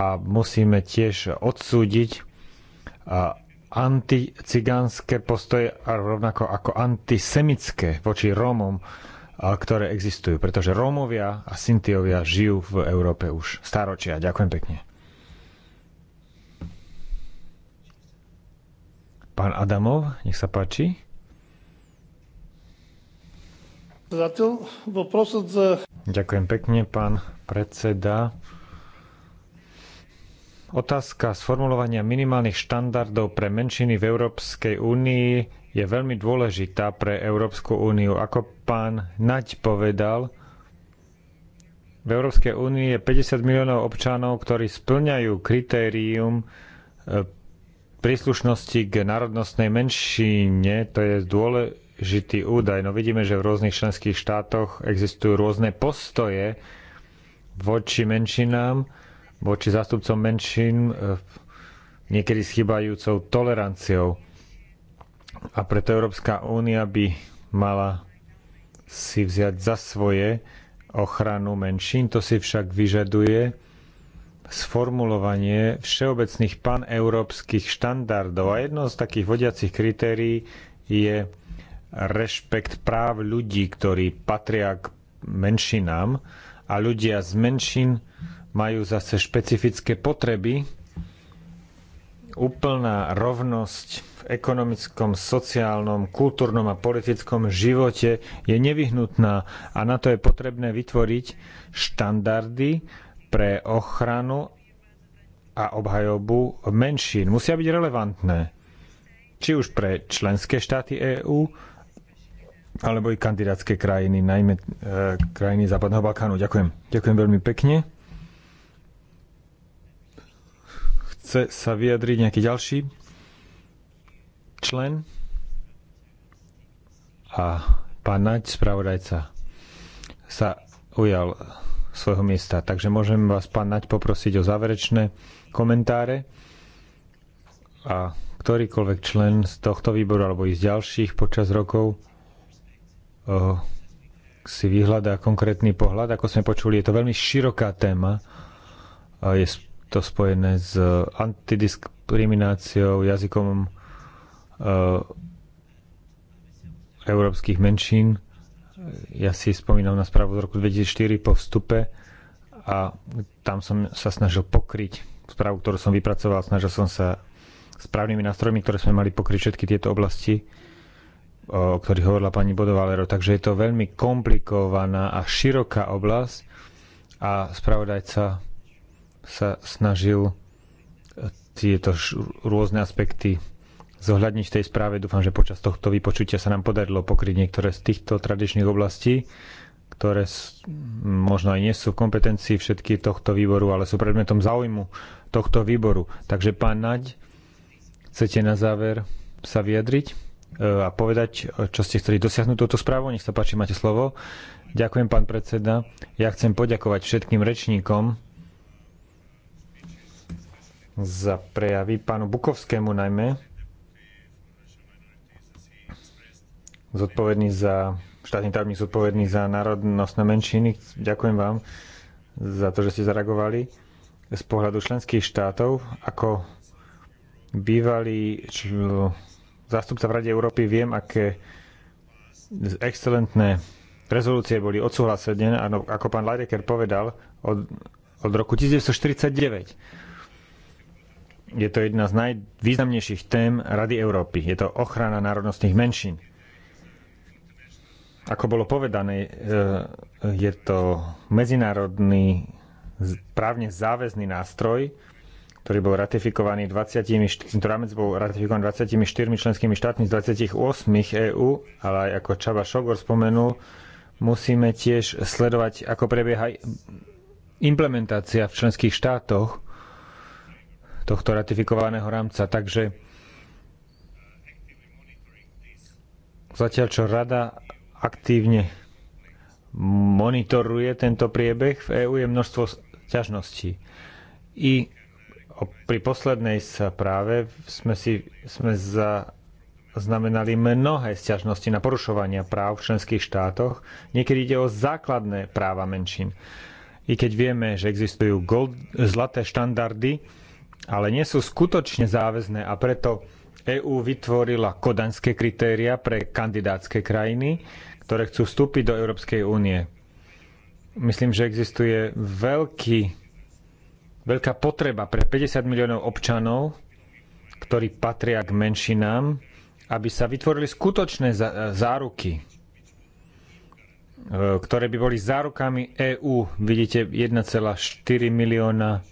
a musíme tiež odsúdiť anticigánske postoje rovnako ako antisemické voči Rómom, ktoré existujú. Pretože Rómovia a Sintiovia žijú v Európe už staročia. Ďakujem pekne. Pán Adamov, nech sa páči. Ďakujem pekne, pán predseda. Otázka sformulovania minimálnych štandardov pre menšiny v Európskej únii je veľmi dôležitá pre Európsku úniu. Ako pán Naď povedal, v Európskej únii je 50 miliónov občanov, ktorí splňajú kritérium e, príslušnosti k národnostnej menšine. To je dôležitý údaj. No vidíme, že v rôznych členských štátoch existujú rôzne postoje voči menšinám voči zástupcom menšín e, niekedy s chybajúcou toleranciou. A preto Európska únia by mala si vziať za svoje ochranu menšín. To si však vyžaduje sformulovanie všeobecných paneurópskych štandardov. A jedno z takých vodiacich kritérií je rešpekt práv ľudí, ktorí patria k menšinám a ľudia z menšín majú zase špecifické potreby. Úplná rovnosť v ekonomickom, sociálnom, kultúrnom a politickom živote je nevyhnutná a na to je potrebné vytvoriť štandardy pre ochranu a obhajobu menšín. Musia byť relevantné, či už pre členské štáty EÚ, alebo i kandidátske krajiny, najmä e, krajiny Západného Balkánu. Ďakujem. Ďakujem veľmi pekne. Chce sa vyjadriť nejaký ďalší člen? A pán Naď, spravodajca, sa ujal svojho miesta. Takže môžem vás, pán Naď, poprosiť o záverečné komentáre a ktorýkoľvek člen z tohto výboru alebo i z ďalších počas rokov o, si vyhľadá konkrétny pohľad. Ako sme počuli, je to veľmi široká téma. Je to spojené s antidiskrimináciou, jazykom e, európskych menšín. Ja si spomínam na správu z roku 2004 po vstupe a tam som sa snažil pokryť správu, ktorú som vypracoval, snažil som sa správnymi nástrojmi, ktoré sme mali pokryť všetky tieto oblasti, o ktorých hovorila pani Bodovalero. Takže je to veľmi komplikovaná a široká oblasť a spravodajca sa snažil e, tieto rôzne aspekty zohľadniť v tej správe. Dúfam, že počas tohto vypočutia sa nám podarilo pokryť niektoré z týchto tradičných oblastí, ktoré možno aj nie sú v kompetencii všetky tohto výboru, ale sú predmetom záujmu tohto výboru. Takže pán Naď, chcete na záver sa vyjadriť e, a povedať, čo ste chceli dosiahnuť túto správu, Nech sa páči, máte slovo. Ďakujem, pán predseda. Ja chcem poďakovať všetkým rečníkom, za prejavy, pánu Bukovskému najmä, zodpovedný za, štátny tajomník zodpovedný za národnostné menšiny. Ďakujem vám za to, že ste zareagovali. Z pohľadu členských štátov, ako bývalý zástupca v Rade Európy, viem, aké excelentné rezolúcie boli odsúhlasené, ako pán Leidecker povedal, od, od roku 1949 je to jedna z najvýznamnejších tém Rady Európy. Je to ochrana národnostných menšín. Ako bolo povedané, e, je to medzinárodný právne záväzný nástroj, ktorý bol ratifikovaný 20, rámec bol ratifikovaný 24 členskými štátmi z 28 EÚ, ale aj ako Čaba Šogor spomenul, musíme tiež sledovať, ako prebieha implementácia v členských štátoch tohto ratifikovaného rámca. Takže zatiaľ, čo rada aktívne monitoruje tento priebeh, v EÚ je množstvo ťažností. I pri poslednej správe sme, si, sme za, znamenali mnohé sťažnosti na porušovania práv v členských štátoch. Niekedy ide o základné práva menšín. I keď vieme, že existujú gold, zlaté štandardy, ale nie sú skutočne záväzné a preto EÚ vytvorila kodanské kritéria pre kandidátske krajiny, ktoré chcú vstúpiť do Európskej únie. Myslím, že existuje veľký, veľká potreba pre 50 miliónov občanov, ktorí patria k menšinám, aby sa vytvorili skutočné záruky, e, ktoré by boli zárukami EÚ. Vidíte, 1,4 milióna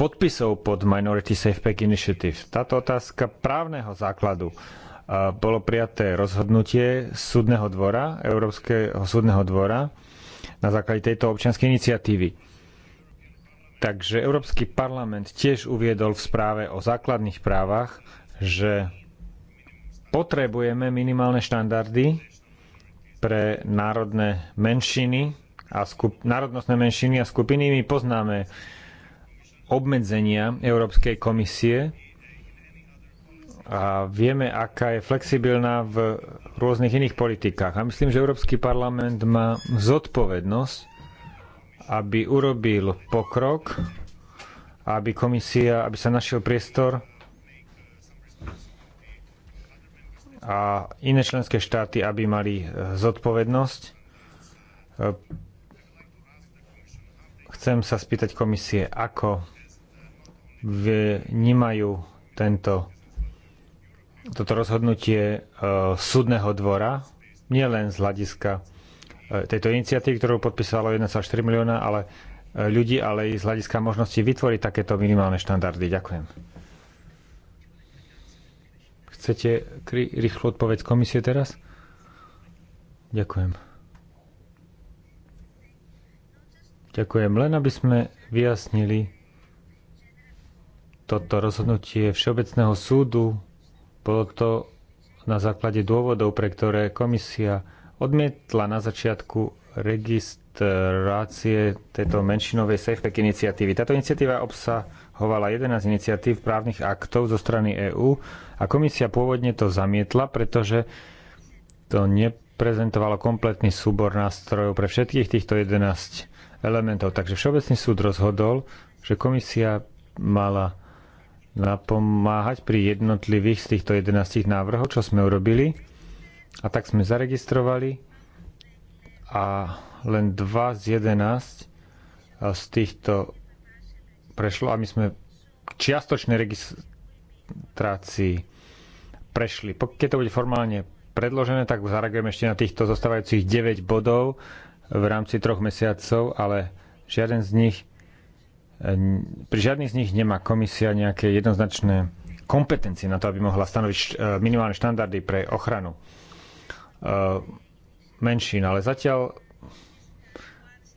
podpisov pod Minority Safe Pack Initiative. Táto otázka právneho základu bolo prijaté rozhodnutie súdneho dvora, Európskeho súdneho dvora, na základe tejto občianskej iniciatívy. Takže Európsky parlament tiež uviedol v správe o základných právach, že potrebujeme minimálne štandardy pre národné menšiny a skup- národnostné menšiny a skupiny. My poznáme obmedzenia Európskej komisie a vieme, aká je flexibilná v rôznych iných politikách. A myslím, že Európsky parlament má zodpovednosť, aby urobil pokrok, aby komisia, aby sa našiel priestor a iné členské štáty, aby mali e, zodpovednosť. E, chcem sa spýtať komisie, ako vnímajú tento, toto rozhodnutie e, súdneho dvora, nielen z hľadiska e, tejto iniciatívy, ktorú podpísalo 1,4 milióna ale e, ľudí, ale i z hľadiska možnosti vytvoriť takéto minimálne štandardy. Ďakujem. Chcete rýchlu odpoveď komisie teraz? Ďakujem. Ďakujem. Len aby sme vyjasnili toto rozhodnutie Všeobecného súdu. Bolo to na základe dôvodov, pre ktoré komisia odmietla na začiatku registrácie tejto menšinovej SafePack iniciatívy. Táto iniciatíva obsahovala 11 iniciatív právnych aktov zo strany EÚ a komisia pôvodne to zamietla, pretože to neprezentovalo kompletný súbor nástrojov pre všetkých týchto 11 elementov. Takže Všeobecný súd rozhodol, že komisia mala napomáhať pri jednotlivých z týchto 11 návrhov, čo sme urobili. A tak sme zaregistrovali a len 2 z 11 e, z týchto prešlo a my sme k čiastočnej registrácii prešli. Keď to bude formálne predložené, tak zareagujeme ešte na týchto zostávajúcich 9 bodov v rámci troch mesiacov, ale žiaden z nich pri žiadnych z nich nemá komisia nejaké jednoznačné kompetencie na to, aby mohla stanoviť e, minimálne štandardy pre ochranu e, menšín, ale zatiaľ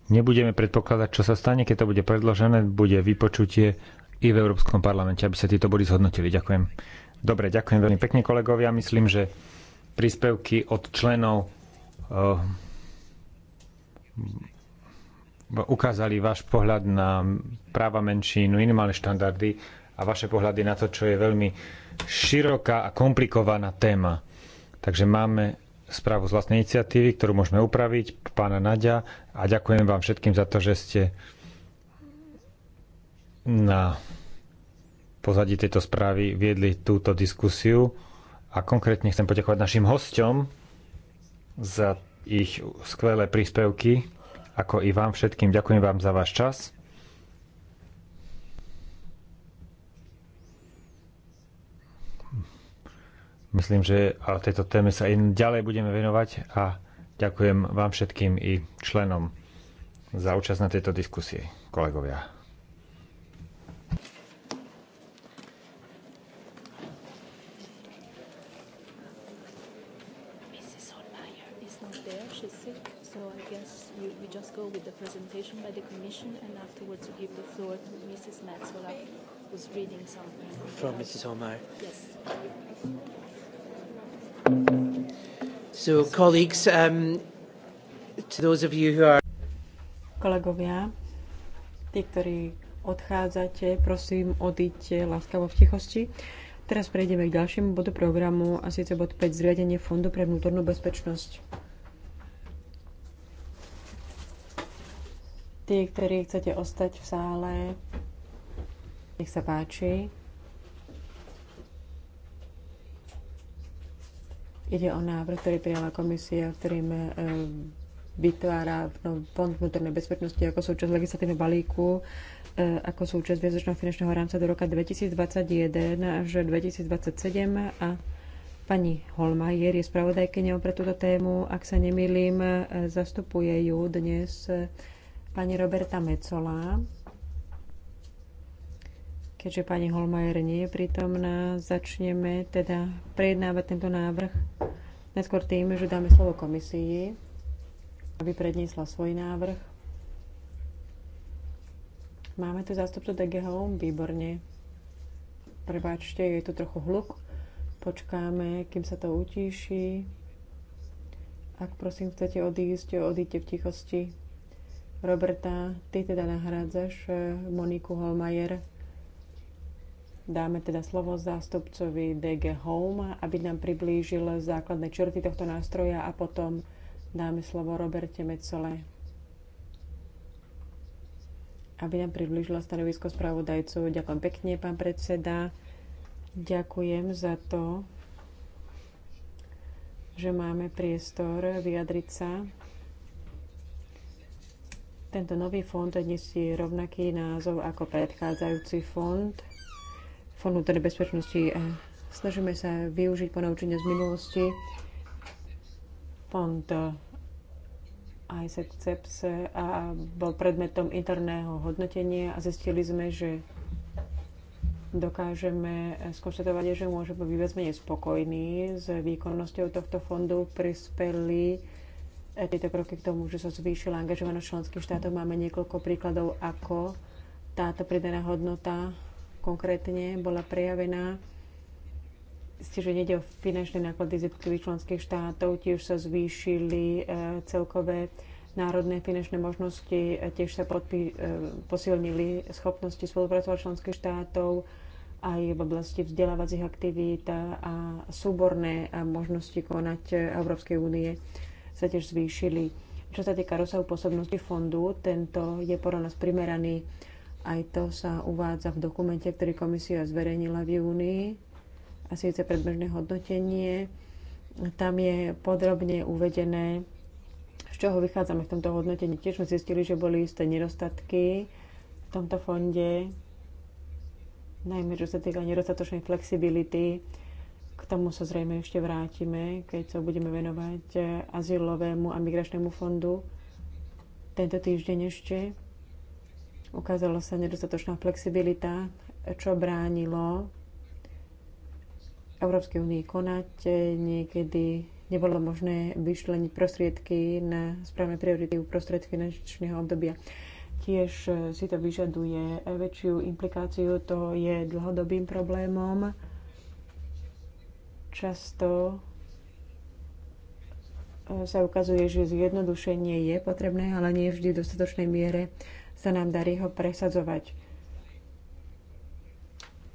nebudeme predpokladať, čo sa stane, keď to bude predložené, bude vypočutie i v Európskom parlamente, aby sa títo body zhodnotili. Ďakujem. Dobre, ďakujem veľmi pekne kolegovia. Myslím, že príspevky od členov e, ukázali váš pohľad na práva menšín, minimálne štandardy a vaše pohľady na to, čo je veľmi široká a komplikovaná téma. Takže máme správu z vlastnej iniciatívy, ktorú môžeme upraviť, pána Nadia, a ďakujem vám všetkým za to, že ste na pozadí tejto správy viedli túto diskusiu a konkrétne chcem poďakovať našim hosťom za ich skvelé príspevky ako i vám všetkým. Ďakujem vám za váš čas. Myslím, že tejto téme sa i ďalej budeme venovať a ďakujem vám všetkým i členom za účasť na tejto diskusie, kolegovia. presentation by the Commission and afterwards to give the floor to Mrs. Metzola, who's reading something. From Mrs. Omar. Yes. So, colleagues, um, to those of you who are... Kolegovia, tí, ktorí odchádzate, prosím, odíďte láskavo v tichosti. Teraz prejdeme k ďalšiemu bodu programu, a síce bod 5, zriadenie Fondu pre vnútornú bezpečnosť. Tí, ktorí chcete ostať v sále, nech sa páči. Ide o návrh, ktorý prijala komisia, ktorým e, vytvára no, fond vnútornej bezpečnosti ako súčasť legislatívneho balíku, e, ako súčasť viacročného finančného rámca do roka 2021 až 2027 a pani Holmajer je spravodajkyňou pre túto tému. Ak sa nemýlim, e, zastupuje ju dnes pani Roberta Mecolá. Keďže pani Holmajer nie je prítomná, začneme teda prejednávať tento návrh. Neskôr tým, že dáme slovo komisii, aby predniesla svoj návrh. Máme tu zástupcu DG Home, výborne. Prepáčte, je tu trochu hluk. Počkáme, kým sa to utíši. Ak prosím chcete odísť, odíďte v tichosti. Roberta, ty teda nahrádzaš eh, Moniku Holmajer. Dáme teda slovo zástupcovi DG Home, aby nám priblížil základné črty tohto nástroja a potom dáme slovo Roberte Mecole, aby nám priblížila stanovisko spravodajcov. Ďakujem pekne, pán predseda. Ďakujem za to, že máme priestor vyjadriť sa tento nový fond nesie rovnaký názov ako predchádzajúci fond, Fond vnútornej bezpečnosti. Snažíme sa využiť ponaučenia z minulosti. Fond ISAC e CEPS a bol predmetom interného hodnotenia a zistili sme, že dokážeme skonštatovať, že môžeme byť viac menej spokojní s výkonnosťou tohto fondu. Prispeli E, tieto kroky k tomu, že sa zvýšila angažovanosť členských štátov. Máme niekoľko príkladov, ako táto pridaná hodnota konkrétne bola prejavená. Ste, že nejde o finančné náklady z jednotlivých členských štátov, tiež sa zvýšili e, celkové národné finančné možnosti, e, tiež sa podpí, posilnili schopnosti spolupracovať členských štátov aj v oblasti vzdelávacích aktivít a súborné možnosti konať Európskej únie sa tiež zvýšili. Čo sa týka rozsahu pôsobnosti fondu, tento je podľa nás primeraný. Aj to sa uvádza v dokumente, ktorý komisia zverejnila v júni, a síce predbežné hodnotenie. Tam je podrobne uvedené, z čoho vychádzame v tomto hodnotení. Tiež sme zistili, že boli isté nedostatky v tomto fonde, najmä čo sa týka nedostatočnej flexibility k tomu sa zrejme ešte vrátime, keď sa budeme venovať eh, azylovému a migračnému fondu. Tento týždeň ešte ukázala sa nedostatočná flexibilita, čo bránilo Európskej únii konať. Niekedy nebolo možné vyšleniť prostriedky na správne priority uprostred finančného obdobia. Tiež eh, si to vyžaduje eh, väčšiu implikáciu, to je dlhodobým problémom Často e, sa ukazuje, že zjednodušenie je potrebné, ale nie vždy v dostatočnej miere sa nám darí ho presadzovať.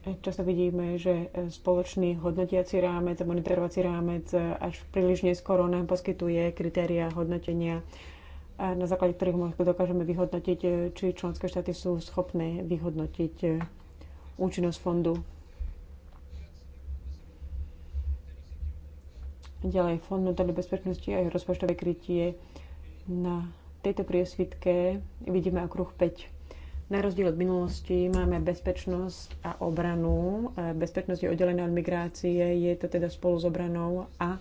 E, často vidíme, že e, spoločný hodnotiaci rámec, monitorovací rámec až príliš neskoro nám poskytuje kritéria hodnotenia, na základe ktorých dokážeme vyhodnotiť, či členské štáty sú schopné vyhodnotiť účinnosť fondu Ďalej Fond vnútornej bezpečnosti a jeho rozpočtové krytie. Na tejto priesvitke vidíme okruh 5. Na rozdiel od minulosti máme bezpečnosť a obranu. Bezpečnosť je oddelená od migrácie, je to teda spolu s obranou a,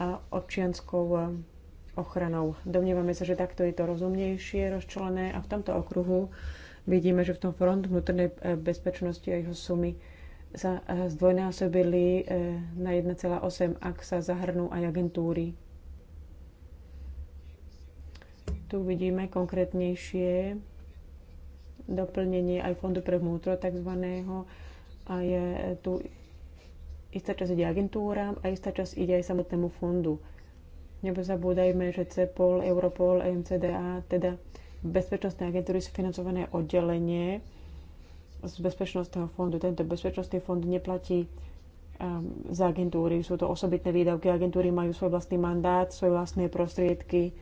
a občianskou ochranou. Domnievame sa, že takto je to rozumnejšie rozčlené a v tomto okruhu vidíme, že v tom front vnútornej e, bezpečnosti a jeho sumy sa eh, zdvojnásobili eh, na 1,8, ak sa zahrnú aj agentúry. Tu vidíme konkrétnejšie doplnenie aj fondu pre vnútro tzv. A je eh, tu istá časť ide agentúram a istá časť ide aj samotnému fondu. Nebezabúdajme, že CEPOL, Europol, MCDA, teda bezpečnostné agentúry sú financované oddelenie z bezpečnostného fondu. Tento bezpečnostný fond neplatí um, za agentúry. Sú to osobitné výdavky. Agentúry majú svoj vlastný mandát, svoje vlastné prostriedky.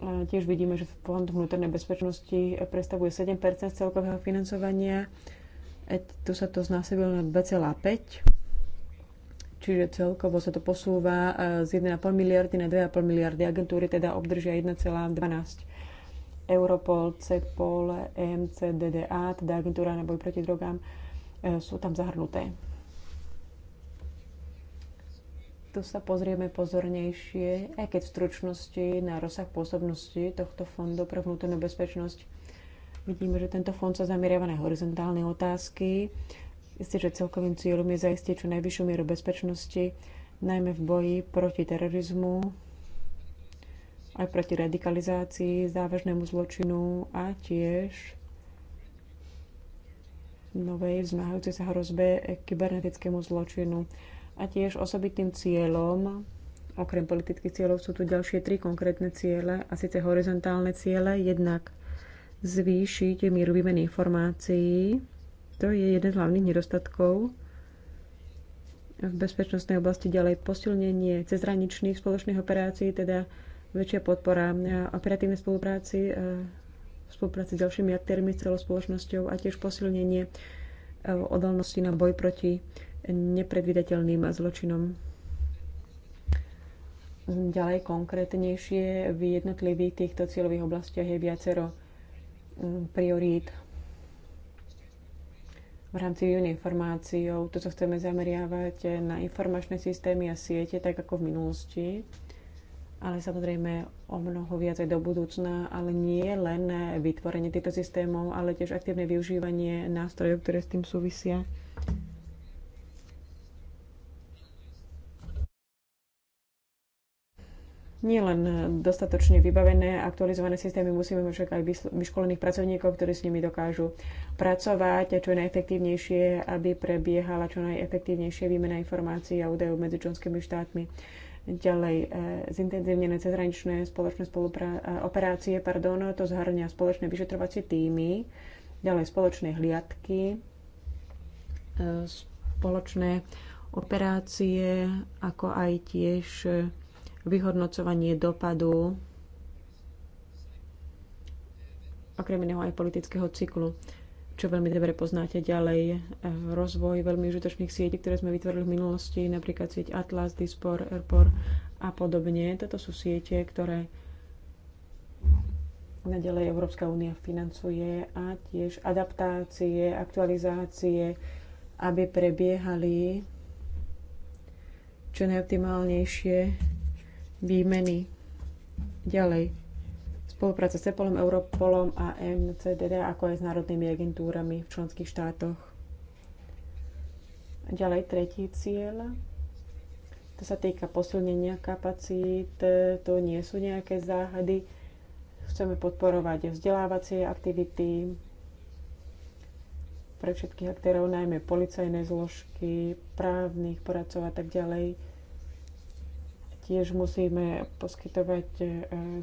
A tiež vidíme, že Fond vnútornej bezpečnosti predstavuje 7 z celkového financovania. E, tu sa to znásobilo na 2,5 čiže celkovo sa to posúva e, z 1,5 miliardy na 2,5 miliardy. Agentúry teda obdržia 1,12 Europol, CEPOL, EMC, DDA, teda agentúra na boj proti drogám, e, sú tam zahrnuté. Tu sa pozrieme pozornejšie, aj keď v stručnosti, na rozsah pôsobnosti tohto fondu pre vnútornú bezpečnosť. Vidíme, že tento fond sa zameriava na horizontálne otázky. Isté, že celkovým cieľom je zaistiť čo najvyššiu mieru bezpečnosti, najmä v boji proti terorizmu, aj proti radikalizácii, závažnému zločinu a tiež novej vzmáhajúcej sa hrozbe kybernetickému zločinu. A tiež osobitným cieľom, okrem politických cieľov, sú tu ďalšie tri konkrétne ciele, a síce horizontálne ciele, jednak zvýšiť mieru výmeny informácií, to je jeden z hlavných nedostatkov v bezpečnostnej oblasti ďalej posilnenie cezhraničných spoločných operácií, teda väčšia podpora e, operatívnej spolupráci, e, spolupráci s ďalšími aktérmi, celou spoločnosťou a tiež posilnenie e, odolnosti na boj proti nepredvidateľným zločinom. Ďalej konkrétnejšie v jednotlivých týchto cieľových oblastiach je viacero priorít v rámci výmeny informáciou. To, sa chceme zameriavať na informačné systémy a siete, tak ako v minulosti ale samozrejme o mnoho aj do budúcna, ale nie len vytvorenie týchto systémov, ale tiež aktívne využívanie nástrojov, ktoré s tým súvisia. Nie len dostatočne vybavené aktualizované systémy, musíme mať však aj vyškolených pracovníkov, ktorí s nimi dokážu pracovať a čo je najefektívnejšie, aby prebiehala čo najefektívnejšie výmena informácií a údajov medzi členskými štátmi. Ďalej e, zintenzívnené cezhraničné spoločné e, operácie, pardon, to zhrňa spoločné vyšetrovacie týmy, ďalej spoločné hliadky, e, spoločné operácie, ako aj tiež vyhodnocovanie dopadu okrem iného aj politického cyklu čo veľmi dobre poznáte ďalej. Eh, rozvoj veľmi užitočných sietí, ktoré sme vytvorili v minulosti, napríklad sieť Atlas, Dispor, Airpor a podobne. Toto sú siete, ktoré naďalej Európska únia financuje a tiež adaptácie, aktualizácie, aby prebiehali čo najoptimálnejšie výmeny ďalej spolupráca s CEPOLom, Europolom a MCDD, ako aj s národnými agentúrami v členských štátoch. Ďalej tretí cieľ. To sa týka posilnenia kapacít. To nie sú nejaké záhady. Chceme podporovať vzdelávacie aktivity pre všetkých aktérov, najmä policajné zložky, právnych poradcov a tak ďalej Tiež musíme poskytovať e,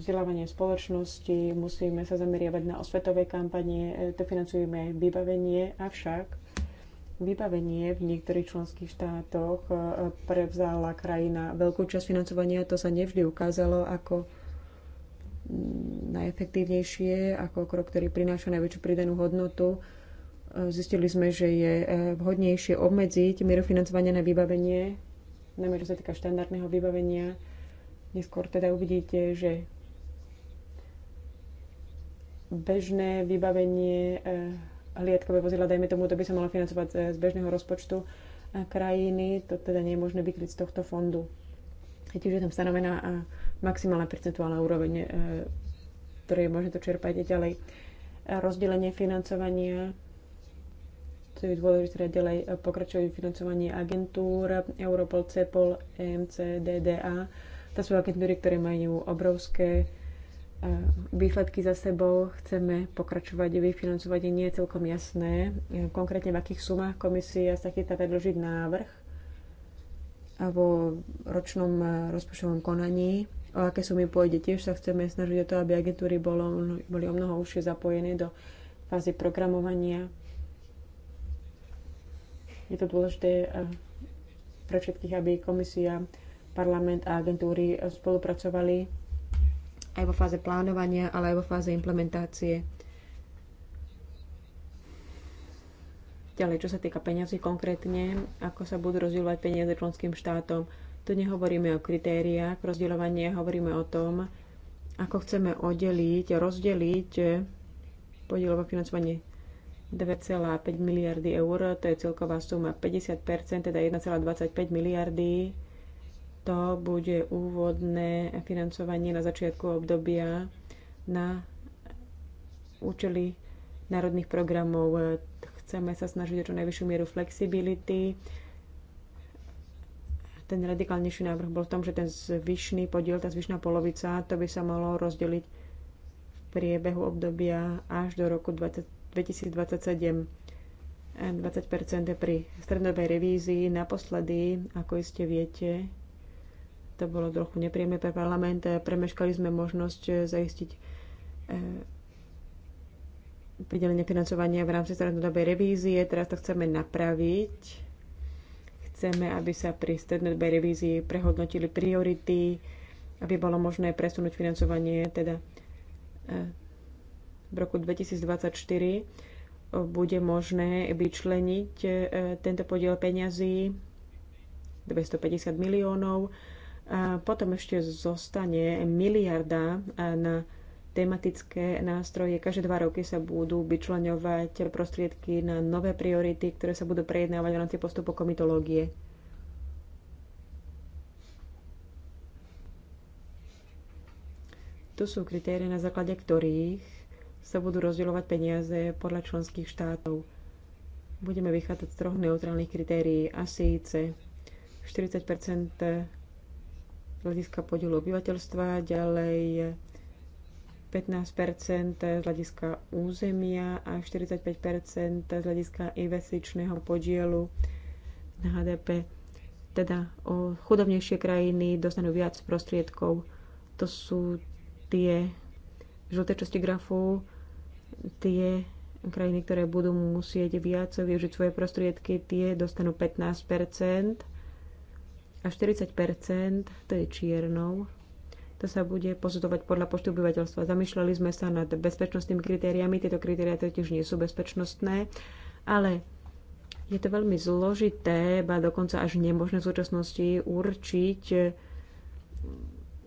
vzdelávanie spoločnosti, musíme sa zameriavať na osvetové kampanie, e, to financujeme aj vybavenie, avšak vybavenie v niektorých členských štátoch e, prevzala krajina veľkú časť financovania, to sa nevždy ukázalo ako mm, najefektívnejšie, ako krok, ktorý prináša najväčšiu pridanú hodnotu. Zistili sme, že je vhodnejšie obmedziť mieru na vybavenie najmä čo sa týka štandardného vybavenia. Neskôr teda uvidíte, že bežné vybavenie eh, hliadkové vozidla, dajme tomu, to by sa malo financovať z bežného rozpočtu eh, krajiny, to teda nie je možné vykryť z tohto fondu. Je tiež tam stanovená eh, maximálna percentuálna úroveň, ktorej je možné to čerpať ďalej. Rozdelenie financovania to je dôležité ďalej e, v financovaní agentúr, Europol, CEPOL, EMC, DDA. To sú agentúry, ktoré majú obrovské e, výsledky za sebou. Chceme pokračovať v ich financovaní. Nie je celkom jasné, e, konkrétne v akých sumách komisia sa chystá predložiť návrh vo ročnom rozpočtovom konaní. O aké sumy pôjde, tiež sa chceme snažiť o to, aby agentúry bolo, boli o mnoho užšie zapojené do fázy programovania je to dôležité eh, pre všetkých, aby komisia, parlament a agentúry eh, spolupracovali aj vo fáze plánovania, ale aj vo fáze implementácie. Ďalej, čo sa týka peniazy konkrétne, ako sa budú rozdielovať peniaze členským štátom, tu nehovoríme o kritériách rozdeľovania, hovoríme o tom, ako chceme oddeliť, rozdeliť eh, podielové financovanie 2,5 miliardy eur, to je celková suma 50%, teda 1,25 miliardy. To bude úvodné financovanie na začiatku obdobia na účely národných programov. Chceme sa snažiť o čo najvyššiu mieru flexibility. Ten radikálnejší návrh bol v tom, že ten zvyšný podiel, tá zvyšná polovica, to by sa mohlo rozdeliť v priebehu obdobia až do roku 20 2027 20 eh, pri strednodobej revízii. Naposledy, ako iste viete, to bolo trochu nepríjemné pre parlament. Eh, premeškali sme možnosť eh, zaistiť pridelenie financovania v rámci strednodobej revízie. Teraz to chceme napraviť. Chceme, aby sa pri strednodobej revízii prehodnotili priority, aby bolo možné presunúť financovanie teda v roku 2024 eh, bude možné vyčleniť eh, tento podiel peňazí 250 miliónov. A potom ešte zostane miliarda eh, na tematické nástroje. Každé dva roky sa budú vyčlenovať prostriedky na nové priority, ktoré sa budú prejednávať v rámci postupu komitológie. To sú kritéria, na základe ktorých sa budú rozdielovať peniaze podľa členských štátov. Budeme vychádzať z troch neutrálnych kritérií a síce 40 z hľadiska podielu obyvateľstva, ďalej 15 z hľadiska územia a 45 z hľadiska investičného podielu na HDP. Teda o chudobnejšie krajiny dostanú viac prostriedkov. To sú tie žlté časti grafu, tie krajiny, ktoré budú musieť viac využiť svoje prostriedky, tie dostanú 15 a 40 to je čiernou. To sa bude posudzovať podľa počtu obyvateľstva. Zamýšľali sme sa nad bezpečnostnými kritériami. Tieto kritéria totiž nie sú bezpečnostné, ale je to veľmi zložité, ba dokonca až nemožné v súčasnosti určiť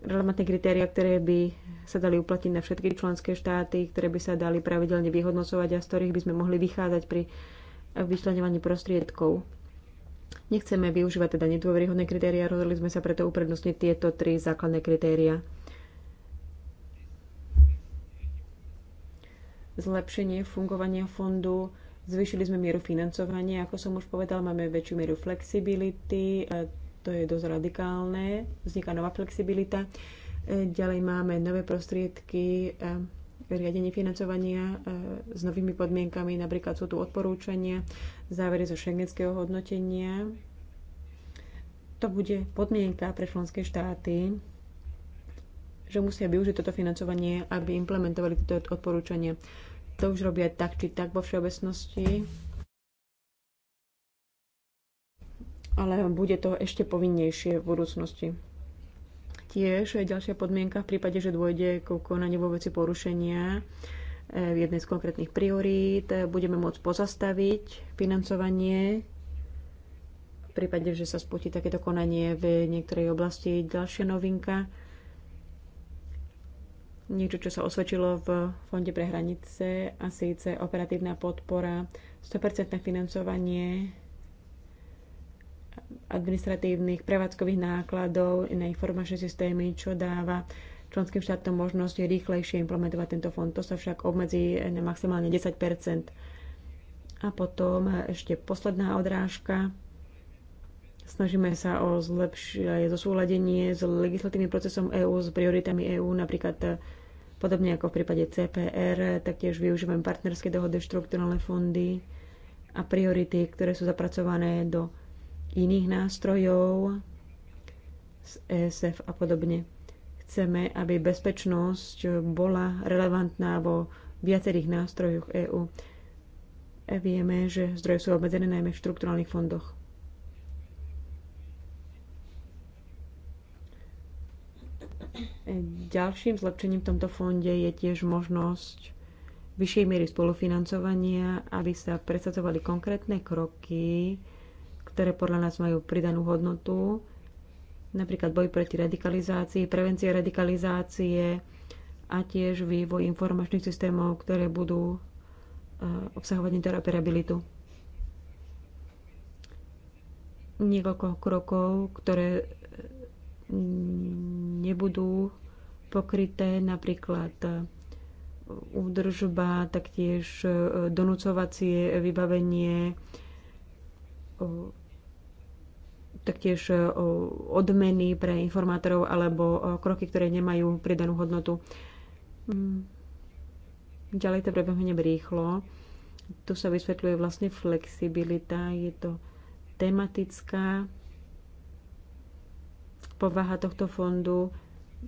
relevantné kritéria, ktoré by sa dali uplatniť na všetky členské štáty, ktoré by sa dali pravidelne vyhodnocovať a z ktorých by sme mohli vychádzať pri vyčlenovaní prostriedkov. Nechceme využívať teda nedôveryhodné kritéria, rozhodli sme sa preto uprednostniť tieto tri základné kritéria. Zlepšenie fungovania fondu, zvýšili sme mieru financovania, ako som už povedal, máme väčšiu mieru flexibility, to je dosť radikálne, vzniká nová flexibilita. E, ďalej máme nové prostriedky, e, riadenie financovania e, s novými podmienkami, napríklad sú tu odporúčania, závery zo šengenského hodnotenia. To bude podmienka pre členské štáty, že musia využiť toto financovanie, aby implementovali tieto odporúčania. To už robia tak či tak vo všeobecnosti ale bude to ešte povinnejšie v budúcnosti. Tiež je ďalšia podmienka v prípade, že dôjde k konaniu vo veci porušenia eh, v jednej z konkrétnych priorít, budeme môcť pozastaviť financovanie v prípade, že sa spustí takéto konanie v niektorej oblasti. Ďalšia novinka, niečo, čo sa osvedčilo v Fonde pre hranice a síce operatívna podpora, 100% financovanie administratívnych prevádzkových nákladov na informačné systémy, čo dáva členským štátom možnosť rýchlejšie implementovať tento fond. To sa však obmedzí na maximálne 10 A potom ešte posledná odrážka. Snažíme sa o zlepšie zosúladenie s legislatívnym procesom EÚ, s prioritami EÚ, napríklad eh, podobne ako v prípade CPR, taktiež využívame partnerské dohody, štruktúrne fondy a priority, ktoré sú zapracované do iných nástrojov z ESF a podobne. Chceme, aby bezpečnosť bola relevantná vo viacerých nástrojoch EÚ. E, vieme, že zdroje sú obmedzené najmä v štrukturálnych fondoch. E, ďalším zlepšením v tomto fonde je tiež možnosť vyššej miery spolufinancovania, aby sa presadzovali konkrétne kroky ktoré podľa nás majú pridanú hodnotu, napríklad boj proti radikalizácii, prevencia radikalizácie a tiež vývoj informačných systémov, ktoré budú e, obsahovať interoperabilitu. Niekoľko krokov, ktoré e, nebudú pokryté, napríklad e, údržba, taktiež donúcovacie vybavenie, taktiež e, odmeny pre informátorov alebo e, kroky, ktoré nemajú pridanú hodnotu. Mm. Ďalej to prebehne rýchlo. Tu sa vysvetľuje vlastne flexibilita, je to tematická povaha tohto fondu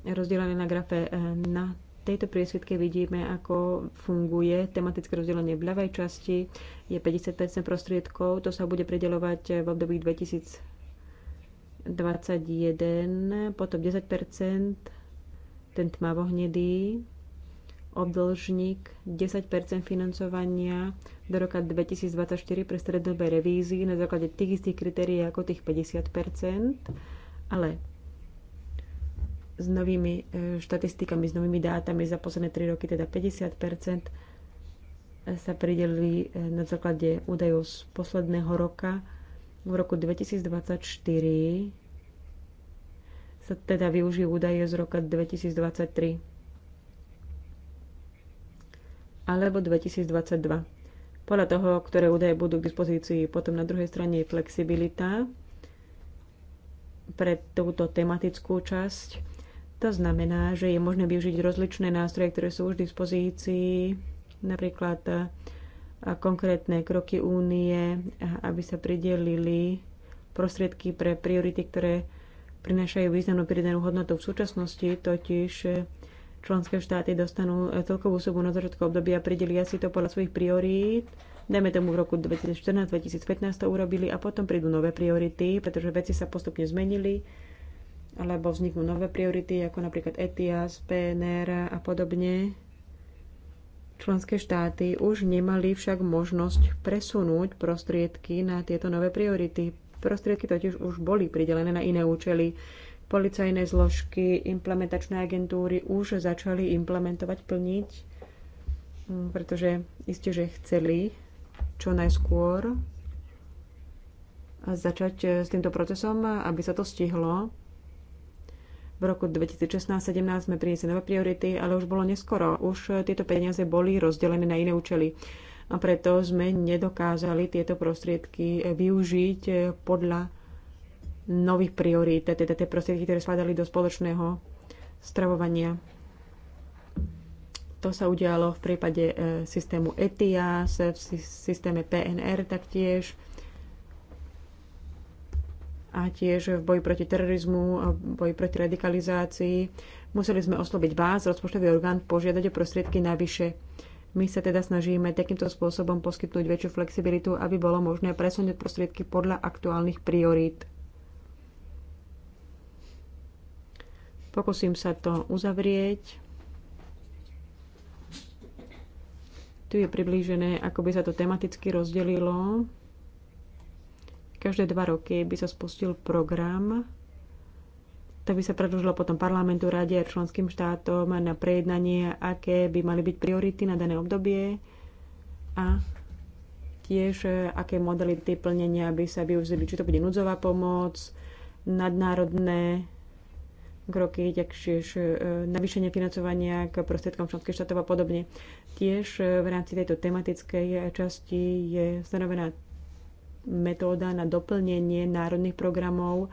rozdelené na grafe. E, na tejto priesvitke vidíme, ako funguje tematické rozdelenie v ľavej časti. Je 50% prostriedkov, to sa bude predelovať v období 2000 21, potom 10%, ten tmavohnedý, obdlžník 10% financovania do roka 2024 pre strednodobé revízii na základe tých istých kritérií ako tých 50%, ale s novými e, štatistikami, s novými dátami za posledné 3 roky, teda 50% e, sa pridelili e, na základe údajov z posledného roka v roku 2024 sa teda využijú údaje z roka 2023 alebo 2022. Podľa toho, ktoré údaje budú k dispozícii. Potom na druhej strane je flexibilita pre túto tematickú časť. To znamená, že je možné využiť rozličné nástroje, ktoré sú už v dispozícii, napríklad a konkrétne kroky únie, aby sa pridelili prostriedky pre priority, ktoré prinášajú významnú pridanú hodnotu. V súčasnosti totiž členské štáty dostanú celkovú sumu na začiatku obdobia, a pridelia si to podľa svojich priorít, dajme tomu v roku 2014-2015 to urobili a potom prídu nové priority, pretože veci sa postupne zmenili alebo vzniknú nové priority, ako napríklad ETIAS, PNR a podobne. Členské štáty už nemali však možnosť presunúť prostriedky na tieto nové priority. Prostriedky totiž už boli pridelené na iné účely. Policajné zložky, implementačné agentúry už začali implementovať, plniť, mm, pretože isté, že chceli čo najskôr začať eh, s týmto procesom, aby sa to stihlo. V roku 2016-17 sme priniesli nové priority, ale už bolo neskoro. Už e, tieto peniaze boli rozdelené na iné účely. A preto sme nedokázali tieto prostriedky e, využiť e, podľa nových priorít, teda tie prostriedky, ktoré spadali do spoločného stravovania. To sa udialo v prípade systému ETIAS, v systéme PNR taktiež a tiež v boji proti terorizmu a boji proti radikalizácii. Museli sme oslobiť vás, rozpočtový orgán, požiadať o prostriedky navyše. My sa teda snažíme takýmto spôsobom poskytnúť väčšiu flexibilitu, aby bolo možné presunúť prostriedky podľa aktuálnych priorít. Pokúsim sa to uzavrieť. Tu je priblížené, ako by sa to tematicky rozdelilo každé dva roky by sa spustil program, tak by sa predložilo potom parlamentu, rade a členským štátom na prejednanie, aké by mali byť priority na dané obdobie a tiež e, aké modality plnenia by sa využili, či to bude núdzová pomoc, nadnárodné kroky, tiež e, navýšenie financovania k prostriedkom členských štátov a podobne. Tiež e, v rámci tejto tematickej časti je stanovená metóda na doplnenie národných programov,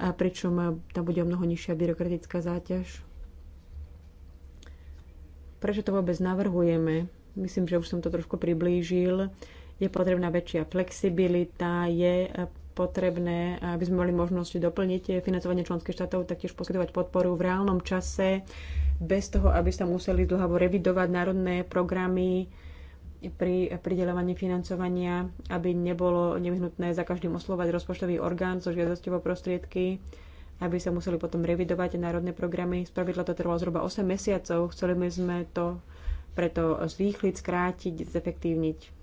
a pričom tam bude o mnoho nižšia byrokratická záťaž. Prečo to vôbec navrhujeme? Myslím, že už som to trošku priblížil. Je potrebná väčšia flexibilita, je potrebné, aby sme mali možnosť doplniť financovanie členských štátov, taktiež poskytovať podporu v reálnom čase, bez toho, aby sa museli dlhavo revidovať národné programy, pri pridelovaní financovania, aby nebolo nevyhnutné za každým oslovať rozpočtový orgán so žiadosťou o prostriedky, aby sa museli potom revidovať národné programy. Spravidla to trvalo zhruba 8 mesiacov, chceli by sme to preto zrýchliť, skrátiť, zefektívniť.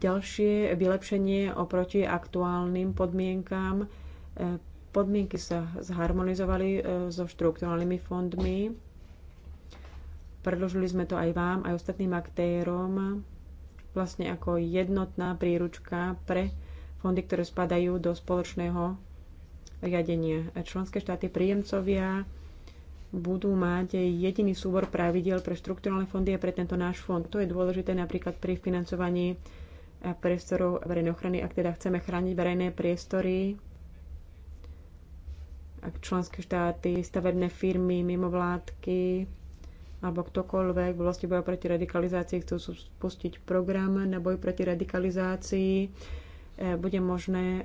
Ďalšie vylepšenie oproti aktuálnym podmienkám eh, podmienky sa zharmonizovali e, so štruktúrnymi fondmi. Predložili sme to aj vám, aj ostatným aktérom, vlastne ako jednotná príručka pre fondy, ktoré spadajú do spoločného riadenia. E, Členské štáty príjemcovia budú mať jediný súbor pravidel pre štruktúrne fondy a pre tento náš fond. To je dôležité napríklad pri financovaní e, priestorov verejnej ochrany, ak teda chceme chrániť verejné priestory ak členské štáty, stavebné firmy, mimovládky alebo ktokoľvek v oblasti boja proti radikalizácii chcú spustiť program na boj proti radikalizácii, e, bude možné e,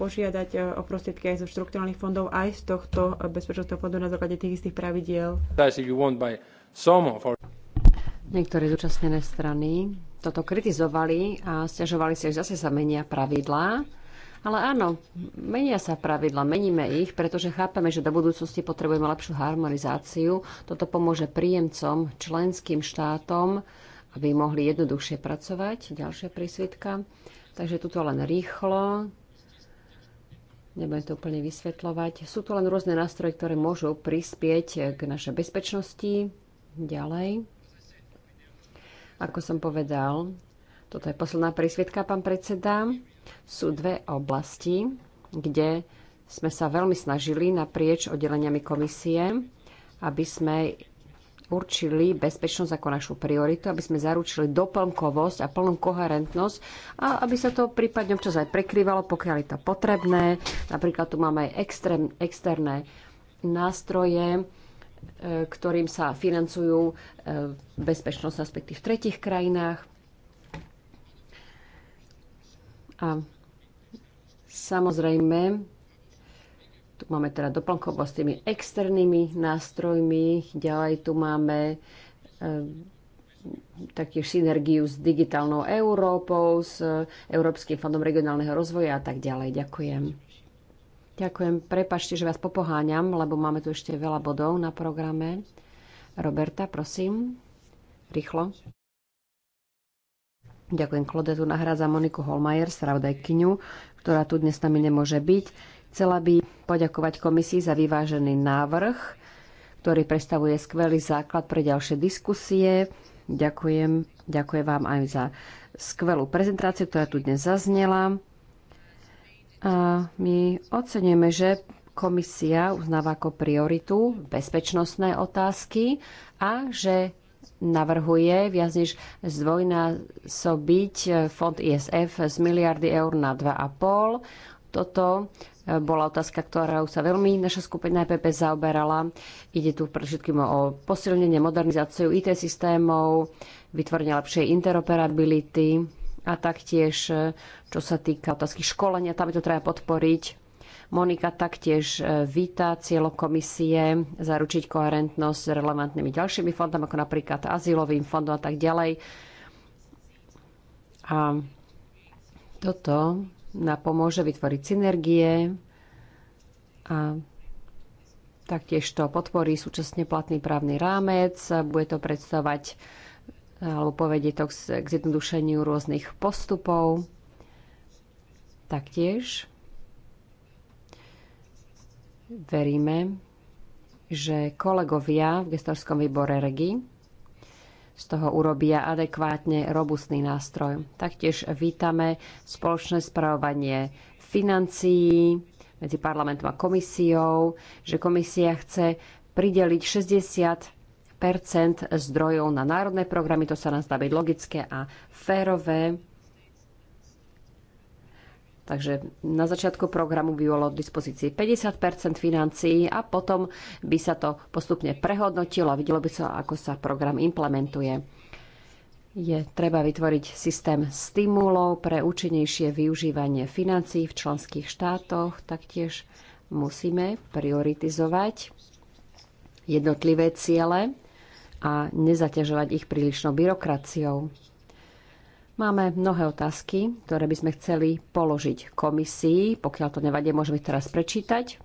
požiadať e, o prostriedky aj zo štrukturálnych fondov, aj z tohto bezpečnostného fondu na základe tých istých pravidiel. Niektoré zúčastnené strany toto kritizovali a stiažovali si, že zase sa menia pravidlá ale áno, menia sa pravidla, meníme ich, pretože chápeme, že do budúcnosti potrebujeme lepšiu harmonizáciu. Toto pomôže príjemcom, členským štátom, aby mohli jednoduchšie pracovať. Ďalšia prísvitka. Takže tuto len rýchlo. Nebudem to úplne vysvetľovať. Sú tu len rôzne nástroje, ktoré môžu prispieť k našej bezpečnosti. Ďalej. Ako som povedal, toto je posledná prísvietka, pán predseda sú dve oblasti, kde sme sa veľmi snažili naprieč oddeleniami komisie, aby sme určili bezpečnosť ako našu prioritu, aby sme zaručili doplnkovosť a plnú koherentnosť a aby sa to prípadne občas aj prekrývalo, pokiaľ je to potrebné. Napríklad tu máme aj extrém, externé nástroje, e, ktorým sa financujú e, bezpečnostné aspekty v tretich krajinách. A samozrejme, tu máme teda doplnkovo s tými externými nástrojmi, ďalej tu máme eh, taktiež synergiu s digitálnou Európou, s eh, Európskym fondom regionálneho rozvoja a tak ďalej. Ďakujem. Ďakujem. Prepačte, že vás popoháňam, lebo máme tu ešte veľa bodov na programe. Roberta, prosím. Rýchlo. Ďakujem Klodetu, nahrádza Moniku Holmajer, spravodajkyňu, ktorá tu dnes s nami nemôže byť. Chcela by poďakovať komisii za vyvážený návrh, ktorý predstavuje skvelý základ pre ďalšie diskusie. Ďakujem, ďakujem vám aj za skvelú prezentáciu, ktorá tu dnes zaznela. A my ocenujeme, že komisia uznáva ako prioritu bezpečnostné otázky a že navrhuje viac než zdvojnásobiť fond ISF z miliardy eur na 2,5. Toto e, bola otázka, už sa veľmi naša skupina EPP zaoberala. Ide tu predovšetkým o posilnenie, modernizáciu IT systémov, vytvorenie lepšej interoperability a taktiež, e, čo sa týka otázky školenia, tam je to treba podporiť. Monika taktiež e, víta cieľom komisie zaručiť koherentnosť s relevantnými ďalšími fondami, ako napríklad azylovým fondom a tak ďalej. A toto nám pomôže vytvoriť synergie a taktiež to podporí súčasne platný právny rámec. Bude to predstavovať alebo povedie to k zjednodušeniu rôznych postupov. Taktiež veríme, že kolegovia v gestorskom výbore REGI z toho urobia adekvátne robustný nástroj. Taktiež vítame spoločné spravovanie financií medzi parlamentom a komisiou, že komisia chce prideliť 60 zdrojov na národné programy. To sa nám zdá byť logické a férové. Takže na začiatku programu by bolo k dispozícii 50 financií a potom by sa to postupne prehodnotilo a videlo by sa, ako sa program implementuje. Je treba vytvoriť systém stimulov pre účinnejšie využívanie financií v členských štátoch, taktiež musíme prioritizovať jednotlivé ciele a nezaťažovať ich prílišnou byrokraciou. Máme mnohé otázky, ktoré by sme chceli položiť komisii. Pokiaľ to nevadí, môžeme ich teraz prečítať.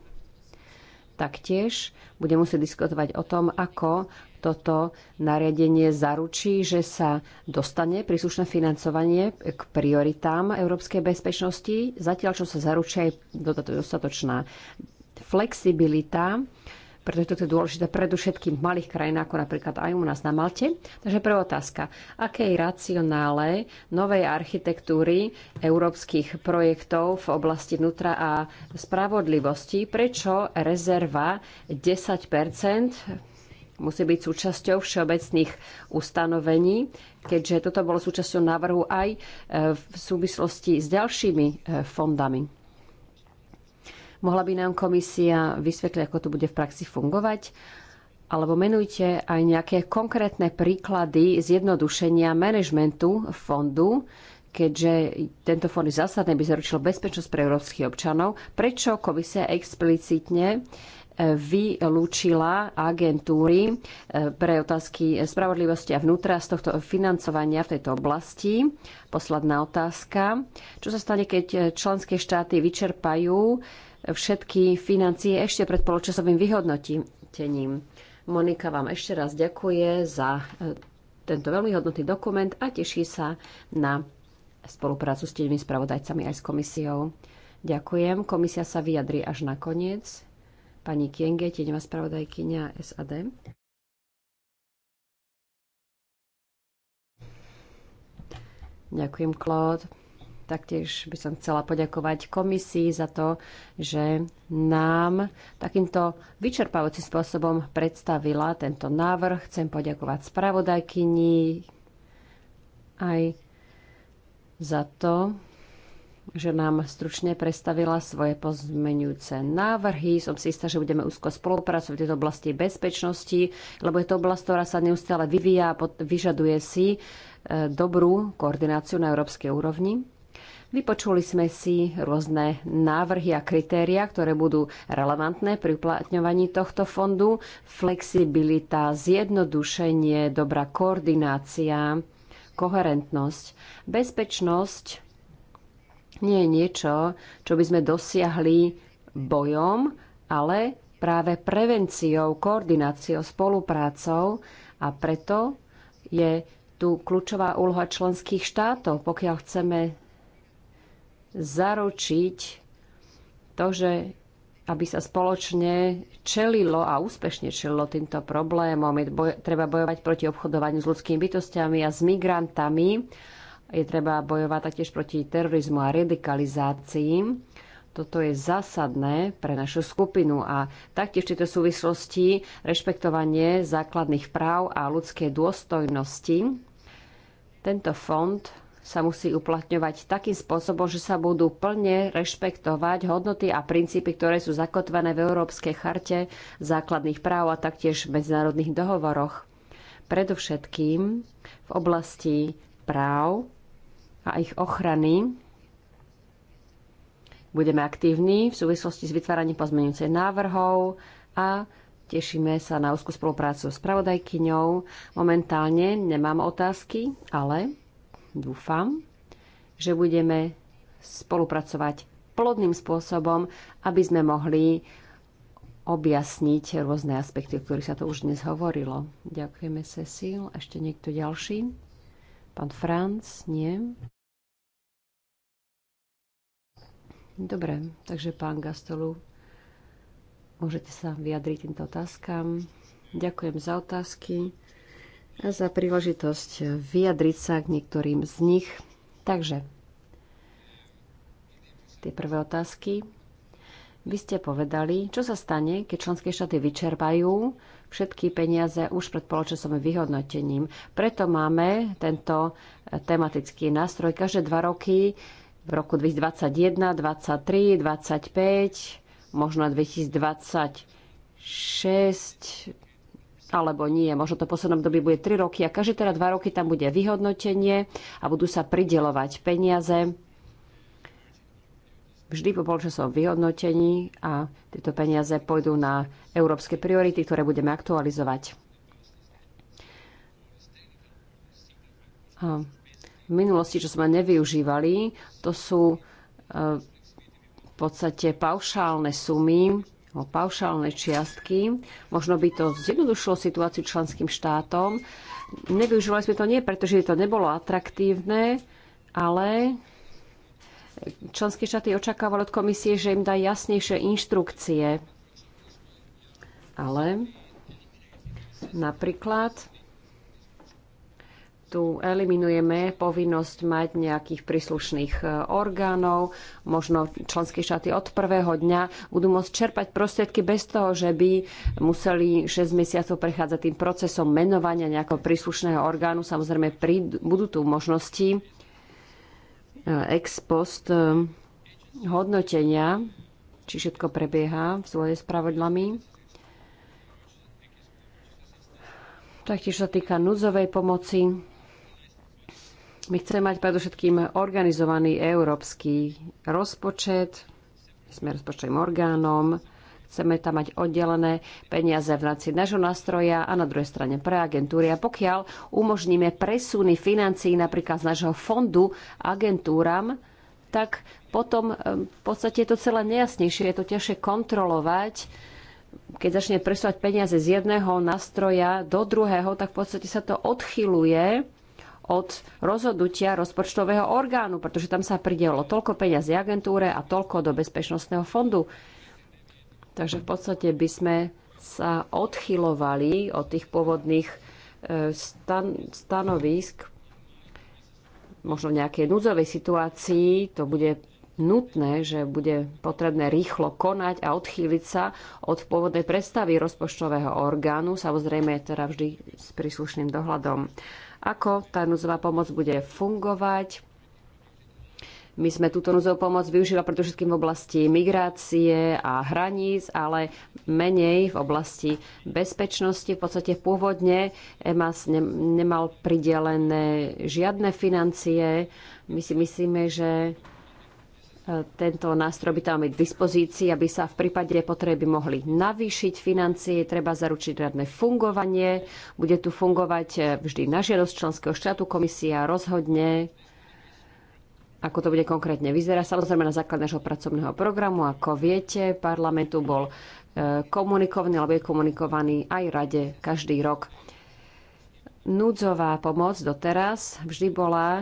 Taktiež budeme musieť diskutovať o tom, ako toto nariadenie zaručí, že sa dostane príslušné financovanie k prioritám európskej bezpečnosti, zatiaľ čo sa zaručí aj dostatočná flexibilita preto je to dôležité predovšetkým v malých krajinách, ako napríklad aj u nás na Malte. Takže prvá otázka. Aké je racionále novej architektúry európskych projektov v oblasti vnútra a spravodlivosti? Prečo rezerva 10 musí byť súčasťou všeobecných ustanovení, keďže toto bolo súčasťou návrhu aj e, v súvislosti s ďalšími e, fondami. Mohla by nám komisia vysvetliť, ako to bude v praxi fungovať? Alebo menujte aj nejaké konkrétne príklady zjednodušenia manažmentu fondu, keďže tento fond je zásadný, by zaručil bezpečnosť pre európskych občanov. Prečo komisia explicitne eh, vylúčila agentúry eh, pre otázky spravodlivosti a vnútra z tohto financovania v tejto oblasti. Posledná otázka. Čo sa stane, keď eh, členské štáty vyčerpajú všetky financie ešte pred poločasovým vyhodnotením. Monika vám ešte raz ďakuje za e, tento veľmi hodnotný dokument a teší sa na spoluprácu s tými spravodajcami aj s komisiou. Ďakujem. Komisia sa vyjadri až na koniec. Pani Kienge, tieňová spravodajkynia SAD. Ďakujem, Claude. Taktiež by som chcela poďakovať komisii za to, že nám takýmto vyčerpávajúcim spôsobom predstavila tento návrh. Chcem poďakovať spravodajkyni aj za to, že nám stručne predstavila svoje pozmenujúce návrhy. Som si istá, že budeme úzko spolupracovať v tejto oblasti bezpečnosti, lebo je to oblasť, ktorá sa neustále vyvíja a vyžaduje si e, dobrú koordináciu na európskej úrovni. Vypočuli sme si rôzne návrhy a kritéria, ktoré budú relevantné pri uplatňovaní tohto fondu. Flexibilita, zjednodušenie, dobrá koordinácia, koherentnosť, bezpečnosť nie je niečo, čo by sme dosiahli bojom, ale práve prevenciou, koordináciou, spoluprácou a preto je tu kľúčová úloha členských štátov, pokiaľ chceme zaručiť to, že aby sa spoločne čelilo a úspešne čelilo týmto problémom. Je boj, treba bojovať proti obchodovaniu s ľudskými bytostiami a s migrantami. Je treba bojovať taktiež proti terorizmu a radikalizácii. Toto je zásadné pre našu skupinu a taktiež v tejto súvislosti rešpektovanie základných práv a ľudskej dôstojnosti. Tento fond sa musí uplatňovať takým spôsobom, že sa budú plne rešpektovať hodnoty a princípy, ktoré sú zakotvené v Európskej charte základných práv a taktiež v medzinárodných dohovoroch. Predovšetkým v oblasti práv a ich ochrany budeme aktívni v súvislosti s vytváraním pozmeňujúcej návrhov a Tešíme sa na úzkú spoluprácu s pravodajkyňou. Momentálne nemám otázky, ale Dúfam, že budeme spolupracovať plodným spôsobom, aby sme mohli objasniť rôzne aspekty, o ktorých sa to už dnes hovorilo. Ďakujeme, Cecil. Ešte niekto ďalší? Pán Franc? Nie? Dobre, takže pán Gastolu, môžete sa vyjadriť týmto otázkam. Ďakujem za otázky. A za príležitosť vyjadriť sa k niektorým z nich. Takže, tie prvé otázky. Vy ste povedali, čo sa stane, keď členské štáty vyčerpajú všetky peniaze už pred poločasovým vyhodnotením. Preto máme tento tematický nástroj. Každé dva roky, v roku 2021, 2023, 2025, možno 2026, alebo nie. Možno to v poslednom dobi bude 3 roky a každé teda 2 roky tam bude vyhodnotenie a budú sa pridelovať peniaze vždy po polčasovom vyhodnotení a tieto peniaze pôjdu na európske priority, ktoré budeme aktualizovať. v minulosti, čo sme nevyužívali, to sú e, v podstate paušálne sumy, o paušálne čiastky. Možno by to zjednodušilo situáciu členským štátom. Nevyužívali sme to nie, pretože to nebolo atraktívne, ale členské štáty očakávali od komisie, že im dá jasnejšie inštrukcie. Ale napríklad tu eliminujeme povinnosť mať nejakých príslušných e, orgánov. Možno členské štáty od prvého dňa budú môcť čerpať prostriedky bez toho, že by museli 6 mesiacov prechádzať tým procesom menovania nejakého príslušného orgánu. Samozrejme, budú tu možnosti e, ex post e, hodnotenia, či všetko prebieha v svoje s pravidlami. Taktiež sa týka núdzovej pomoci. My chceme mať predovšetkým organizovaný európsky rozpočet, sme rozpočtovým orgánom, chceme tam mať oddelené peniaze v rámci nášho nástroja a na druhej strane pre agentúry. A pokiaľ umožníme presuny financií napríklad z nášho fondu agentúram, tak potom v podstate je to celé nejasnejšie, je to ťažšie kontrolovať. Keď začne presúvať peniaze z jedného nástroja do druhého, tak v podstate sa to odchyluje od rozhodnutia rozpočtového orgánu, pretože tam sa pridelo toľko peňazí agentúre a toľko do bezpečnostného fondu. Takže v podstate by sme sa odchylovali od tých pôvodných e, stan- stanovisk, možno v nejakej núdzovej situácii, to bude nutné, že bude potrebné rýchlo konať a odchýliť sa od pôvodnej predstavy rozpočtového orgánu, samozrejme teda vždy s príslušným dohľadom ako tá núzová pomoc bude fungovať. My sme túto núzovú pomoc využívali predovšetkým v oblasti migrácie a hraníc, ale menej v oblasti bezpečnosti. V podstate pôvodne EMAS nemal pridelené žiadne financie. My si myslíme, že tento nástroj by tam mať k dispozícii, aby sa v prípade potreby mohli navýšiť financie, treba zaručiť radné fungovanie, bude tu fungovať e, vždy na žiadosť členského štátu, komisia rozhodne, ako to bude konkrétne vyzerať. Samozrejme na základ nášho pracovného programu, ako viete, parlamentu bol e, komunikovaný alebo je komunikovaný aj rade každý rok. Núdzová pomoc doteraz vždy bola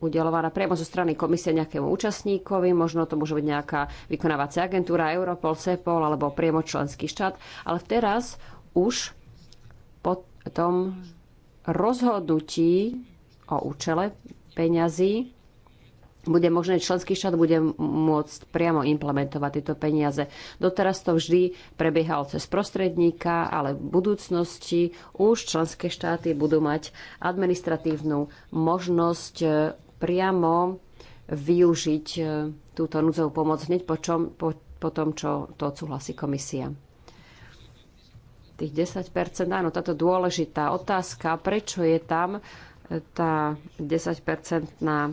udelovaná priamo zo strany komisie nejakému účastníkovi, možno to môže byť nejaká vykonávacia agentúra, Europol, CEPOL alebo priamo členský štát, ale teraz už po tom rozhodnutí o účele peňazí bude možné, členský štát bude môcť priamo implementovať tieto peniaze. Doteraz to vždy prebiehalo cez prostredníka, ale v budúcnosti už členské štáty budú mať administratívnu možnosť priamo využiť e, túto núdzovú pomoc hneď po, čom, po, po tom, čo to odsúhlasí komisia. Tých 10 áno, táto dôležitá otázka, prečo je tam e, tá 10-percentná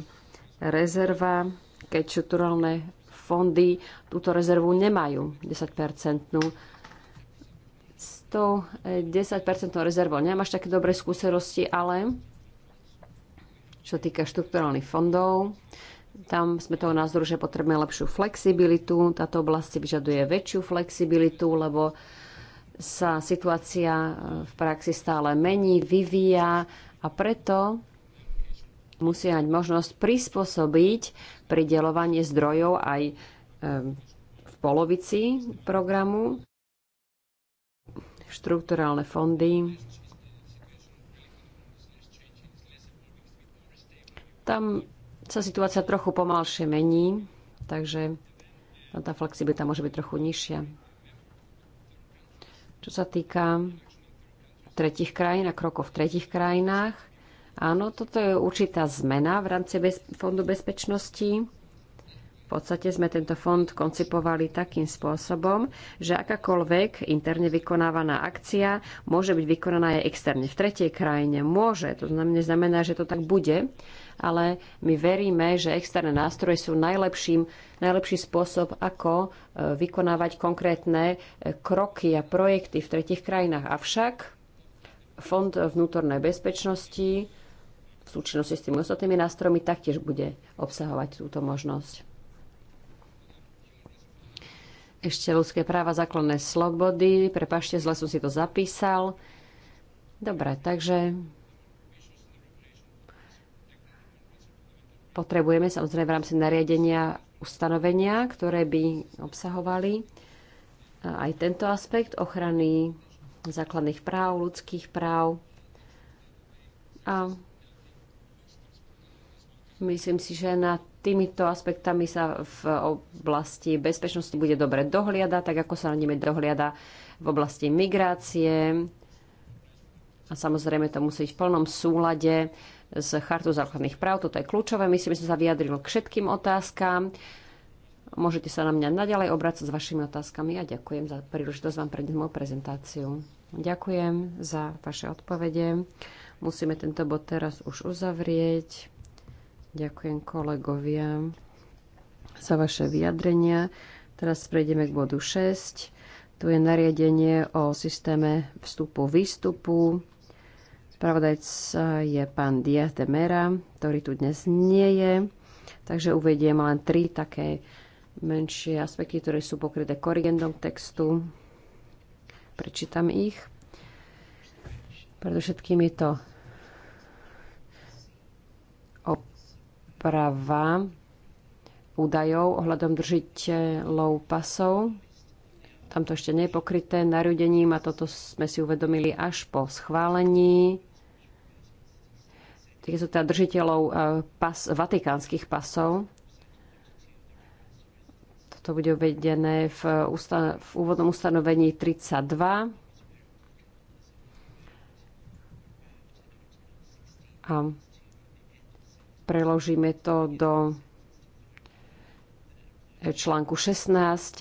rezerva, keď štrukturálne fondy túto rezervu nemajú 10-percentnú. S tou 10-percentnou e, rezervou nemám až také dobré skúsenosti, ale čo týka štrukturálnych fondov. Tam sme toho názoru, že potrebujeme lepšiu flexibilitu. Táto oblasť vyžaduje väčšiu flexibilitu, lebo sa situácia eh, v praxi stále mení, vyvíja a preto musia mať možnosť prispôsobiť pridelovanie zdrojov aj v polovici programu. Štrukturálne fondy Tam sa situácia trochu pomalšie mení, takže no, tá flexibilita môže byť trochu nižšia. Čo sa týka tretich krajín a krokov v tretich krajinách, áno, toto je určitá zmena v rámci bez, Fondu bezpečnosti podstate sme tento fond koncipovali takým spôsobom, že akákoľvek interne vykonávaná akcia môže byť vykonaná aj externe. V tretej krajine môže, to znamená, že to tak bude, ale my veríme, že externé nástroje sú najlepším, najlepší spôsob, ako e, vykonávať konkrétne e, kroky a projekty v tretich krajinách. Avšak Fond vnútornej bezpečnosti v súčinnosti s tými ostatnými nástrojmi taktiež bude obsahovať túto možnosť. Ešte ľudské práva, základné slobody. Prepašte, zle som si to zapísal. Dobre, takže potrebujeme samozrejme v rámci nariadenia ustanovenia, ktoré by obsahovali aj tento aspekt ochrany základných práv, ľudských práv. A myslím si, že na týmito aspektami sa v oblasti bezpečnosti bude dobre dohliada, tak ako sa na nimi dohliada v oblasti migrácie. A samozrejme to musí byť v plnom súlade s chartou základných práv. Toto je kľúčové. Myslím, že som sa vyjadril k všetkým otázkam. Môžete sa na mňa naďalej obrácať s vašimi otázkami a ja ďakujem za príležitosť vám prednes moju prezentáciu. Ďakujem za vaše odpovede. Musíme tento bod teraz už uzavrieť. Ďakujem kolegovia za vaše vyjadrenia. Teraz prejdeme k bodu 6. Tu je nariadenie o systéme vstupu-výstupu. Spravodajca je pán Diaz de Mera, ktorý tu dnes nie je. Takže uvediem len tri také menšie aspekty, ktoré sú pokryté korigendom textu. Prečítam ich. Predovšetkým je to úprava údajov ohľadom držiteľov pasov. Tam to ešte nie je pokryté narodením, a toto sme si uvedomili až po schválení. Tie sú teda držiteľov e, pas, vatikánskych pasov. Toto bude uvedené v, usta- v úvodnom ustanovení 32. A preložíme to do článku 16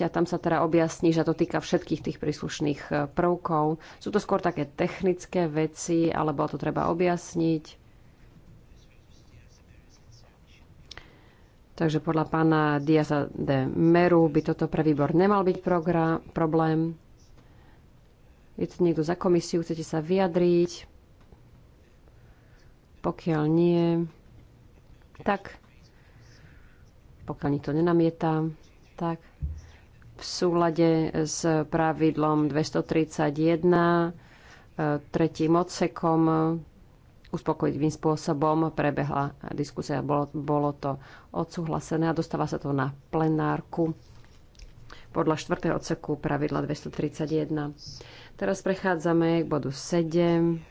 a tam sa teda objasní, že to týka všetkých tých príslušných e, prvkov. Sú to skôr také technické veci, alebo to treba objasniť. Takže podľa pána Diaza de Meru by toto pre výbor nemal byť program, problém. Je tu niekto za komisiu? Chcete sa vyjadriť? Pokiaľ nie, tak pokiaľ nikto nenamieta, tak v súlade s pravidlom 231 e, tretím odsekom uspokojivým spôsobom prebehla diskusia. Bolo, bolo to odsúhlasené a dostáva sa to na plenárku podľa 4. odseku pravidla 231. Teraz prechádzame k bodu 7.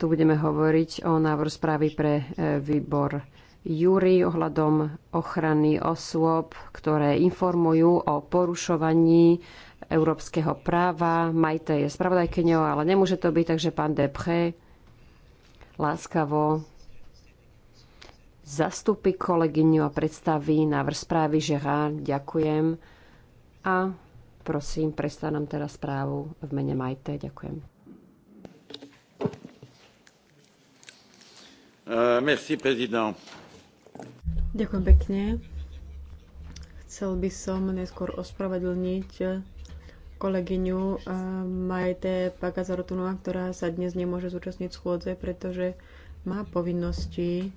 Tu budeme hovoriť o návrhu správy pre e, výbor Júri ohľadom ochrany osôb, ktoré informujú o porušovaní európskeho práva. Majte je spravodajkyňou, ale nemôže to byť, takže pán Depre láskavo zastúpi kolegyňu a predstaví návrh správy Žerár. Ďakujem. A prosím, predstav nám teraz správu v mene Majte. Ďakujem. Euh, Ďakujem pekne. Chcel by som neskôr ospravedlniť kolegyňu eh, majete Pagazarotunova, ktorá sa dnes nemôže zúčastniť schôdze, pretože má povinnosti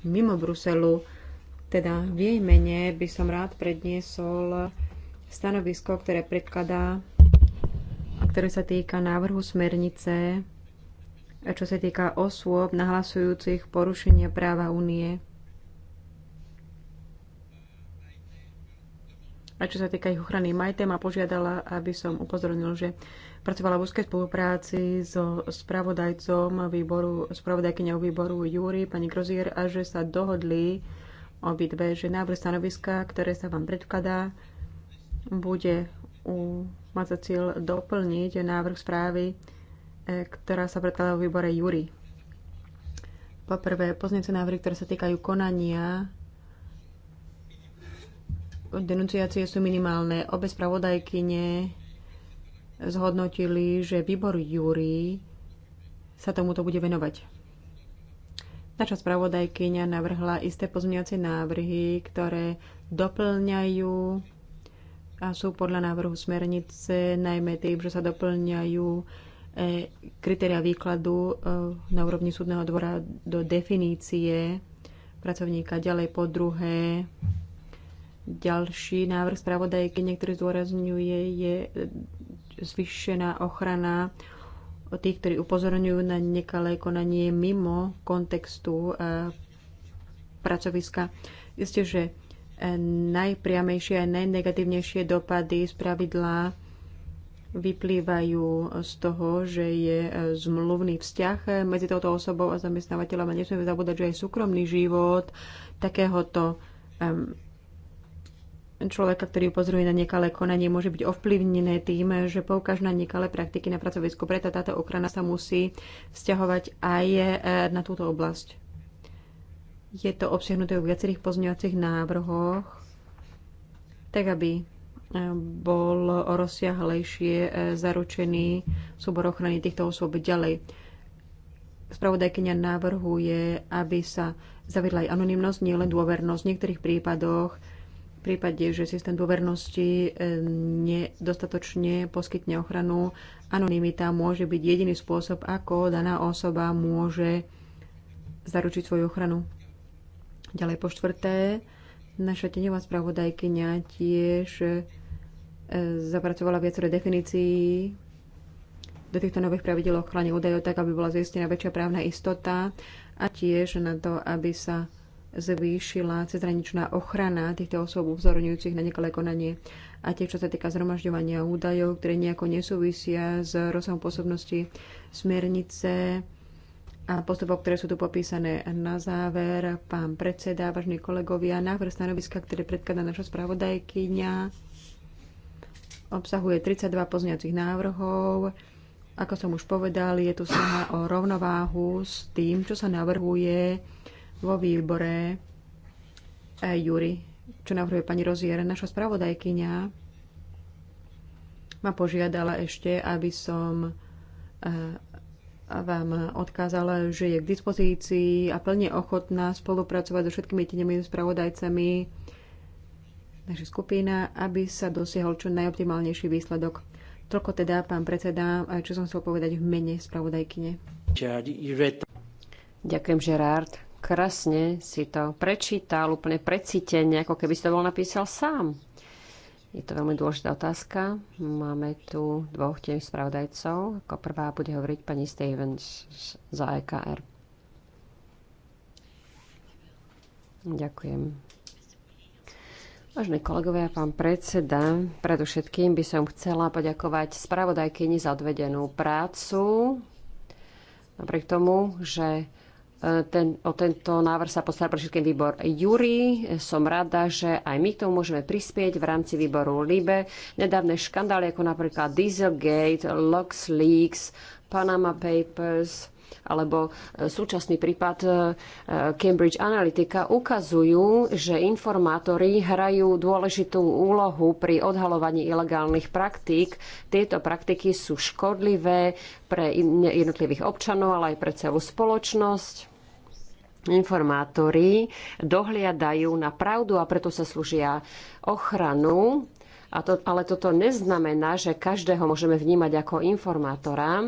mimo Bruselu. Teda v jej mene by som rád predniesol stanovisko, ktoré predkladá a ktoré sa týka návrhu smernice čo sa týka osôb nahlasujúcich porušenie práva únie a čo sa týka ich ochrany Majte ma požiadala, aby som upozornil, že pracovala v úzkej spolupráci so spravodajcom výboru, spravodajkyňou výboru Júri, pani Grozier, a že sa dohodli obidve, že návrh stanoviska, ktoré sa vám predkladá, bude u, mať za cieľ doplniť návrh správy E, ktorá sa predkladá v výbore Júri. Po prvé, pozniece návrhy, ktoré sa týkajú konania denunciácie sú minimálne. Obe spravodajkyne zhodnotili, že výbor Júri sa tomuto bude venovať. Naša spravodajkyňa navrhla isté pozmeňovacie návrhy, ktoré doplňajú a sú podľa návrhu smernice najmä tým, že sa doplňajú E, kritéria výkladu e, na úrovni súdneho dvora do definície pracovníka. Ďalej po druhé, ďalší návrh spravodajky, niektorý zdôrazňuje, je zvyšená ochrana tých, ktorí upozorňujú na nekalé konanie mimo kontextu e, pracoviska. Isté, že najpriamejšie a najnegatívnejšie dopady z pravidla vyplývajú z toho, že je e, zmluvný vzťah e, medzi touto osobou a zamestnávateľom a nesmieme zabúdať, že aj súkromný život takéhoto um, človeka, ktorý upozoruje na nekalé konanie, môže byť ovplyvnené tým, že poukáž na nekalé praktiky na pracovisku. Preto táto ochrana sa musí vzťahovať aj e, na túto oblasť. Je to obsiahnuté v viacerých pozňovacích návrhoch, tak aby bol rozsiahlejšie e, zaručený súbor ochrany týchto osôb ďalej. Spravodajkynia navrhuje, aby sa zavedla aj anonimnosť, nielen dôvernosť. V niektorých prípadoch, v prípade, že systém dôvernosti e, nedostatočne poskytne ochranu, anonimita môže byť jediný spôsob, ako daná osoba môže zaručiť svoju ochranu. Ďalej po štvrté, naša tenová spravodajkynia tiež E, zapracovala viacero definícií do týchto nových pravidel ochrany údajov, tak aby bola zistená väčšia právna istota a tiež na to, aby sa zvýšila cezhraničná ochrana týchto osôb upozorňujúcich na nekalé konanie a tiež čo sa týka zhromažďovania údajov, ktoré nejako nesúvisia s rozsahom pôsobnosti smernice a postupov, ktoré sú tu popísané. Na záver, pán predseda, vážni kolegovia, návrh stanoviska, ktoré predkladá naša spravodajkyňa, obsahuje 32 pozňacích návrhov. Ako som už povedal, je tu snaha o rovnováhu s tým, čo sa navrhuje vo výbore e, čo navrhuje pani Rozier. Naša spravodajkyňa ma požiadala ešte, aby som e, vám odkázala, že je k dispozícii a plne ochotná spolupracovať so všetkými tenemi spravodajcami naša skupina, aby sa dosiahol čo najoptimálnejší výsledok. Toľko teda, pán predseda, čo som chcel povedať v mene spravodajkyne. Ďakujem, Gerard. Krasne si to prečítal, úplne precítene, ako keby si to bol napísal sám. Je to veľmi dôležitá otázka. Máme tu dvoch tiež spravodajcov. Ako prvá bude hovoriť pani Stevens za EKR. Ďakujem. Vážne kolegovia, pán predseda, predovšetkým by som chcela poďakovať spravodajkyni za odvedenú prácu. Napriek tomu, že e, ten, o tento návrh sa postará pre všetkým výbor Júri. Som rada, že aj my k tomu môžeme prispieť v rámci výboru LIBE. Nedávne škandály ako napríklad Dieselgate, LuxLeaks, Panama Papers, alebo e, súčasný prípad e, e, Cambridge Analytica ukazujú, že informátori hrajú dôležitú úlohu pri odhalovaní ilegálnych praktík. Tieto praktiky sú škodlivé pre jednotlivých občanov, ale aj pre celú spoločnosť. Informátori dohliadajú na pravdu a preto sa slúžia ochranu. A to, ale toto neznamená, že každého môžeme vnímať ako informátora.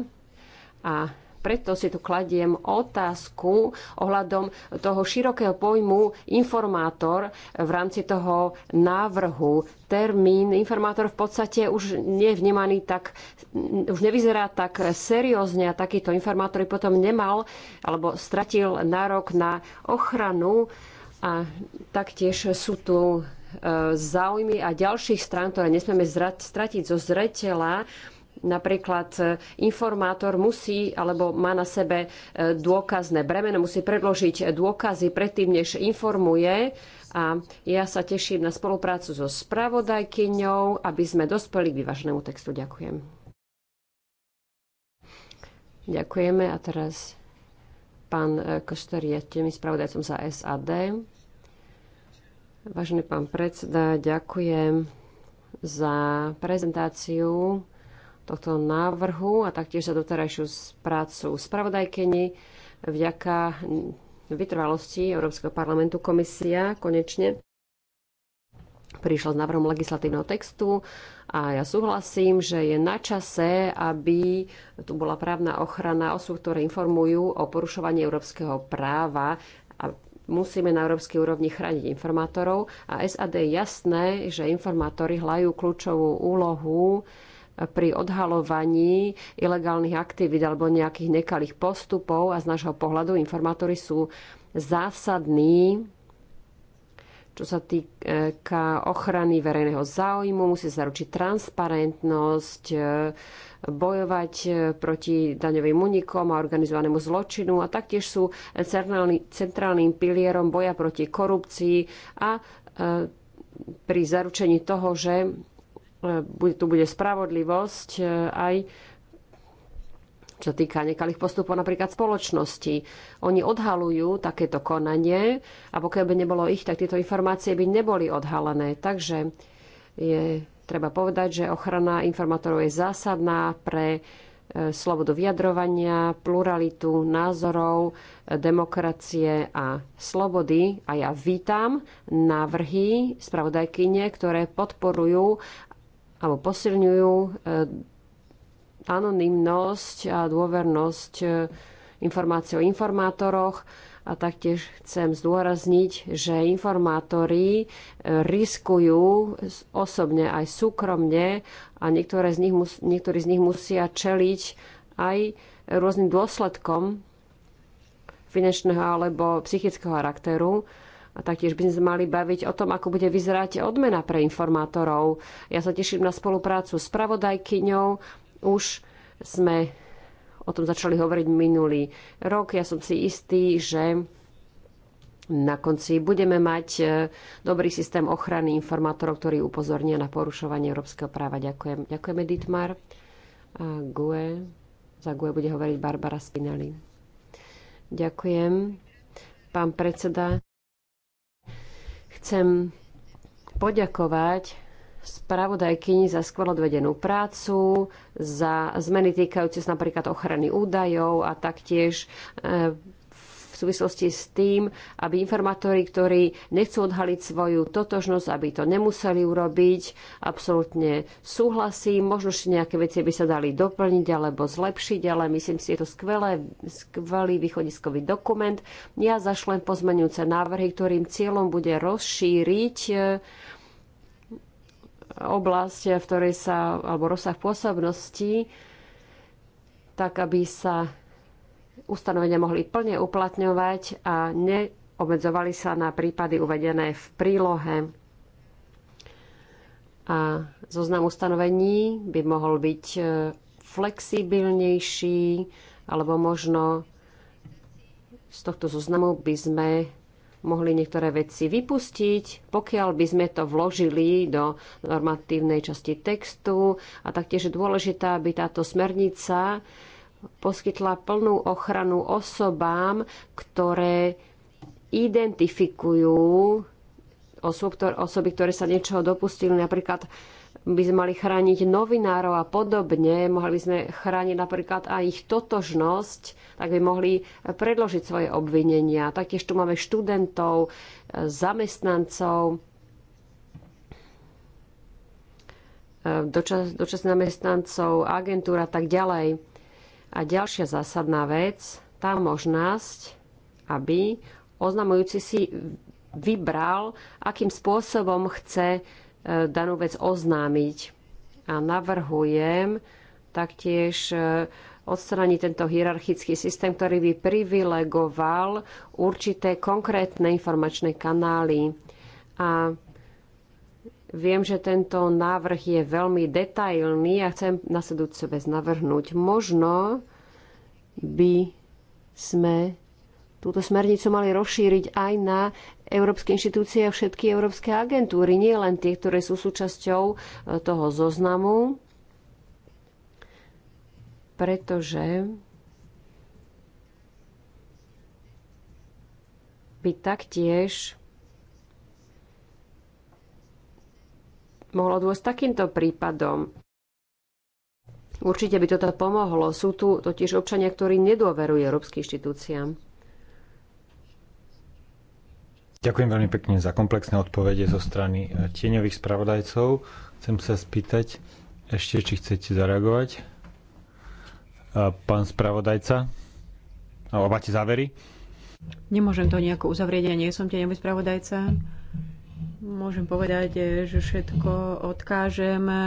A preto si tu kladiem otázku ohľadom toho širokého pojmu informátor v rámci toho návrhu. Termín informátor v podstate už nie je vnímaný tak, už nevyzerá tak seriózne a takýto informátor by potom nemal alebo stratil nárok na ochranu a taktiež sú tu e, záujmy a ďalších strán, ktoré nesmieme stratiť zo zreteľa. Napríklad e, informátor musí alebo má na sebe e, dôkazné bremeno, musí predložiť dôkazy predtým, než informuje. A ja sa teším na spoluprácu so spravodajkyňou, aby sme dospeli k vyváženému textu. Ďakujem. Ďakujeme a teraz pán e, Košter je tým spravodajcom za SAD. Vážený pán predseda, ďakujem za prezentáciu tohto návrhu a taktiež za doterajšiu prácu spravodajkeni. Vďaka vytrvalosti Európskeho parlamentu komisia konečne prišla s návrhom legislatívneho textu a ja súhlasím, že je na čase, aby tu bola právna ochrana osôb, ktoré informujú o porušovaní európskeho práva a musíme na európskej úrovni chrániť informátorov a SAD je jasné, že informátori hľajú kľúčovú úlohu pri odhalovaní ilegálnych aktivít alebo nejakých nekalých postupov a z nášho pohľadu informátory sú zásadní, čo sa týka ochrany verejného záujmu, musí sa ručiť transparentnosť, bojovať proti daňovým unikom a organizovanému zločinu a taktiež sú centrálnym pilierom boja proti korupcii a e, pri zaručení toho, že E, tu bude spravodlivosť e, aj čo týka nekalých postupov napríklad spoločnosti. Oni odhalujú takéto konanie a pokiaľ by nebolo ich, tak tieto informácie by neboli odhalené. Takže je treba povedať, že ochrana informátorov je zásadná pre e, slobodu vyjadrovania, pluralitu názorov, demokracie a slobody. A ja vítam návrhy spravodajkyne, ktoré podporujú alebo posilňujú e, anonymnosť a dôvernosť e, informácií o informátoroch a taktiež chcem zdôrazniť, že informátori e, riskujú osobne aj súkromne a niektoré z nich, niektorí z nich musia čeliť aj rôznym dôsledkom finančného alebo psychického charakteru. A taktiež by sme mali baviť o tom, ako bude vyzerať odmena pre informátorov. Ja sa teším na spoluprácu s pravodajkyňou. Už sme o tom začali hovoriť minulý rok. Ja som si istý, že na konci budeme mať e, dobrý systém ochrany informátorov, ktorí upozornia na porušovanie európskeho práva. Ďakujem. Ďakujeme, Dietmar. A Gue. Za Gue bude hovoriť Barbara Spinelli. Ďakujem. Pán predseda, Chcem poďakovať spravodajkyni za skvelo odvedenú prácu, za zmeny týkajúce sa napríklad ochrany údajov a taktiež eh, v súvislosti s tým, aby informátori, ktorí nechcú odhaliť svoju totožnosť, aby to nemuseli urobiť. Absolútne súhlasím. Možno, že nejaké veci by sa dali doplniť alebo zlepšiť, ale myslím si, je to skvelé, skvelý východiskový dokument. Ja zašlem pozmenujúce návrhy, ktorým cieľom bude rozšíriť e, oblasť, v ktorej sa, alebo rozsah pôsobnosti, tak aby sa ustanovenia mohli plne uplatňovať a neobmedzovali sa na prípady uvedené v prílohe. A zoznam ustanovení by mohol byť e, flexibilnejší, alebo možno z tohto zoznamu by sme mohli niektoré veci vypustiť, pokiaľ by sme to vložili do normatívnej časti textu. A taktiež je dôležité, aby táto smernica poskytla plnú ochranu osobám, ktoré identifikujú osob, ktor- osoby, ktoré sa niečoho dopustili. Napríklad by sme mali chrániť novinárov a podobne, mohli by sme chrániť napríklad aj ich totožnosť, tak by mohli predložiť svoje obvinenia. Taktiež tu máme študentov, zamestnancov, eh, dočas, dočasných zamestnancov, agentúra a tak ďalej. A ďalšia zásadná vec, tá možnosť, aby oznamujúci si vybral, akým spôsobom chce e, danú vec oznámiť. A navrhujem taktiež e, odstraniť tento hierarchický systém, ktorý by privilegoval určité konkrétne informačné kanály. A Viem, že tento návrh je veľmi detailný a chcem nasledujúce vec navrhnúť. Možno by sme túto smernicu mali rozšíriť aj na európske inštitúcie a všetky európske agentúry, nie len tie, ktoré sú súčasťou e, toho zoznamu, pretože by taktiež mohlo dôjsť takýmto prípadom. Určite by toto pomohlo. Sú tu totiž občania, ktorí nedôverujú európskym inštitúciám. Ďakujem veľmi pekne za komplexné odpovede zo strany eh, tieňových spravodajcov. Chcem sa spýtať ešte, či chcete zareagovať. Eh, pán spravodajca, máte závery? Nemôžem to nejako uzavrieť, ja nie som tieňový spravodajca. Môžem povedať, eh, že všetko odkážem eh,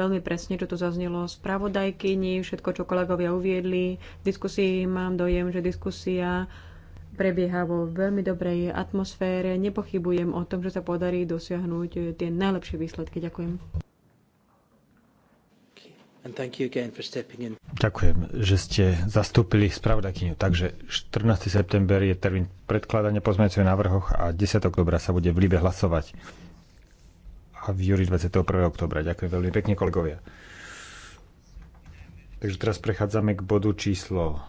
veľmi presne, čo tu zaznelo spravodajkyni, všetko, čo kolegovia uviedli. V diskusii mám dojem, že diskusia prebieha vo veľmi dobrej atmosfére. Nepochybujem o tom, že sa podarí dosiahnuť eh, tie najlepšie výsledky. Ďakujem. Ďakujem, že ste zastúpili spravodajkyňu. Takže 14. september je termín predkladania pozmeňujúceho návrhoch a 10. oktobra sa bude v líbe hlasovať. A v júri 21. oktobra. Ďakujem veľmi pekne, kolegovia. Takže teraz prechádzame k bodu číslo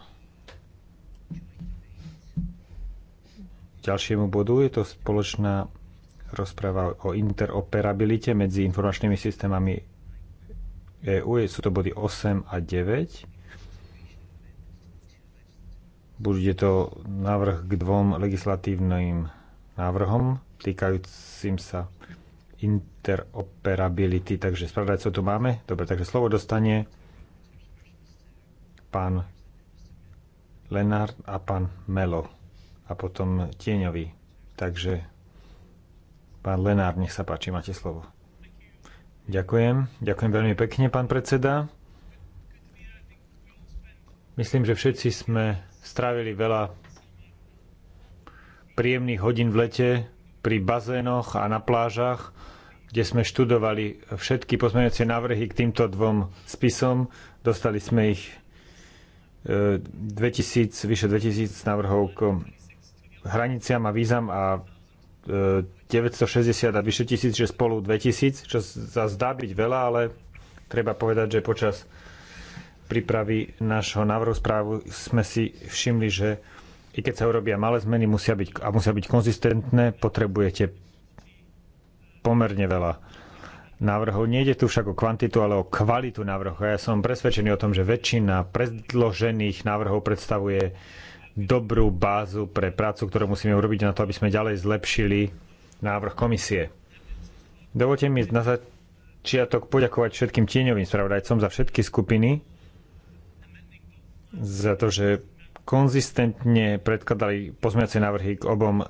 ďalšiemu bodu. Je to spoločná rozpráva o interoperabilite medzi informačnými systémami EU. Sú to body 8 a 9. Bude to návrh k dvom legislatívnym návrhom týkajúcim sa interoperability. Takže co tu máme. Dobre, takže slovo dostane pán Lenard a pán Melo a potom Tieňovi. Takže pán Lenár, nech sa páči, máte slovo. Ďakujem. Ďakujem veľmi pekne, pán predseda. Myslím, že všetci sme strávili veľa príjemných hodín v lete pri bazénoch a na plážach, kde sme študovali všetky pozmeňujúce návrhy k týmto dvom spisom. Dostali sme ich 2000, e, vyše 2000 návrhov k hraniciam a vízam a 960 a vyše 1000, že spolu 2000, čo sa zdá byť veľa, ale treba povedať, že počas prípravy nášho návrhu správu sme si všimli, že i keď sa urobia malé zmeny musia byť, a musia byť konzistentné, potrebujete pomerne veľa návrhov. Nejde tu však o kvantitu, ale o kvalitu návrhov. Ja som presvedčený o tom, že väčšina predložených návrhov predstavuje dobrú bázu pre prácu, ktorú musíme urobiť na to, aby sme ďalej zlepšili návrh komisie. Dovolte mi na začiatok poďakovať všetkým tieňovým spravodajcom za všetky skupiny, za to, že konzistentne predkladali pozmeňovacie návrhy k obom eh,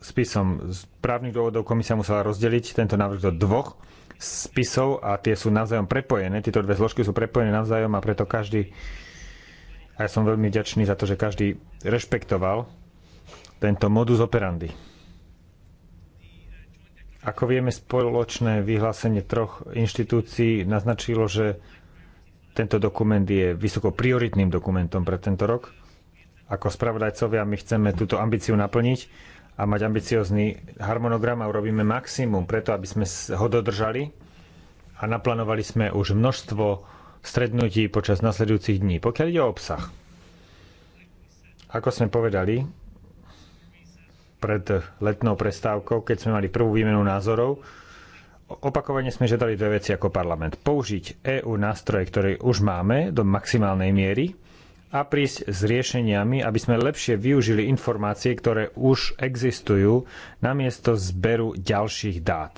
spisom. Z právnych dôvodov komisia musela rozdeliť tento návrh do dvoch spisov a tie sú navzájom prepojené. Tieto dve zložky sú prepojené navzájom a preto každý a ja som veľmi ďačný za to, že každý rešpektoval tento modus operandi. Ako vieme, spoločné vyhlásenie troch inštitúcií naznačilo, že tento dokument je vysoko prioritným dokumentom pre tento rok. Ako spravodajcovia my chceme túto ambíciu naplniť a mať ambiciózny harmonogram a urobíme maximum preto, aby sme ho dodržali a naplánovali sme už množstvo stretnutí počas nasledujúcich dní. Pokiaľ ide o obsah, ako sme povedali pred letnou prestávkou, keď sme mali prvú výmenu názorov, opakovane sme žiadali dve veci ako parlament. Použiť EU nástroje, ktoré už máme do maximálnej miery a prísť s riešeniami, aby sme lepšie využili informácie, ktoré už existujú, namiesto zberu ďalších dát.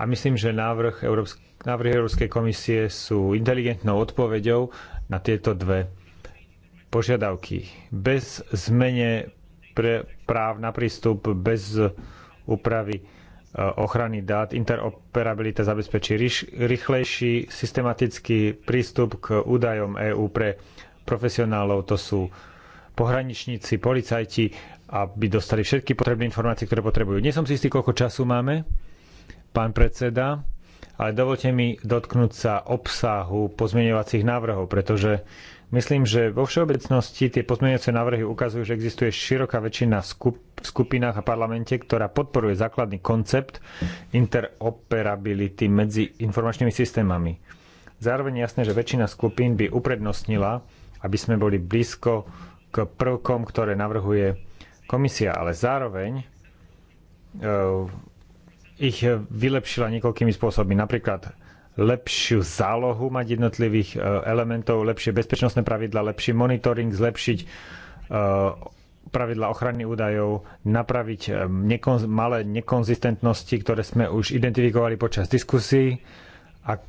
A myslím, že návrh Európsk- návrhy Európskej komisie sú inteligentnou odpoveďou na tieto dve požiadavky. Bez zmene pre práv na prístup, bez úpravy e, ochrany dát, interoperabilita zabezpečí rýchlejší systematický prístup k údajom EÚ pre profesionálov, to sú pohraničníci, policajti, aby dostali všetky potrebné informácie, ktoré potrebujú. Nie som si istý, koľko času máme pán predseda, ale dovolte mi dotknúť sa obsahu pozmeňovacích návrhov, pretože myslím, že vo všeobecnosti tie pozmeňovacie návrhy ukazujú, že existuje široká väčšina v skupinách a parlamente, ktorá podporuje základný koncept interoperability medzi informačnými systémami. Zároveň je jasné, že väčšina skupín by uprednostnila, aby sme boli blízko k prvkom, ktoré navrhuje komisia, ale zároveň e, ich vylepšila niekoľkými spôsobmi. Napríklad lepšiu zálohu mať jednotlivých e, elementov, lepšie bezpečnostné pravidla, lepší monitoring, zlepšiť e, pravidla ochrany údajov, napraviť e, nekonz- malé nekonzistentnosti, ktoré sme už identifikovali počas diskusí a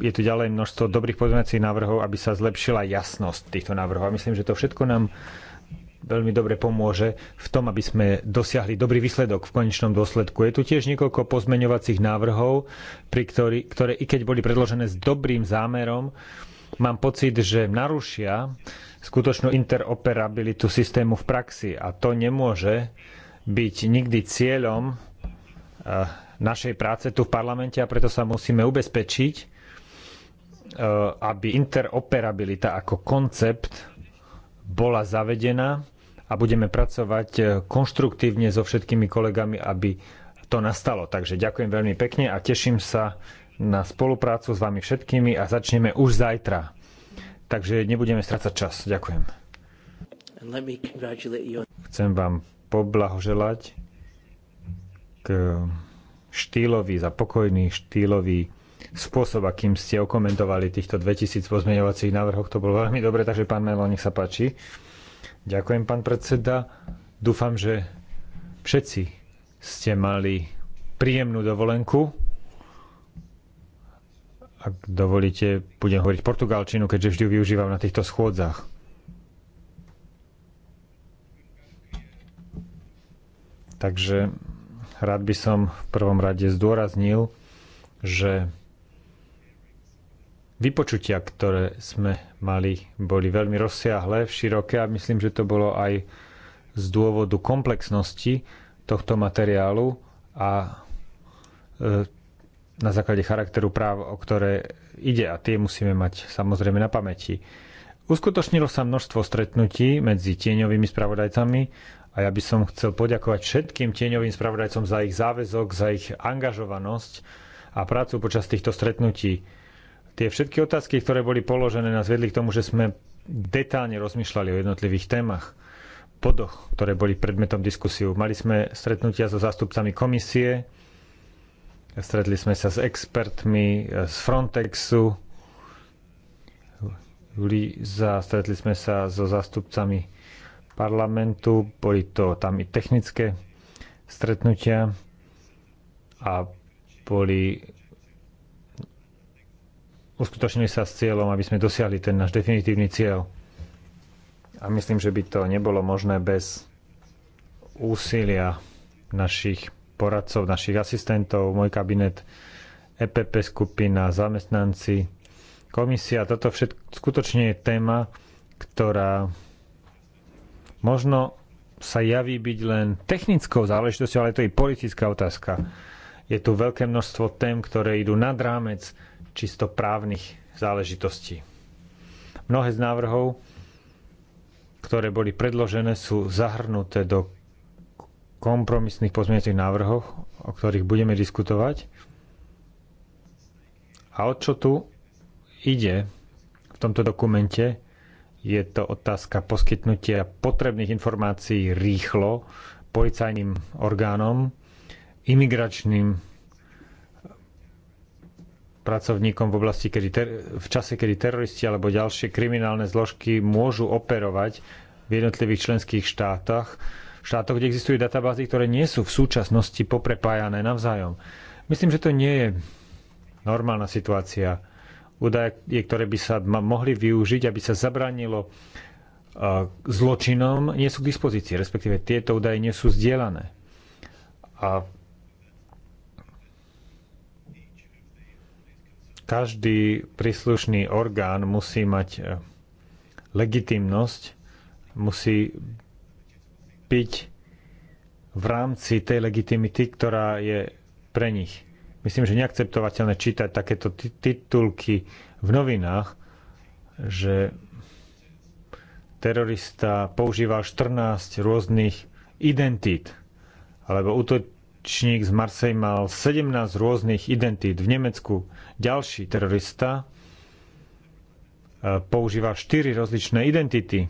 je tu ďalej množstvo dobrých pozmeňovacích návrhov, aby sa zlepšila jasnosť týchto návrhov. A myslím, že to všetko nám veľmi dobre pomôže v tom, aby sme dosiahli dobrý výsledok v konečnom dôsledku. Je tu tiež niekoľko pozmeňovacích návrhov, pri ktorý, ktoré i keď boli predložené s dobrým zámerom, mám pocit, že narušia skutočnú interoperabilitu systému v praxi a to nemôže byť nikdy cieľom eh, našej práce tu v parlamente a preto sa musíme ubezpečiť, eh, aby interoperabilita ako koncept bola zavedená a budeme pracovať e, konštruktívne so všetkými kolegami, aby to nastalo. Takže ďakujem veľmi pekne a teším sa na spoluprácu s vami všetkými a začneme už zajtra. Takže nebudeme strácať čas. Ďakujem. Chcem vám poblahoželať k štýlový, za pokojný štýlový spôsob, akým ste okomentovali týchto 2000 pozmeňovacích návrhov. To bolo veľmi dobre, takže pán Melo, nech sa páči. Ďakujem, pán predseda. Dúfam, že všetci ste mali príjemnú dovolenku. Ak dovolíte, budem hovoriť portugalčinu, keďže vždy ju využívam na týchto schôdzach. Takže rád by som v prvom rade zdôraznil, že Vypočutia, ktoré sme mali, boli veľmi rozsiahle, široké a myslím, že to bolo aj z dôvodu komplexnosti tohto materiálu a e, na základe charakteru práv, o ktoré ide a tie musíme mať samozrejme na pamäti. Uskutočnilo sa množstvo stretnutí medzi tieňovými spravodajcami a ja by som chcel poďakovať všetkým tieňovým spravodajcom za ich záväzok, za ich angažovanosť a prácu počas týchto stretnutí Tie všetky otázky, ktoré boli položené, nás vedli k tomu, že sme detálne rozmýšľali o jednotlivých témach, bodoch, ktoré boli predmetom diskusiu. Mali sme stretnutia so zástupcami komisie, stretli sme sa s expertmi z Frontexu, Líza, stretli sme sa so zástupcami parlamentu, boli to tam i technické stretnutia a boli uskutočnili sa s cieľom, aby sme dosiahli ten náš definitívny cieľ. A myslím, že by to nebolo možné bez úsilia našich poradcov, našich asistentov, môj kabinet, EPP skupina, zamestnanci, komisia. Toto všetko skutočne je téma, ktorá možno sa javí byť len technickou záležitosťou, ale je to i politická otázka. Je tu veľké množstvo tém, ktoré idú nad rámec čisto právnych záležitostí. Mnohé z návrhov, ktoré boli predložené, sú zahrnuté do kompromisných pozmeňujúcich návrhov, o ktorých budeme diskutovať. A o čo tu ide v tomto dokumente, je to otázka poskytnutia potrebných informácií rýchlo policajným orgánom, imigračným pracovníkom v oblasti, kedy ter- v čase, kedy teroristi alebo ďalšie kriminálne zložky môžu operovať v jednotlivých členských štátach, štátoch, kde existujú databázy, ktoré nie sú v súčasnosti poprepájané navzájom. Myslím, že to nie je normálna situácia. Údaje, ktoré by sa mohli využiť, aby sa zabranilo. zločinom, nie sú k dispozícii, respektíve tieto údaje nie sú zdieľané. A Každý príslušný orgán musí mať e, legitimnosť, musí byť v rámci tej legitimity, ktorá je pre nich. Myslím, že neakceptovateľné čítať takéto titulky v novinách, že terorista používal 14 rôznych identít alebo útočník z Marsej mal 17 rôznych identít v Nemecku. Ďalší terorista e, používa 4 rozličné identity.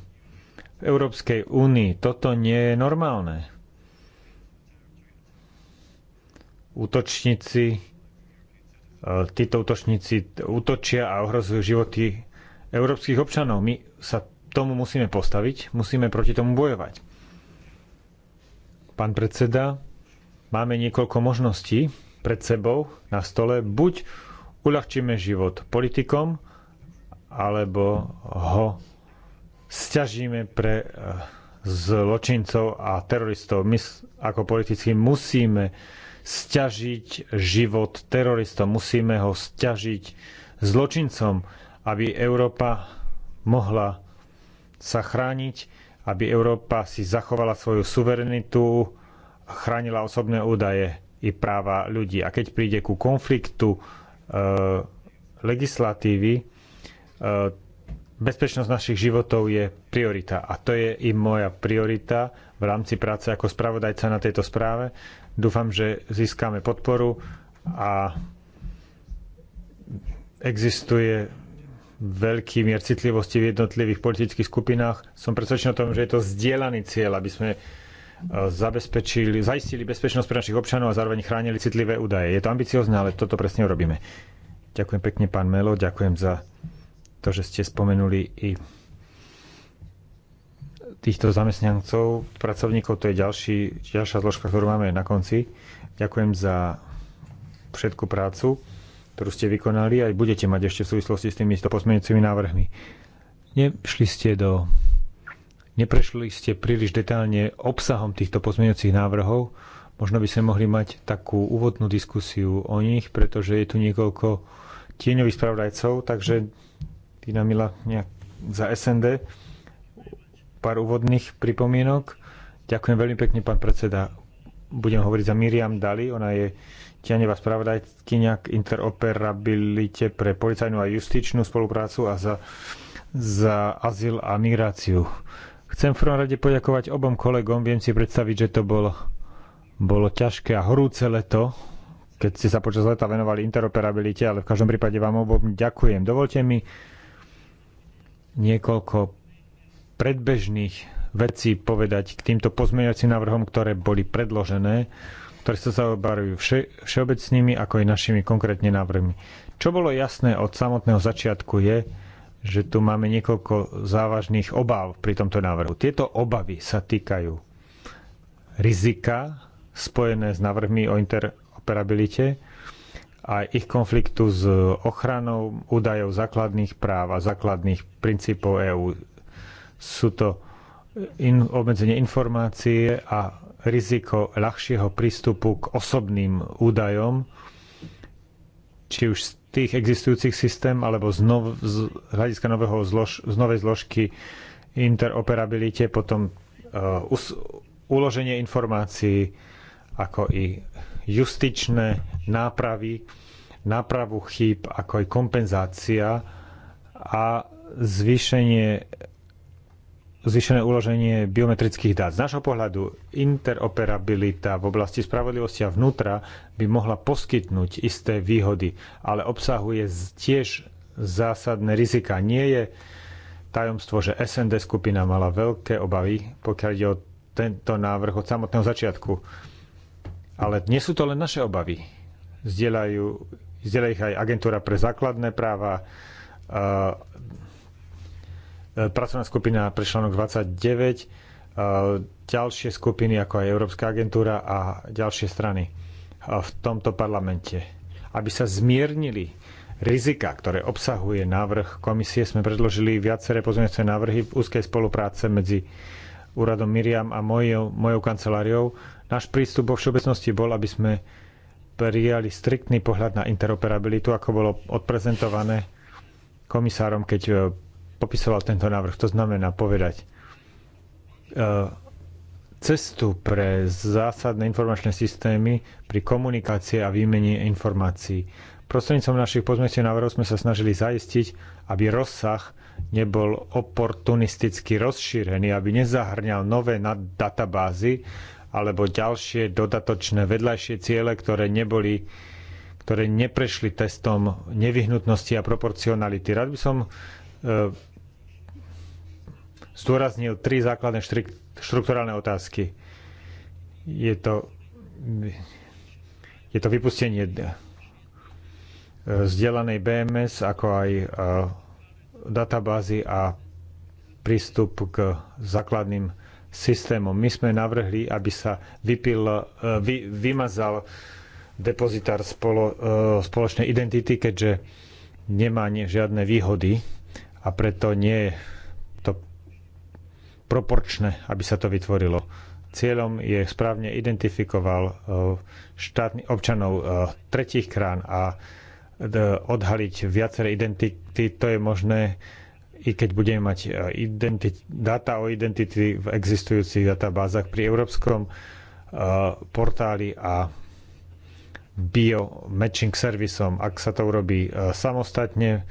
V Európskej únii toto nie je normálne. Útočníci, e, títo útočníci útočia a ohrozujú životy európskych občanov. My sa tomu musíme postaviť, musíme proti tomu bojovať. Pán predseda, Máme niekoľko možností pred sebou na stole. Buď uľahčíme život politikom, alebo ho stiažíme pre eh, zločincov a teroristov. My ako politici musíme stiažiť život teroristom, musíme ho stiažiť zločincom, aby Európa mohla sa chrániť, aby Európa si zachovala svoju suverenitu, chránila osobné údaje i práva ľudí. A keď príde ku konfliktu e, legislatívy, e, bezpečnosť našich životov je priorita. A to je i moja priorita v rámci práce ako spravodajca na tejto správe. Dúfam, že získame podporu a existuje veľký mier citlivosti v jednotlivých politických skupinách. Som presvedčený o tom, že je to zdieľaný cieľ, aby sme E, zabezpečili, zaistili bezpečnosť pre našich občanov a zároveň chránili citlivé údaje. Je to ambiciozne, ale toto presne urobíme. Ďakujem pekne, pán Melo, ďakujem za to, že ste spomenuli i týchto zamestnancov, pracovníkov, to je ďalší, ďalšia zložka, ktorú máme na konci. Ďakujem za všetku prácu, ktorú ste vykonali a budete mať ešte v súvislosti s týmito posmenujúcimi návrhmi. Nešli ste do Neprešli ste príliš detálne obsahom týchto pozmeňujúcich návrhov. Možno by sme mohli mať takú úvodnú diskusiu o nich, pretože je tu niekoľko tieňových spravodajcov, takže Tina Mila nejak za SND pár úvodných pripomienok. Ďakujem veľmi pekne, pán predseda. Budem hovoriť za Miriam Dali, ona je tieňová spravodajkynia k interoperabilite pre policajnú a justičnú spoluprácu a za, za azyl a migráciu. Chcem v prvom rade poďakovať obom kolegom. Viem si predstaviť, že to bolo, bolo ťažké a horúce leto, keď ste sa počas leta venovali interoperabilite, ale v každom prípade vám obom ďakujem. Dovolte mi niekoľko predbežných vecí povedať k týmto pozmeňovacím návrhom, ktoré boli predložené, ktoré sa zaoberajú vše, všeobecnými, ako aj našimi konkrétne návrhmi. Čo bolo jasné od samotného začiatku je, že tu máme niekoľko závažných obáv pri tomto návrhu. Tieto obavy sa týkajú rizika spojené s návrhmi o interoperabilite a ich konfliktu s ochranou údajov základných práv a základných princípov EÚ. Sú to in, obmedzenie informácie a riziko ľahšieho prístupu k osobným údajom, či už tých existujúcich systém alebo z, nov, z hľadiska nového zlož, z novej zložky interoperabilite, potom uh, us, uloženie informácií, ako i justičné nápravy, nápravu chýb, ako aj kompenzácia a zvýšenie zvýšené uloženie biometrických dát. Z našho pohľadu interoperabilita v oblasti spravodlivosti a vnútra by mohla poskytnúť isté výhody, ale obsahuje tiež zásadné rizika. Nie je tajomstvo, že SND skupina mala veľké obavy, pokiaľ ide o tento návrh od samotného začiatku. Ale nie sú to len naše obavy. Zdieľajú, zdieľajú ich aj agentúra pre základné práva, uh, E, pracovná skupina pre článok 29, ďalšie skupiny ako aj Európska agentúra a ďalšie strany e, v tomto parlamente. Aby sa zmiernili rizika, ktoré obsahuje návrh komisie, sme predložili viaceré pozmeňujúce návrhy v úzkej spolupráce medzi úradom Miriam a mojou, mojou kanceláriou. Náš prístup vo všeobecnosti bol, aby sme prijali striktný pohľad na interoperabilitu, ako bolo odprezentované komisárom, keď e, popisoval tento návrh. To znamená povedať e, cestu pre zásadné informačné systémy pri komunikácii a výmene informácií. Prostrednícom našich pozmeňujúcich návrhov sme sa snažili zaistiť, aby rozsah nebol oportunisticky rozšírený, aby nezahrňal nové databázy alebo ďalšie dodatočné vedľajšie ciele, ktoré neboli ktoré neprešli testom nevyhnutnosti a proporcionality. Rád by som e, zdôraznil tri základné štrukturálne otázky. Je to, je to vypustenie e, vzdelanej BMS, ako aj e, databázy a prístup k základným systémom. My sme navrhli, aby sa vypil, e, vy, vymazal depozitár spolo, spoločnej identity, keďže nemá žiadne výhody a preto nie je proporčné, aby sa to vytvorilo. Cieľom je správne identifikoval eh, štátny, občanov eh, tretích krán a eh, odhaliť viaceré identity. To je možné, i keď budeme mať data o identity v existujúcich databázach pri európskom portáli a bio-matching servisom. Ak sa to urobí samostatne,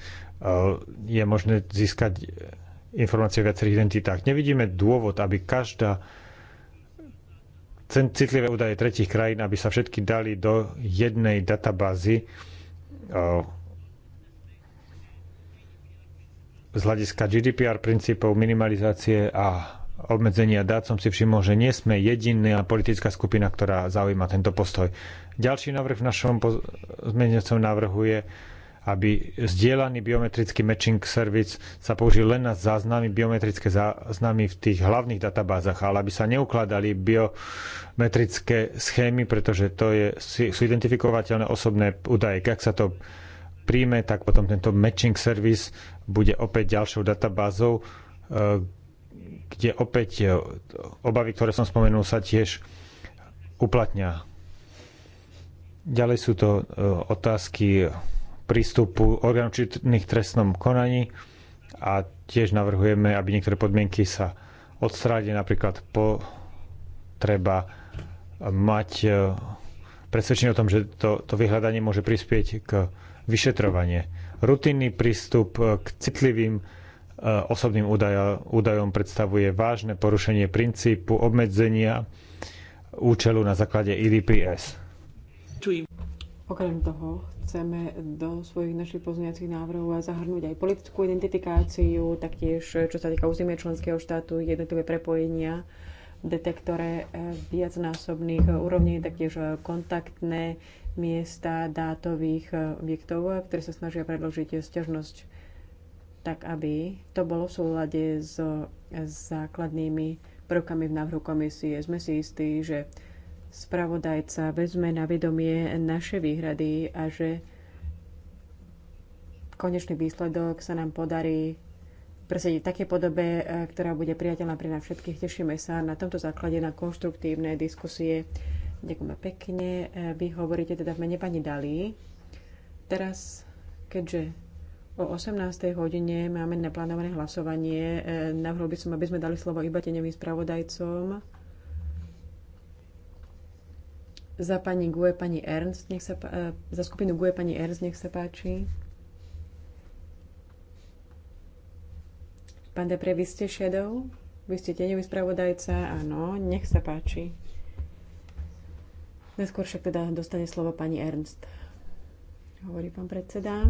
je možné získať informácie o viacerých identitách. Nevidíme dôvod, aby každá citlivé údaje tretich krajín, aby sa všetky dali do jednej databázy z hľadiska GDPR princípov minimalizácie a obmedzenia dát som si všimol, že nie sme jediná politická skupina, ktorá zaujíma tento postoj. Ďalší návrh v našom pozmeňujúcom návrhu je aby zdieľaný biometrický matching service sa použil len na záznamy, biometrické záznamy v tých hlavných databázach, ale aby sa neukladali biometrické schémy, pretože to je, sú identifikovateľné osobné údaje. Ak sa to príjme, tak potom tento matching service bude opäť ďalšou databázou, e, kde opäť e, obavy, ktoré som spomenul, sa tiež uplatňa. Ďalej sú to e, otázky prístupu orgánov činných trestnom konaní a tiež navrhujeme, aby niektoré podmienky sa odstráde, napríklad po treba eh, mať eh, presvedčenie o tom, že to, to vyhľadanie môže prispieť k vyšetrovanie. Rutinný prístup eh, k citlivým osobným údajom predstavuje vážne porušenie princípu obmedzenia účelu na základe IDPS. Okrem toho chceme do svojich našich pozmeňacích návrhov zahrnúť aj politickú identifikáciu, taktiež čo sa týka územia členského štátu, jednotlivé prepojenia, detektore eh, viacnásobných úrovní, taktiež eh, kontaktné miesta dátových eh, objektov, ktoré sa snažia predložiť sťažnosť tak, aby to bolo v súlade s základnými prvkami v návrhu komisie. Sme si istí, že spravodajca vezme na vedomie naše výhrady a že konečný výsledok sa nám podarí presediť také podobe, eh, ktorá bude priateľná pre nás všetkých. Tešíme sa na tomto základe na konštruktívne diskusie. Ďakujeme pekne. Eh, vy hovoríte teda v mene pani Dalí. Teraz, keďže o 18. hodine máme naplánované hlasovanie, eh, navrhol by som, aby sme dali slovo iba tenevým spravodajcom za pani Gue, pani Ernst, nech sa, e, za skupinu Gue, pani Ernst, nech sa páči. Pán Depre, vy ste šedou? Vy ste tenevý spravodajca? Áno, nech sa páči. Neskôr však teda dostane slovo pani Ernst. Hovorí pán predseda.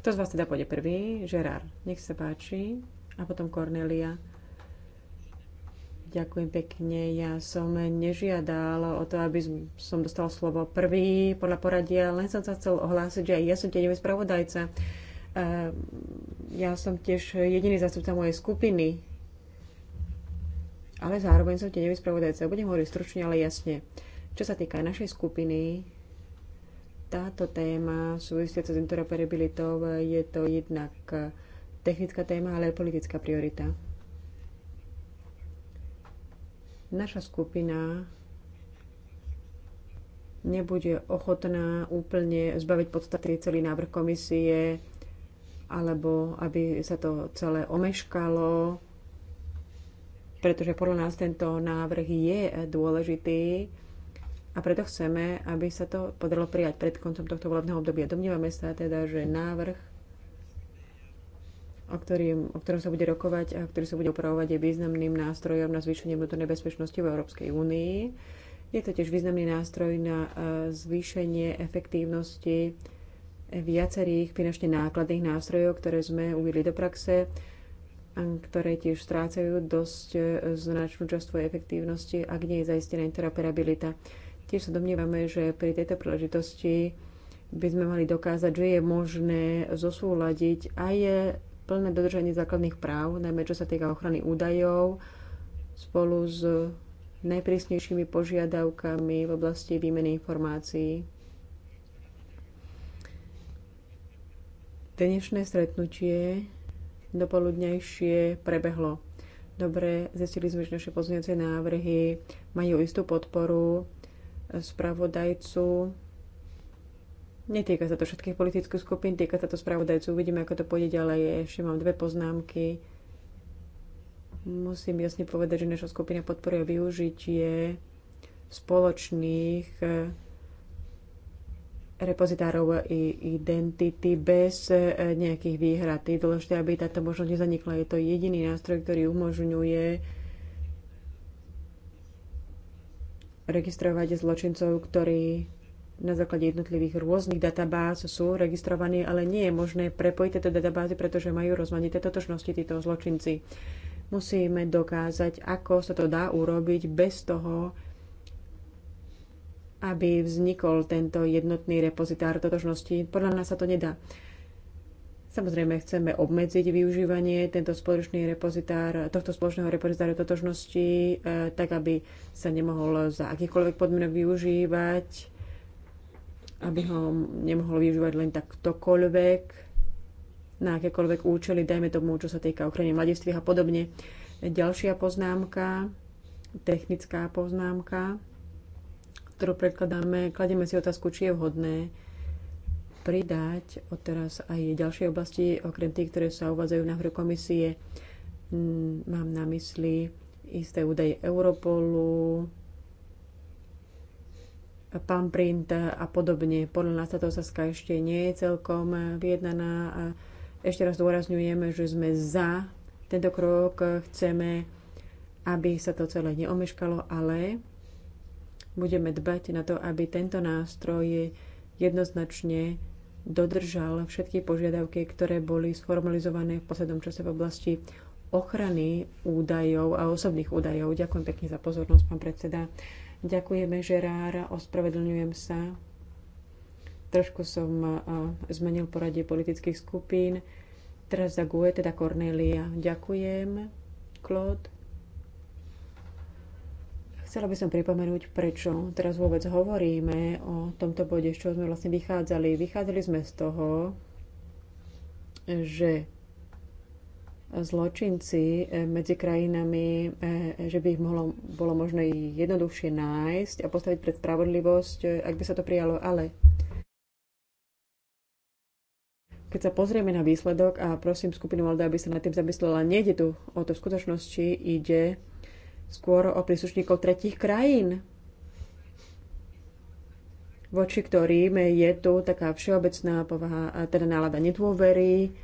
Kto z vás teda pôjde prvý? Žerár, nech sa páči. A potom Cornelia. Ďakujem pekne. Ja som nežiadala o to, aby som dostal slovo prvý podľa poradia, len som sa chcel ohlásiť, že aj ja som tieňový spravodajca. Ehm, ja som tiež jediný zástupca mojej skupiny, ale zároveň som tieňový spravodajca. Budem hovoriť stručne, ale jasne. Čo sa týka našej skupiny, táto téma súvisiaca s interoperabilitou je to jednak technická téma, ale aj politická priorita. Naša skupina nebude ochotná úplne zbaviť podstaty celý návrh komisie alebo aby sa to celé omeškalo, pretože podľa nás tento návrh je dôležitý a preto chceme, aby sa to podarilo prijať pred koncom tohto volebného obdobia. Domnívame sa teda, že návrh o, ktorým, o ktorom sa bude rokovať a ktorý sa bude upravovať, je významným nástrojom na zvýšenie vnútornej bezpečnosti v Európskej únii. Je to tiež významný nástroj na e, zvýšenie efektívnosti viacerých finančne nákladných nástrojov, ktoré sme uvidli do praxe, a ktoré tiež strácajú dosť e, značnú časť svojej efektívnosti, ak nie je zaistená interoperabilita. Tiež sa domnievame, že pri tejto príležitosti by sme mali dokázať, že je možné zosúľadiť aj plné dodržanie základných práv, najmä čo sa týka ochrany údajov, spolu s najprísnejšími požiadavkami v oblasti výmeny informácií. Dnešné stretnutie dopoludnejšie prebehlo. Dobre, zistili sme, že naše pozniace návrhy majú istú podporu spravodajcu Netýka sa to všetkých politických skupín, týka sa to spravodajcu. Uvidíme, ako to pôjde ďalej. Ešte mám dve poznámky. Musím jasne povedať, že naša skupina podporuje využitie spoločných eh, repozitárov i identity bez eh, nejakých výhrad. Je dôležité, aby táto možnosť nezanikla. Je to jediný nástroj, ktorý umožňuje registrovať zločincov, ktorí na základe jednotlivých rôznych databáz sú registrovaní, ale nie je možné prepojiť tieto databázy, pretože majú rozmanité totožnosti títo zločinci. Musíme dokázať, ako sa to dá urobiť bez toho, aby vznikol tento jednotný repozitár totožnosti. Podľa nás sa to nedá. Samozrejme, chceme obmedziť využívanie tento spoločný repozitár, tohto spoločného repozitáru totožnosti, eh, tak aby sa nemohol za akýchkoľvek podmienok využívať aby ho nemohol využívať len tak ktokoľvek, na akékoľvek účely, dajme tomu, čo sa týka ochrany mladistvých a podobne. Ďalšia poznámka, technická poznámka, ktorú predkladáme, kladieme si otázku, či je vhodné pridať odteraz aj ďalšie oblasti, okrem tých, ktoré sa uvádzajú na hru komisie. Mm, mám na mysli isté údaje Europolu, pán print a podobne. Podľa nás táto otázka ešte nie je celkom vyjednaná a ešte raz dôrazňujeme, že sme za tento krok, chceme, aby sa to celé neomeškalo, ale budeme dbať na to, aby tento nástroj jednoznačne dodržal všetky požiadavky, ktoré boli sformalizované v poslednom čase v oblasti ochrany údajov a osobných údajov. Ďakujem pekne za pozornosť, pán predseda. Ďakujeme, rára, ospravedlňujem sa. Trošku som zmenil poradie politických skupín. Teraz za GUE, teda Cornelia. Ďakujem, Claude. Chcela by som pripomenúť, prečo teraz vôbec hovoríme o tomto bode, z čoho sme vlastne vychádzali. Vychádzali sme z toho, že zločinci eh, medzi krajinami, eh, že by ich mohlo, bolo možné jednoduchšie nájsť a postaviť pred spravodlivosť, eh, ak by sa to prijalo, ale keď sa pozrieme na výsledok a prosím skupinu Valda, aby sa nad tým zamyslela, nejde tu o to v skutočnosti, ide skôr o príslušníkov tretích krajín, voči ktorým je tu taká všeobecná povaha, teda nálada nedôvery,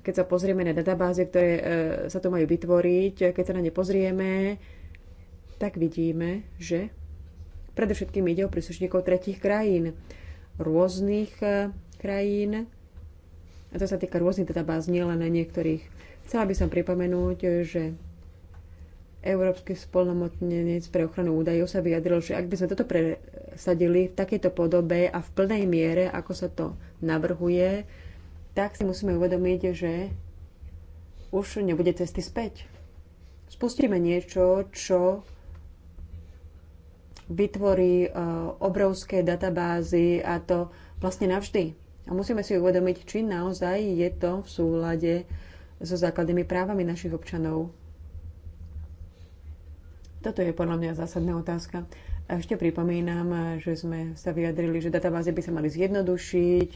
keď sa pozrieme na databáze, ktoré e, sa tu majú vytvoriť, keď sa na ne pozrieme, tak vidíme, že predovšetkým ide o príslušníkov tretich krajín, rôznych e, krajín, a to sa týka rôznych databáz, nielen na niektorých. Chcela by som pripomenúť, že Európsky spolnomotnenec pre ochranu údajov sa vyjadril, že ak by sme toto presadili v takejto podobe a v plnej miere, ako sa to navrhuje, tak si musíme uvedomiť, že už nebude cesty späť. Spustíme niečo, čo vytvorí e, obrovské databázy a to vlastne navždy. A musíme si uvedomiť, či naozaj je to v súlade so základnými právami našich občanov. Toto je podľa mňa zásadná otázka. A ešte pripomínam, že sme sa vyjadrili, že databázy by sa mali zjednodušiť,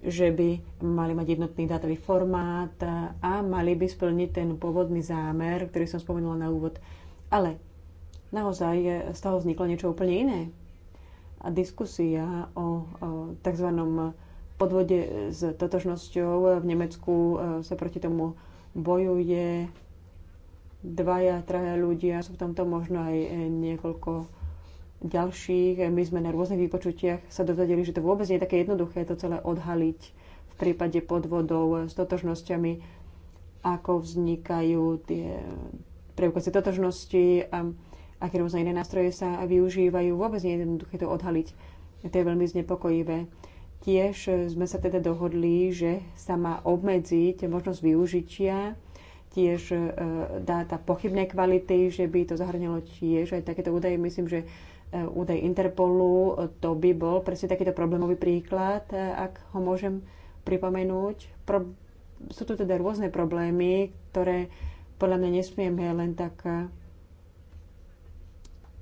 že by mali mať jednotný dátový formát a mali by splniť ten pôvodný zámer, ktorý som spomenula na úvod. Ale naozaj z toho vzniklo niečo úplne iné. A diskusia o, tzv. podvode s totožnosťou v Nemecku e, sa proti tomu bojuje. Dvaja, traja ľudia sú v tomto možno aj e, niekoľko ďalších. My sme na rôznych vypočutiach sa dozvedeli, že to vôbec nie je také jednoduché to celé odhaliť v prípade podvodov s totožnosťami, ako vznikajú tie preukazy totožnosti a aké rôzne iné nástroje sa využívajú. Vôbec nie je jednoduché to odhaliť. To je veľmi znepokojivé. Tiež sme sa teda dohodli, že sa má obmedziť možnosť využitia tiež e, dáta pochybnej kvality, že by to zahrňalo tiež aj takéto údaje. Myslím, že Eh, údaj Interpolu, eh, to by bol presne takýto problémový príklad, eh, ak ho môžem pripomenúť. Pro, sú tu teda rôzne problémy, ktoré podľa mňa nesmieme len tak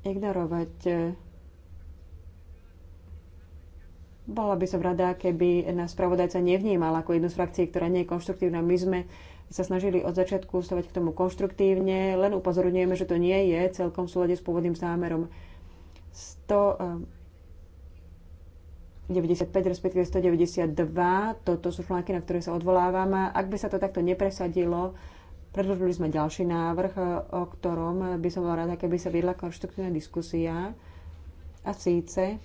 ignorovať. Bola by som rada, keby nás spravodajca nevnímal ako jednu z frakcií, ktorá nie je konštruktívna. My sme sa snažili od začiatku stavať k tomu konštruktívne, len upozorňujeme, že to nie je celkom v súlade s pôvodným zámerom. 195, ehm, respektíve 192, toto sú články, na ktoré sa odvolávam. Ak by sa to takto nepresadilo, predložili sme ďalší návrh, e, o ktorom by som bola rada, keby sa viedla konštruktívna diskusia. A síce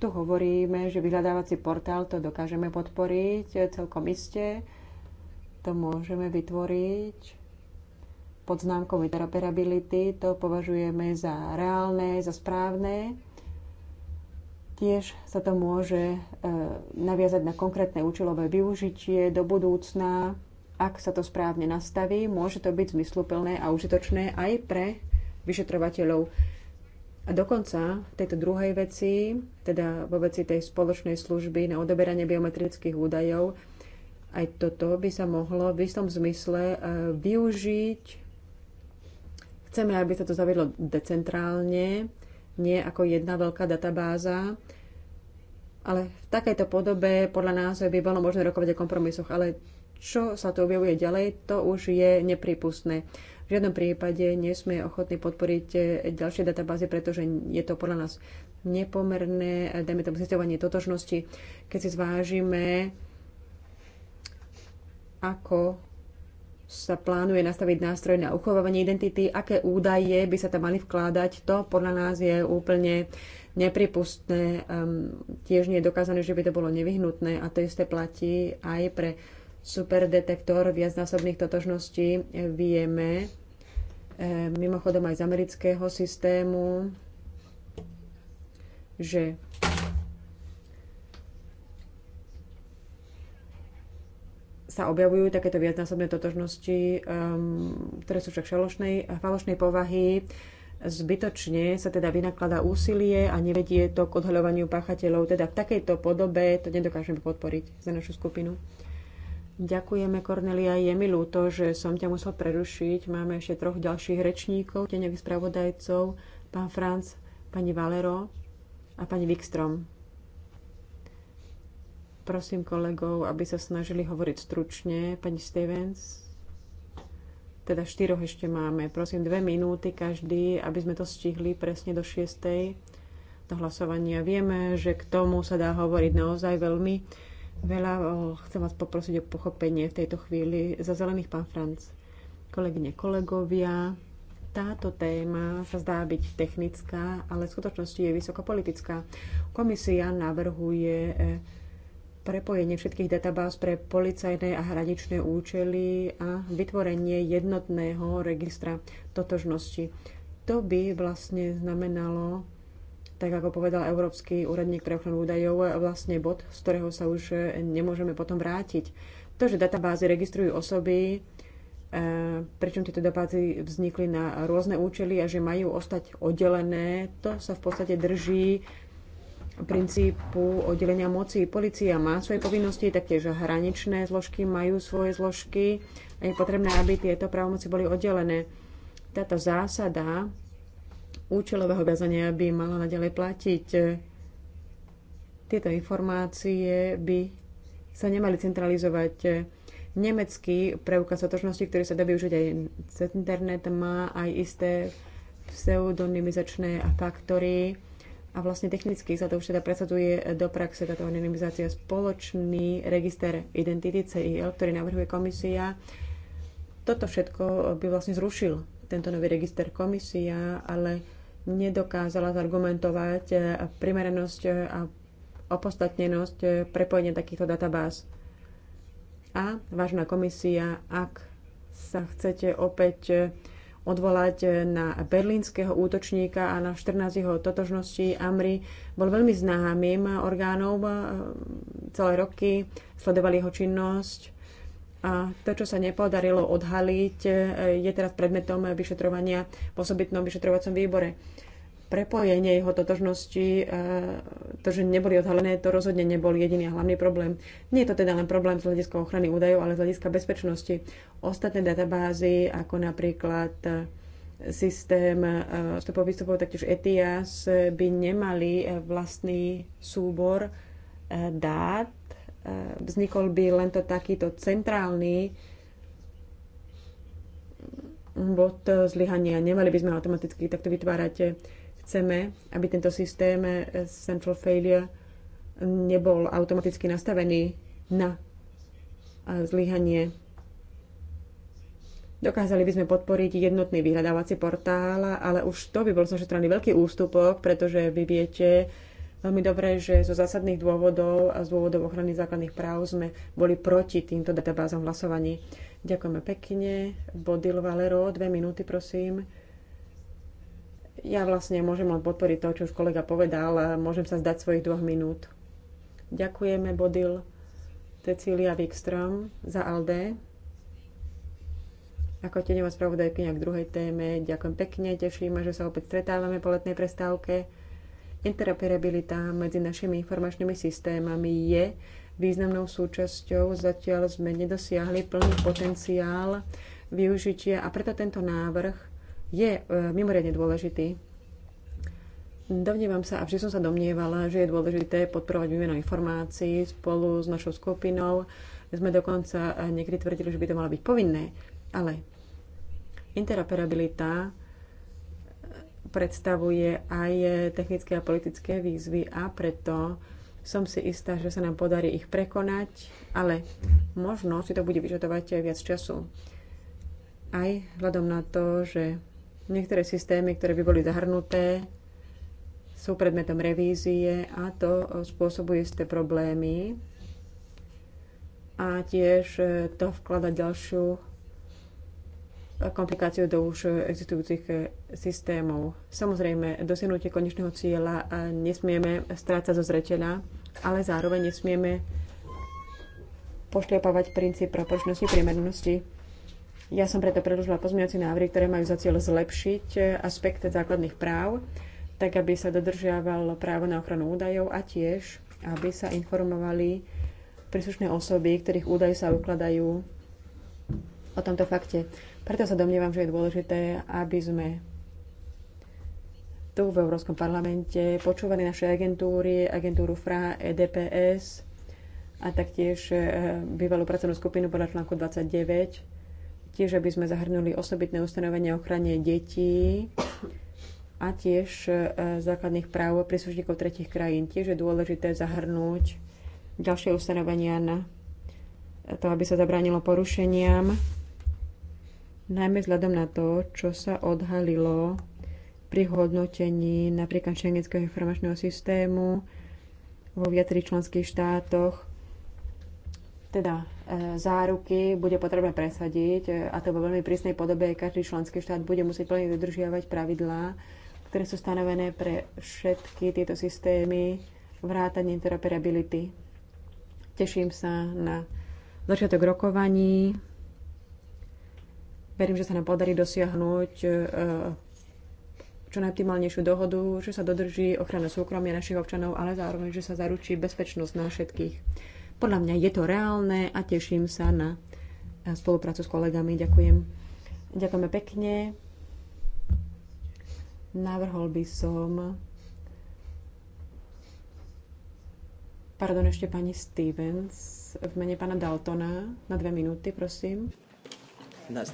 tu hovoríme, že vyhľadávací portál to dokážeme podporiť celkom iste. To môžeme vytvoriť pod známkou interoperability. To považujeme za reálne, za správne. Tiež sa to môže e, naviazať na konkrétne účelové využitie do budúcna. Ak sa to správne nastaví, môže to byť zmysluplné a užitočné aj pre vyšetrovateľov. A dokonca v tejto druhej veci, teda vo veci tej spoločnej služby na odoberanie biometrických údajov, aj toto by sa mohlo v istom zmysle e, využiť Chceme, aby sa to zaviedlo decentrálne, nie ako jedna veľká databáza, ale v takejto podobe podľa nás by bolo možné rokovať o kompromisoch, ale čo sa tu objavuje ďalej, to už je nepripustné. V žiadnom prípade nie sme ochotní podporiť e, ďalšie databázy, pretože je to podľa nás nepomerné, e, dajme tomu zistovanie totožnosti. Keď si zvážime, ako sa plánuje nastaviť nástroj na uchovávanie identity, aké údaje by sa tam mali vkládať, to podľa nás je úplne nepripustné. Um, tiež nie je dokázané, že by to bolo nevyhnutné a to isté platí aj pre superdetektor viacnásobných totožností. Vieme, ehm, mimochodom aj z amerického systému, že sa objavujú takéto viacnásobné totožnosti, um, ktoré sú však šalošnej, falošnej povahy. Zbytočne sa teda vynakladá úsilie a nevedie to k odhaľovaniu páchateľov. Teda v takejto podobe to nedokážeme podporiť za našu skupinu. Ďakujeme, Kornelia. Je mi ľúto, že som ťa musel prerušiť. Máme ešte troch ďalších rečníkov, teňových spravodajcov, pán Franc, pani Valero a pani Wikstrom. Prosím kolegov, aby sa snažili hovoriť stručne. Pani Stevens, teda štyroch ešte máme. Prosím, dve minúty každý, aby sme to stihli presne do šiestej do hlasovania. Vieme, že k tomu sa dá hovoriť naozaj veľmi veľa. Chcem vás poprosiť o pochopenie v tejto chvíli za zelených pán Franc. Kolegyne, kolegovia, táto téma sa zdá byť technická, ale v skutočnosti je vysokopolitická. Komisia navrhuje e, prepojenie všetkých databáz pre policajné a hraničné účely a vytvorenie jednotného registra totožnosti. To by vlastne znamenalo, tak ako povedal Európsky úradník pre ochranu údajov, vlastne bod, z ktorého sa už nemôžeme potom vrátiť. To, že databázy registrujú osoby, e, pričom tieto databázy vznikli na rôzne účely a že majú ostať oddelené, to sa v podstate drží princípu oddelenia moci. Polícia má svoje povinnosti, taktiež hraničné zložky majú svoje zložky a je potrebné, aby tieto právomoci boli oddelené. Táto zásada účelového viazania by mala naďalej platiť. Tieto informácie by sa nemali centralizovať. Nemecký preukaz totožnosti, ktorý sa dá využiť aj cez internet, má aj isté pseudonymizačné faktory a vlastne technicky sa to už teda presadzuje do praxe táto anonymizácia. Spoločný register identity CIL, ktorý navrhuje komisia, toto všetko by vlastne zrušil tento nový register komisia, ale nedokázala zargumentovať primeranosť a opostatnenosť prepojenia takýchto databáz. A vážna komisia, ak sa chcete opäť odvolať e, na berlínskeho útočníka a na 14 jeho totožností. Amri bol veľmi známym orgánom e, celé roky sledovali jeho činnosť a to, čo sa nepodarilo odhaliť, e, je teraz predmetom vyšetrovania v osobitnom vyšetrovacom výbore prepojenie jeho totožnosti, e, to, že neboli odhalené, to rozhodne nebol jediný a hlavný problém. Nie je to teda len problém z hľadiska ochrany údajov, ale z hľadiska bezpečnosti. Ostatné databázy, ako napríklad e, systém e, vstupov výstupov, taktiež ETIAS, by nemali vlastný súbor dát. Vznikol by len to takýto centrálny bod zlyhania. Nemali by sme automaticky takto vytvárať Chceme, aby tento systém eh, central failure nebol automaticky nastavený na eh, zlyhanie. Dokázali by sme podporiť jednotný vyhľadávací portál, ale už to by bol z našej strany veľký ústupok, pretože vy viete veľmi dobre, že zo zásadných dôvodov a z dôvodov ochrany základných práv sme boli proti týmto databázom hlasovaní. Ďakujeme pekne. Bodil Valero, dve minúty, prosím. Ja vlastne môžem len podporiť to, čo už kolega povedal. a Môžem sa zdať svojich dvoch minút. Ďakujeme, Bodil. Cecília Wikström za Alde. Ako tenová spravodajkynia k druhej téme, ďakujem pekne, teším, že sa opäť stretávame po letnej prestávke. Interoperabilita medzi našimi informačnými systémami je významnou súčasťou, zatiaľ sme nedosiahli plný potenciál využitia a preto tento návrh je e, mimoriadne dôležitý. Domnievam sa, a vždy som sa domnievala, že je dôležité podporovať výmenu informácií spolu s našou skupinou. Sme dokonca e, niekedy tvrdili, že by to malo byť povinné, ale interoperabilita e, predstavuje aj technické a politické výzvy a preto som si istá, že sa nám podarí ich prekonať, ale možno si to bude vyžadovať aj viac času. Aj vzhľadom na to, že Niektoré systémy, ktoré by boli zahrnuté, sú predmetom revízie a to spôsobuje isté problémy a tiež e, to vklada ďalšiu komplikáciu do už existujúcich e, systémov. Samozrejme, dosiahnutie konečného cieľa e, nesmieme strácať zo zreteľa, ale zároveň nesmieme pošliapávať princíp proporčnosti, priemernosti. Ja som preto predložila pozmeňovacie návrhy, ktoré majú za cieľ zlepšiť e, aspekt základných práv, tak aby sa dodržiavalo právo na ochranu údajov a tiež, aby sa informovali príslušné osoby, ktorých údaje sa ukladajú o tomto fakte. Preto sa domnievam, že je dôležité, aby sme tu v Európskom parlamente počúvali naše agentúry, agentúru FRA, EDPS a taktiež e, bývalú pracovnú skupinu podľa článku 29 tiež aby sme zahrnuli osobitné ustanovenia ochrane detí a tiež e, základných práv príslušníkov tretich krajín. Tiež je dôležité zahrnúť ďalšie ustanovenia na to, aby sa zabránilo porušeniam, najmä vzhľadom na to, čo sa odhalilo pri hodnotení napríklad šengenského informačného systému vo viacerých členských štátoch. Teda záruky bude potrebné presadiť e, a to vo veľmi prísnej podobe. Každý členský štát bude musieť plne dodržiavať pravidlá, ktoré sú stanovené pre všetky tieto systémy vrátanie interoperability. Teším sa na začiatok rokovaní. Verím, že sa nám podarí dosiahnuť e, čo najoptimálnejšiu dohodu, že sa dodrží ochrana súkromia našich občanov, ale zároveň, že sa zaručí bezpečnosť na všetkých. Podľa mňa je to reálne a teším sa na eh, spoluprácu s kolegami. Ďakujem. Ďakujeme pekne. Navrhol by som... Pardon, ešte pani Stevens v mene pána Daltona na dve minúty, prosím. Uh,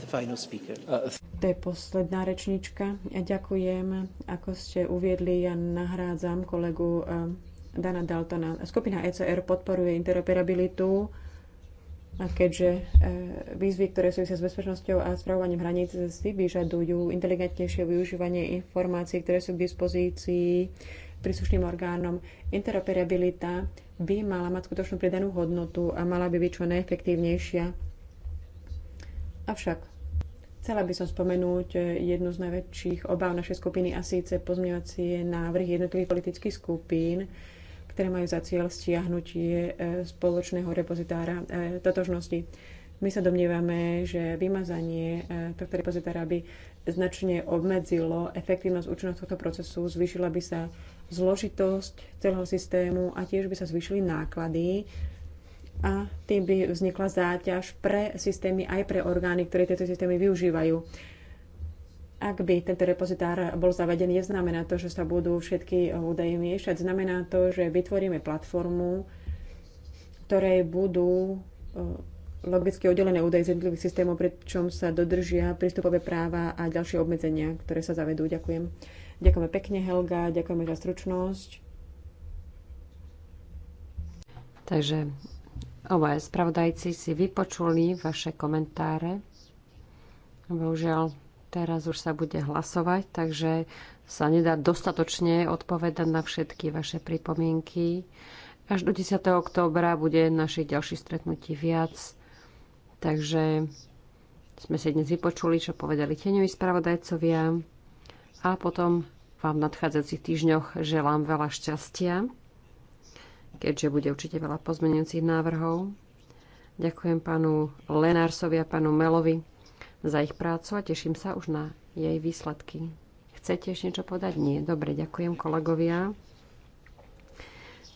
to je posledná rečnička. Ja ďakujem. Ako ste uviedli, ja nahrádzam kolegu eh, Dana Daltona. Skupina ECR podporuje interoperabilitu, a keďže e, výzvy, ktoré súvisia s bezpečnosťou a spravovaním hraníc, si vyžadujú inteligentnejšie využívanie informácií, ktoré sú k dispozícii príslušným orgánom. Interoperabilita by mala mať skutočnú pridanú hodnotu a mala by byť čo najefektívnejšia. Avšak chcela by som spomenúť e, jednu z najväčších obáv našej skupiny a síce pozmievacie návrhy jednotlivých politických skupín, ktoré majú za cieľ stiahnutie e, spoločného repozitára e, totožnosti. My sa domnievame, že vymazanie e, tohto repozitára by značne obmedzilo efektívnosť účinnosť tohto procesu, zvýšila by sa zložitosť celého systému a tiež by sa zvýšili náklady a tým by vznikla záťaž pre systémy aj pre orgány, ktoré tieto systémy využívajú. Ak by tento repozitár bol zavedený, neznamená to, že sa budú všetky údaje miešať. Znamená to, že vytvoríme platformu, ktorej budú e, logicky oddelené údaje z jednotlivých systémov, pričom sa dodržia prístupové práva a ďalšie obmedzenia, ktoré sa zavedú. Ďakujem. Ďakujeme pekne, Helga, ďakujeme za stručnosť. Takže obaja spravodajci si vypočuli vaše komentáre. Bohužiaľ, Teraz už sa bude hlasovať, takže sa nedá dostatočne odpovedať na všetky vaše pripomienky. Až do 10. októbra bude naše ďalšie stretnutie viac. Takže sme si dnes vypočuli, čo povedali tieňoví spravodajcovia. A potom vám v nadchádzajúcich týždňoch želám veľa šťastia, keďže bude určite veľa pozmenujúcich návrhov. Ďakujem pánu Lenársovi a pánu Melovi za ich prácu a teším sa už na jej výsledky. Chcete ešte niečo podať? Nie. Dobre, ďakujem kolegovia.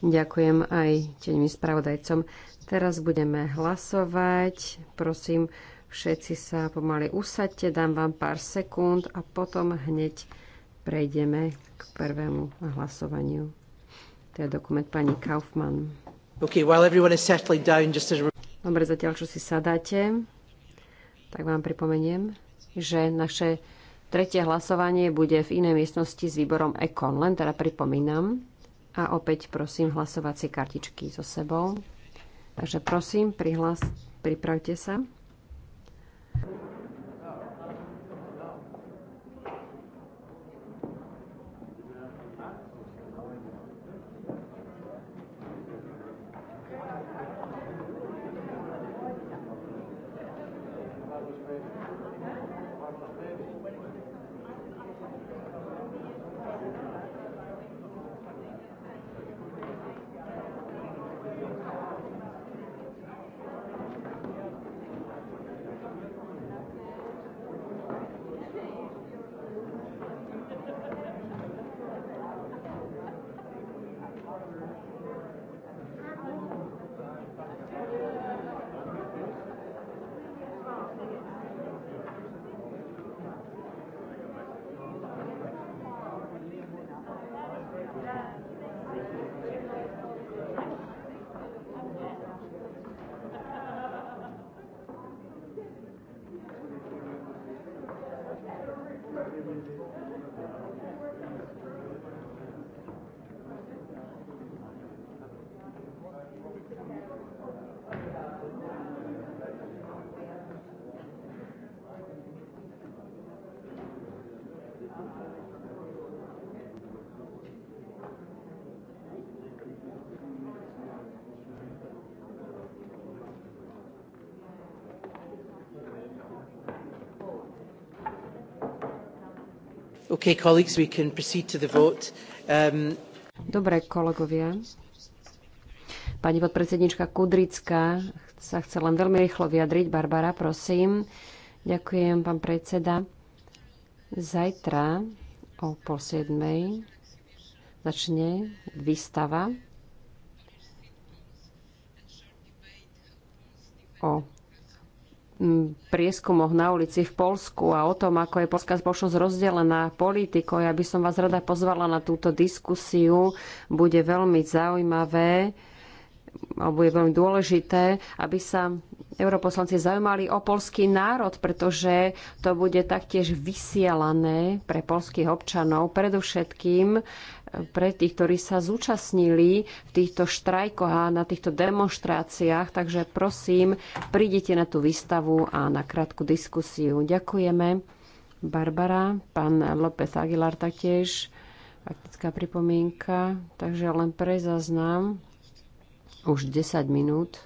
Ďakujem aj teňmi spravodajcom. Teraz budeme hlasovať. Prosím, všetci sa pomaly usadte, dám vám pár sekúnd a potom hneď prejdeme k prvému hlasovaniu. To je dokument pani Kaufmann. Okay, while everyone is settling down, just as... Dobre, zatiaľ, čo si sadáte tak vám pripomeniem, že naše tretie hlasovanie bude v inej miestnosti s výborom EKON. Len teda pripomínam. A opäť prosím hlasovacie kartičky so sebou. Takže prosím, prihlas, pripravte sa. Okay, colleagues, we can proceed to the vote. Um... Dobre, kolegovia. Pani podpredsednička Kudrická sa chce len veľmi rýchlo vyjadriť. Barbara, prosím. Ďakujem, pán predseda. Zajtra o pol siedmej začne výstava o prieskumoch na ulici v Polsku a o tom, ako je polská spoločnosť rozdelená politikou. Ja by som vás rada pozvala na túto diskusiu. Bude veľmi zaujímavé alebo je veľmi dôležité, aby sa europoslanci zaujímali o polský národ, pretože to bude taktiež vysielané pre polských občanov, predovšetkým pre tých, ktorí sa zúčastnili v týchto štrajkoch a na týchto demonstráciách. Takže prosím, prídite na tú výstavu a na krátku diskusiu. Ďakujeme. Barbara, pán López Aguilar taktiež, faktická pripomienka. Takže len pre záznam, už 10 minút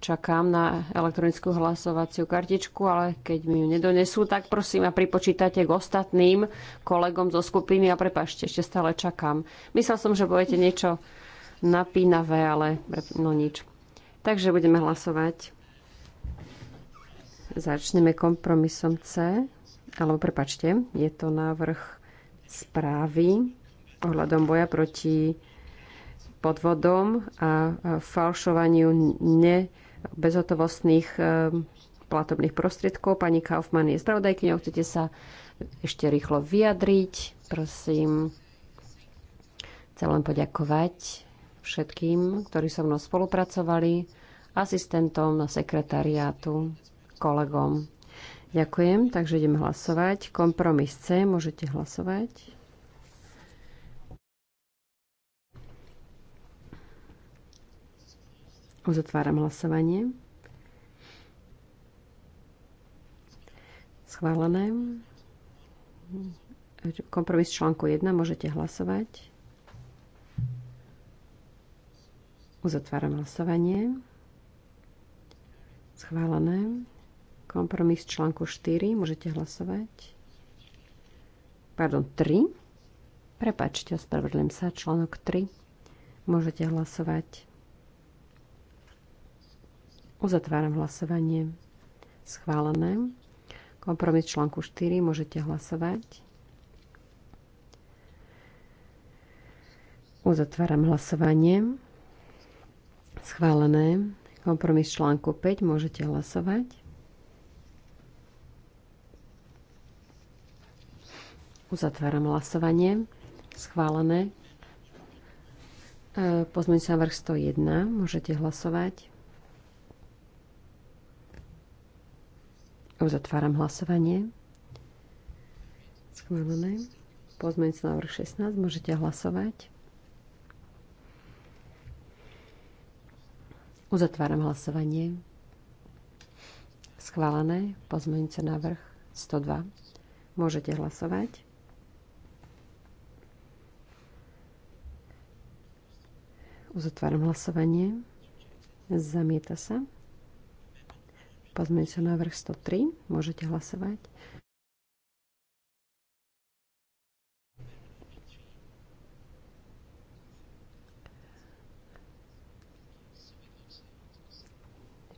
čakám na elektronickú hlasovaciu kartičku, ale keď mi ju nedonesú, tak prosím a pripočítate k ostatným kolegom zo skupiny a prepašte, ešte stále čakám. Myslel som, že budete niečo napínavé, ale no nič. Takže budeme hlasovať. Začneme kompromisom C, alebo prepačte, je to návrh správy ohľadom boja proti podvodom a falšovaniu ne bezhotovostných eh, platobných prostriedkov. Pani Kaufmann je spravodajkyňou, chcete sa ešte rýchlo vyjadriť, prosím. Chcem len poďakovať všetkým, ktorí so mnou spolupracovali, asistentom na sekretariátu, kolegom. Ďakujem, takže ideme hlasovať. Kompromis C, môžete hlasovať. Uzatváram hlasovanie. Schválené. Kompromis článku 1 môžete hlasovať. Uzatváram hlasovanie. Schválené. Kompromis článku 4 môžete hlasovať. Pardon, 3. Prepačte, ospravedlím sa, článok 3. Môžete hlasovať. Uzatváram hlasovanie. Schválené. Kompromis článku 4. Môžete hlasovať. Uzatváram hlasovanie. Schválené. Kompromis článku 5. Môžete hlasovať. Uzatváram hlasovanie. Schválené. Pozmeň sa vrch 101. Môžete hlasovať. Uzatváram hlasovanie. Schválené. na vrch 16. Môžete hlasovať. Uzatváram hlasovanie. Schválené. na návrh 102. Môžete hlasovať. Uzatváram hlasovanie. Zamieta sa pozmeň sa návrh 103. Môžete hlasovať.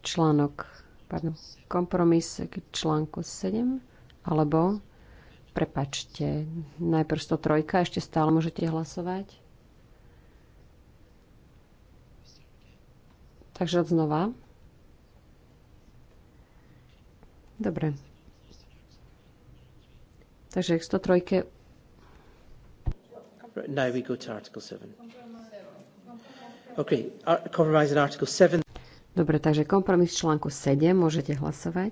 článok, pardon, kompromis k článku 7, alebo, prepačte, najprv 103, ešte stále môžete hlasovať. Takže znova. Dobre. Takže k 103. Now we go to Article 7. Okay, compromise in Article 7. Dobre, takže kompromis článku 7 môžete hlasovať.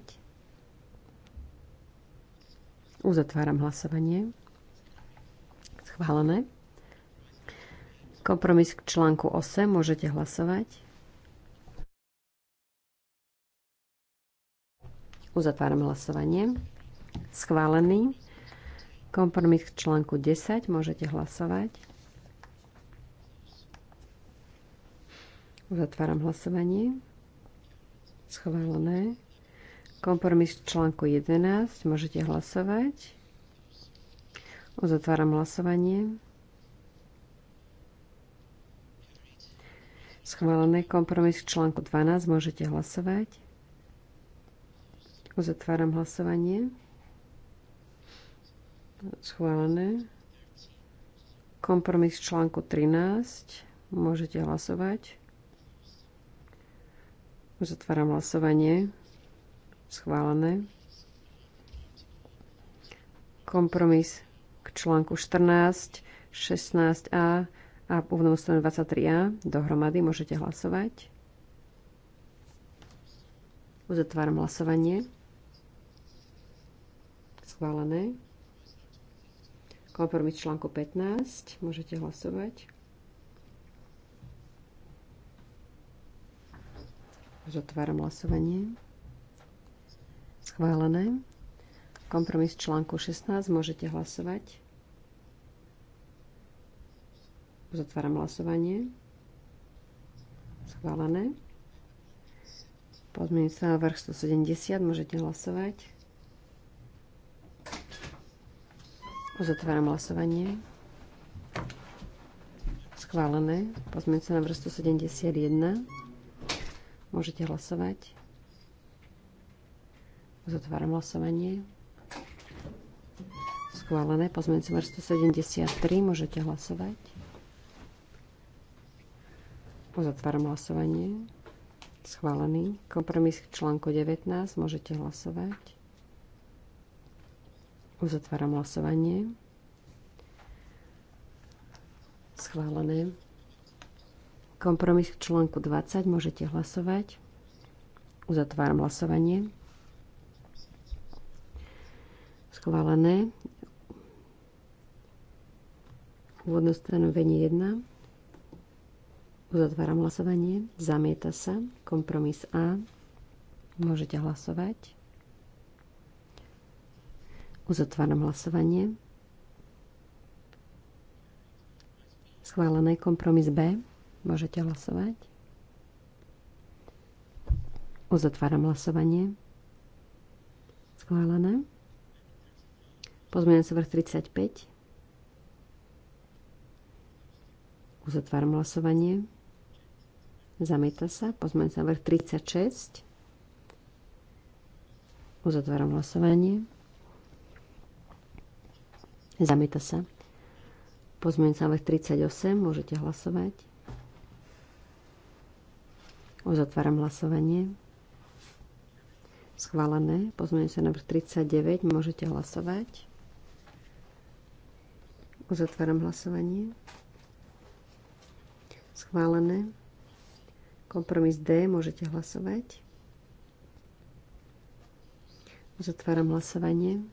Uzatváram hlasovanie. Schválené. Kompromis k článku 8 môžete hlasovať. Uzatváram hlasovanie. Schválený. Kompromis k článku 10. Môžete hlasovať. Uzatváram hlasovanie. Schválené. Kompromis k článku 11. Môžete hlasovať. Uzatváram hlasovanie. Schválené kompromis k článku 12. Môžete hlasovať. Uzatváram hlasovanie. Schválené. Kompromis článku 13. Môžete hlasovať. Uzatváram hlasovanie. Schválené. Kompromis k článku 14, 16a a úvodnom 23a. Dohromady môžete hlasovať. Uzatváram hlasovanie schválené. Kompromis článku 15. Môžete hlasovať. Zatváram hlasovanie. Schválené. Kompromis článku 16. Môžete hlasovať. Zatváram hlasovanie. Schválené. Pozmeňujúci návrh 170. Môžete hlasovať. Uzatváram hlasovanie. Schválené. Pozmeň sa na vrstu 71. Môžete hlasovať. Uzatváram hlasovanie. Schválené. Pozmeň sa na vrstu 73. Môžete hlasovať. Uzatváram hlasovanie. Schválený. Kompromis k článku 19. Môžete hlasovať. Uzatváram hlasovanie. Schválené. Kompromis k článku 20. Môžete hlasovať. Uzatváram hlasovanie. Schválené. Úvodné stanovenie 1. Uzatváram hlasovanie. Zamieta sa. Kompromis A. Môžete hlasovať. Uzatváram hlasovanie. Schválené kompromis B. Môžete hlasovať. Uzatváram hlasovanie. Schválené. Pozmeňujem sa vrch 35. Uzatváram hlasovanie. Zamieta sa. Pozmeňujem sa vrch 36. Uzatváram hlasovanie. Zamieta sa. sa návrh 38. Môžete hlasovať. Uzatváram hlasovanie. Schválené. sa návrh 39. Môžete hlasovať. Uzatváram hlasovanie. Schválené. Kompromis D. Môžete hlasovať. Uzatváram hlasovanie.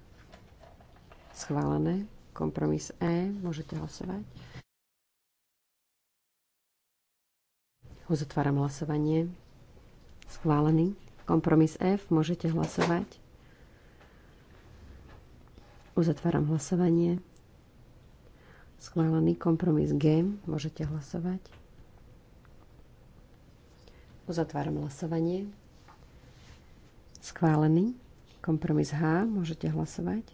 Schválené. Kompromis E. Môžete hlasovať. Uzatváram hlasovanie. Schválený. Kompromis F. Môžete hlasovať. Uzatváram hlasovanie. Schválený kompromis G. Môžete hlasovať. Uzatváram hlasovanie. Schválený. Kompromis H. Môžete hlasovať.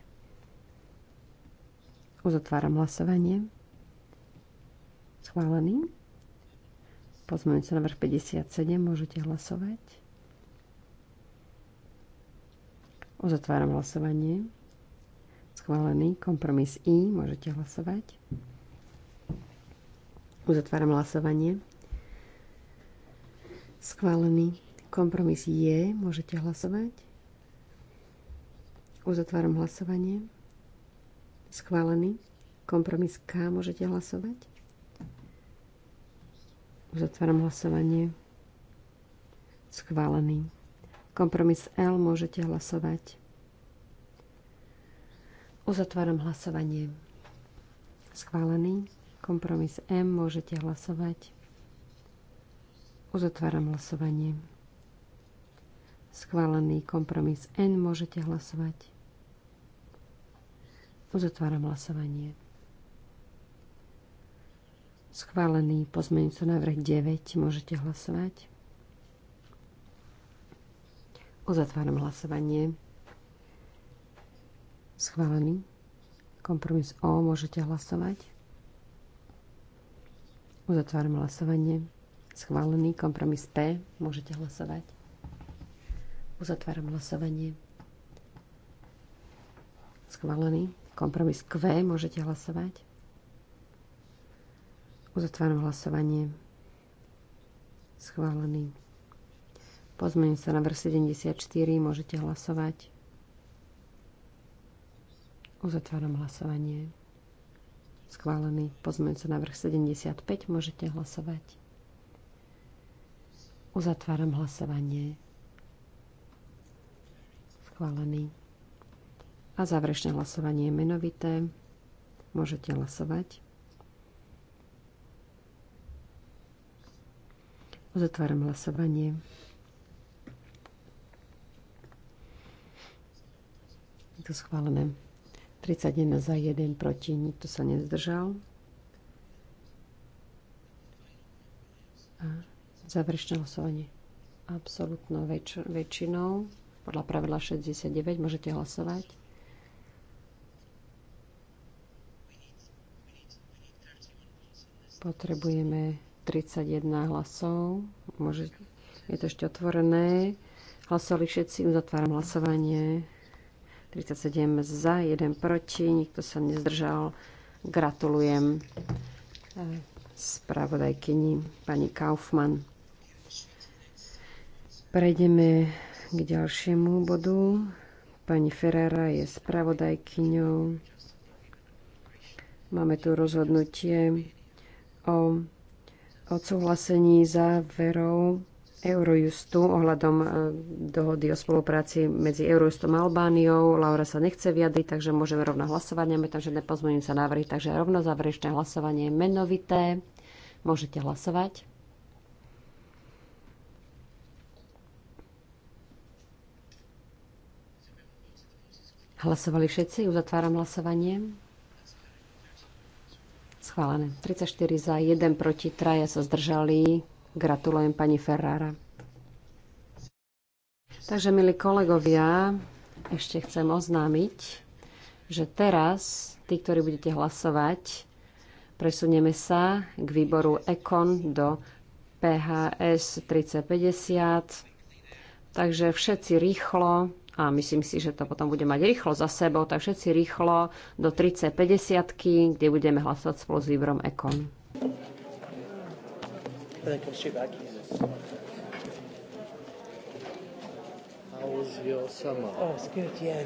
Uzatváram hlasovanie. Schválený. na vrch 57. Môžete hlasovať. Uzatváram hlasovanie. Schválený. Kompromis I. Môžete hlasovať. Uzatváram hlasovanie. Schválený. Kompromis je. Môžete hlasovať. Uzatváram hlasovanie. Schválený. Kompromis K. Môžete hlasovať. otváram hlasovanie. Schválený. Kompromis L. Môžete hlasovať. Uzatváram hlasovanie. Schválený. Kompromis M. Môžete hlasovať. Uzatváram hlasovanie. Schválený kompromis N. Môžete hlasovať. Uzatváram hlasovanie. Schválený pozmeňujúci návrh 9. Môžete hlasovať. Uzatváram hlasovanie. Schválený. Kompromis O. Môžete hlasovať. Uzatváram hlasovanie. Schválený. Kompromis P. Môžete hlasovať. Uzatváram hlasovanie. Schválený. Kompromis Q, môžete hlasovať. Uzatváram hlasovanie. Schválený. Pozmením sa na vrch 74, môžete hlasovať. Uzatváram hlasovanie. Schválený. Pozmením sa na vrch 75, môžete hlasovať. Uzatváram hlasovanie. Schválený. A záverečné hlasovanie je menovité. Môžete hlasovať. Uzatváram hlasovanie. Je to schválené. 31 za 1 proti, nikto sa nezdržal. A záverečné hlasovanie absolútnou väč- väčšinou podľa pravidla 69 môžete hlasovať. Potrebujeme 31 hlasov. Môže, je to ešte otvorené. Hlasovali všetci, uzatváram hlasovanie. 37 za, 1 proti, nikto sa nezdržal. Gratulujem eh, spravodajkyni pani Kaufmann. Prejdeme k ďalšiemu bodu. Pani Ferrara je spravodajkyňou. Máme tu rozhodnutie o odsúhlasení záverov Eurojustu ohľadom e, dohody o spolupráci medzi Eurojustom a Albániou. Laura sa nechce vyjadriť, takže môžeme rovno hlasovať. Nemáme tam žiadne pozmeňujúce návrhy, takže rovno záverečné hlasovanie je menovité. Môžete hlasovať. Hlasovali všetci? Uzatváram hlasovanie. Schválené. 34 za, 1 proti, traja sa zdržali. Gratulujem pani Ferrara. Takže, milí kolegovia, ešte chcem oznámiť, že teraz, tí, ktorí budete hlasovať, presunieme sa k výboru EKON do PHS 3050. Takže všetci rýchlo a myslím si, že to potom bude mať rýchlo za sebou, tak všetci rýchlo do 3050, kde budeme hlasovať spolu s výborom Ekon. How was your summer? Oh, it's good, yeah.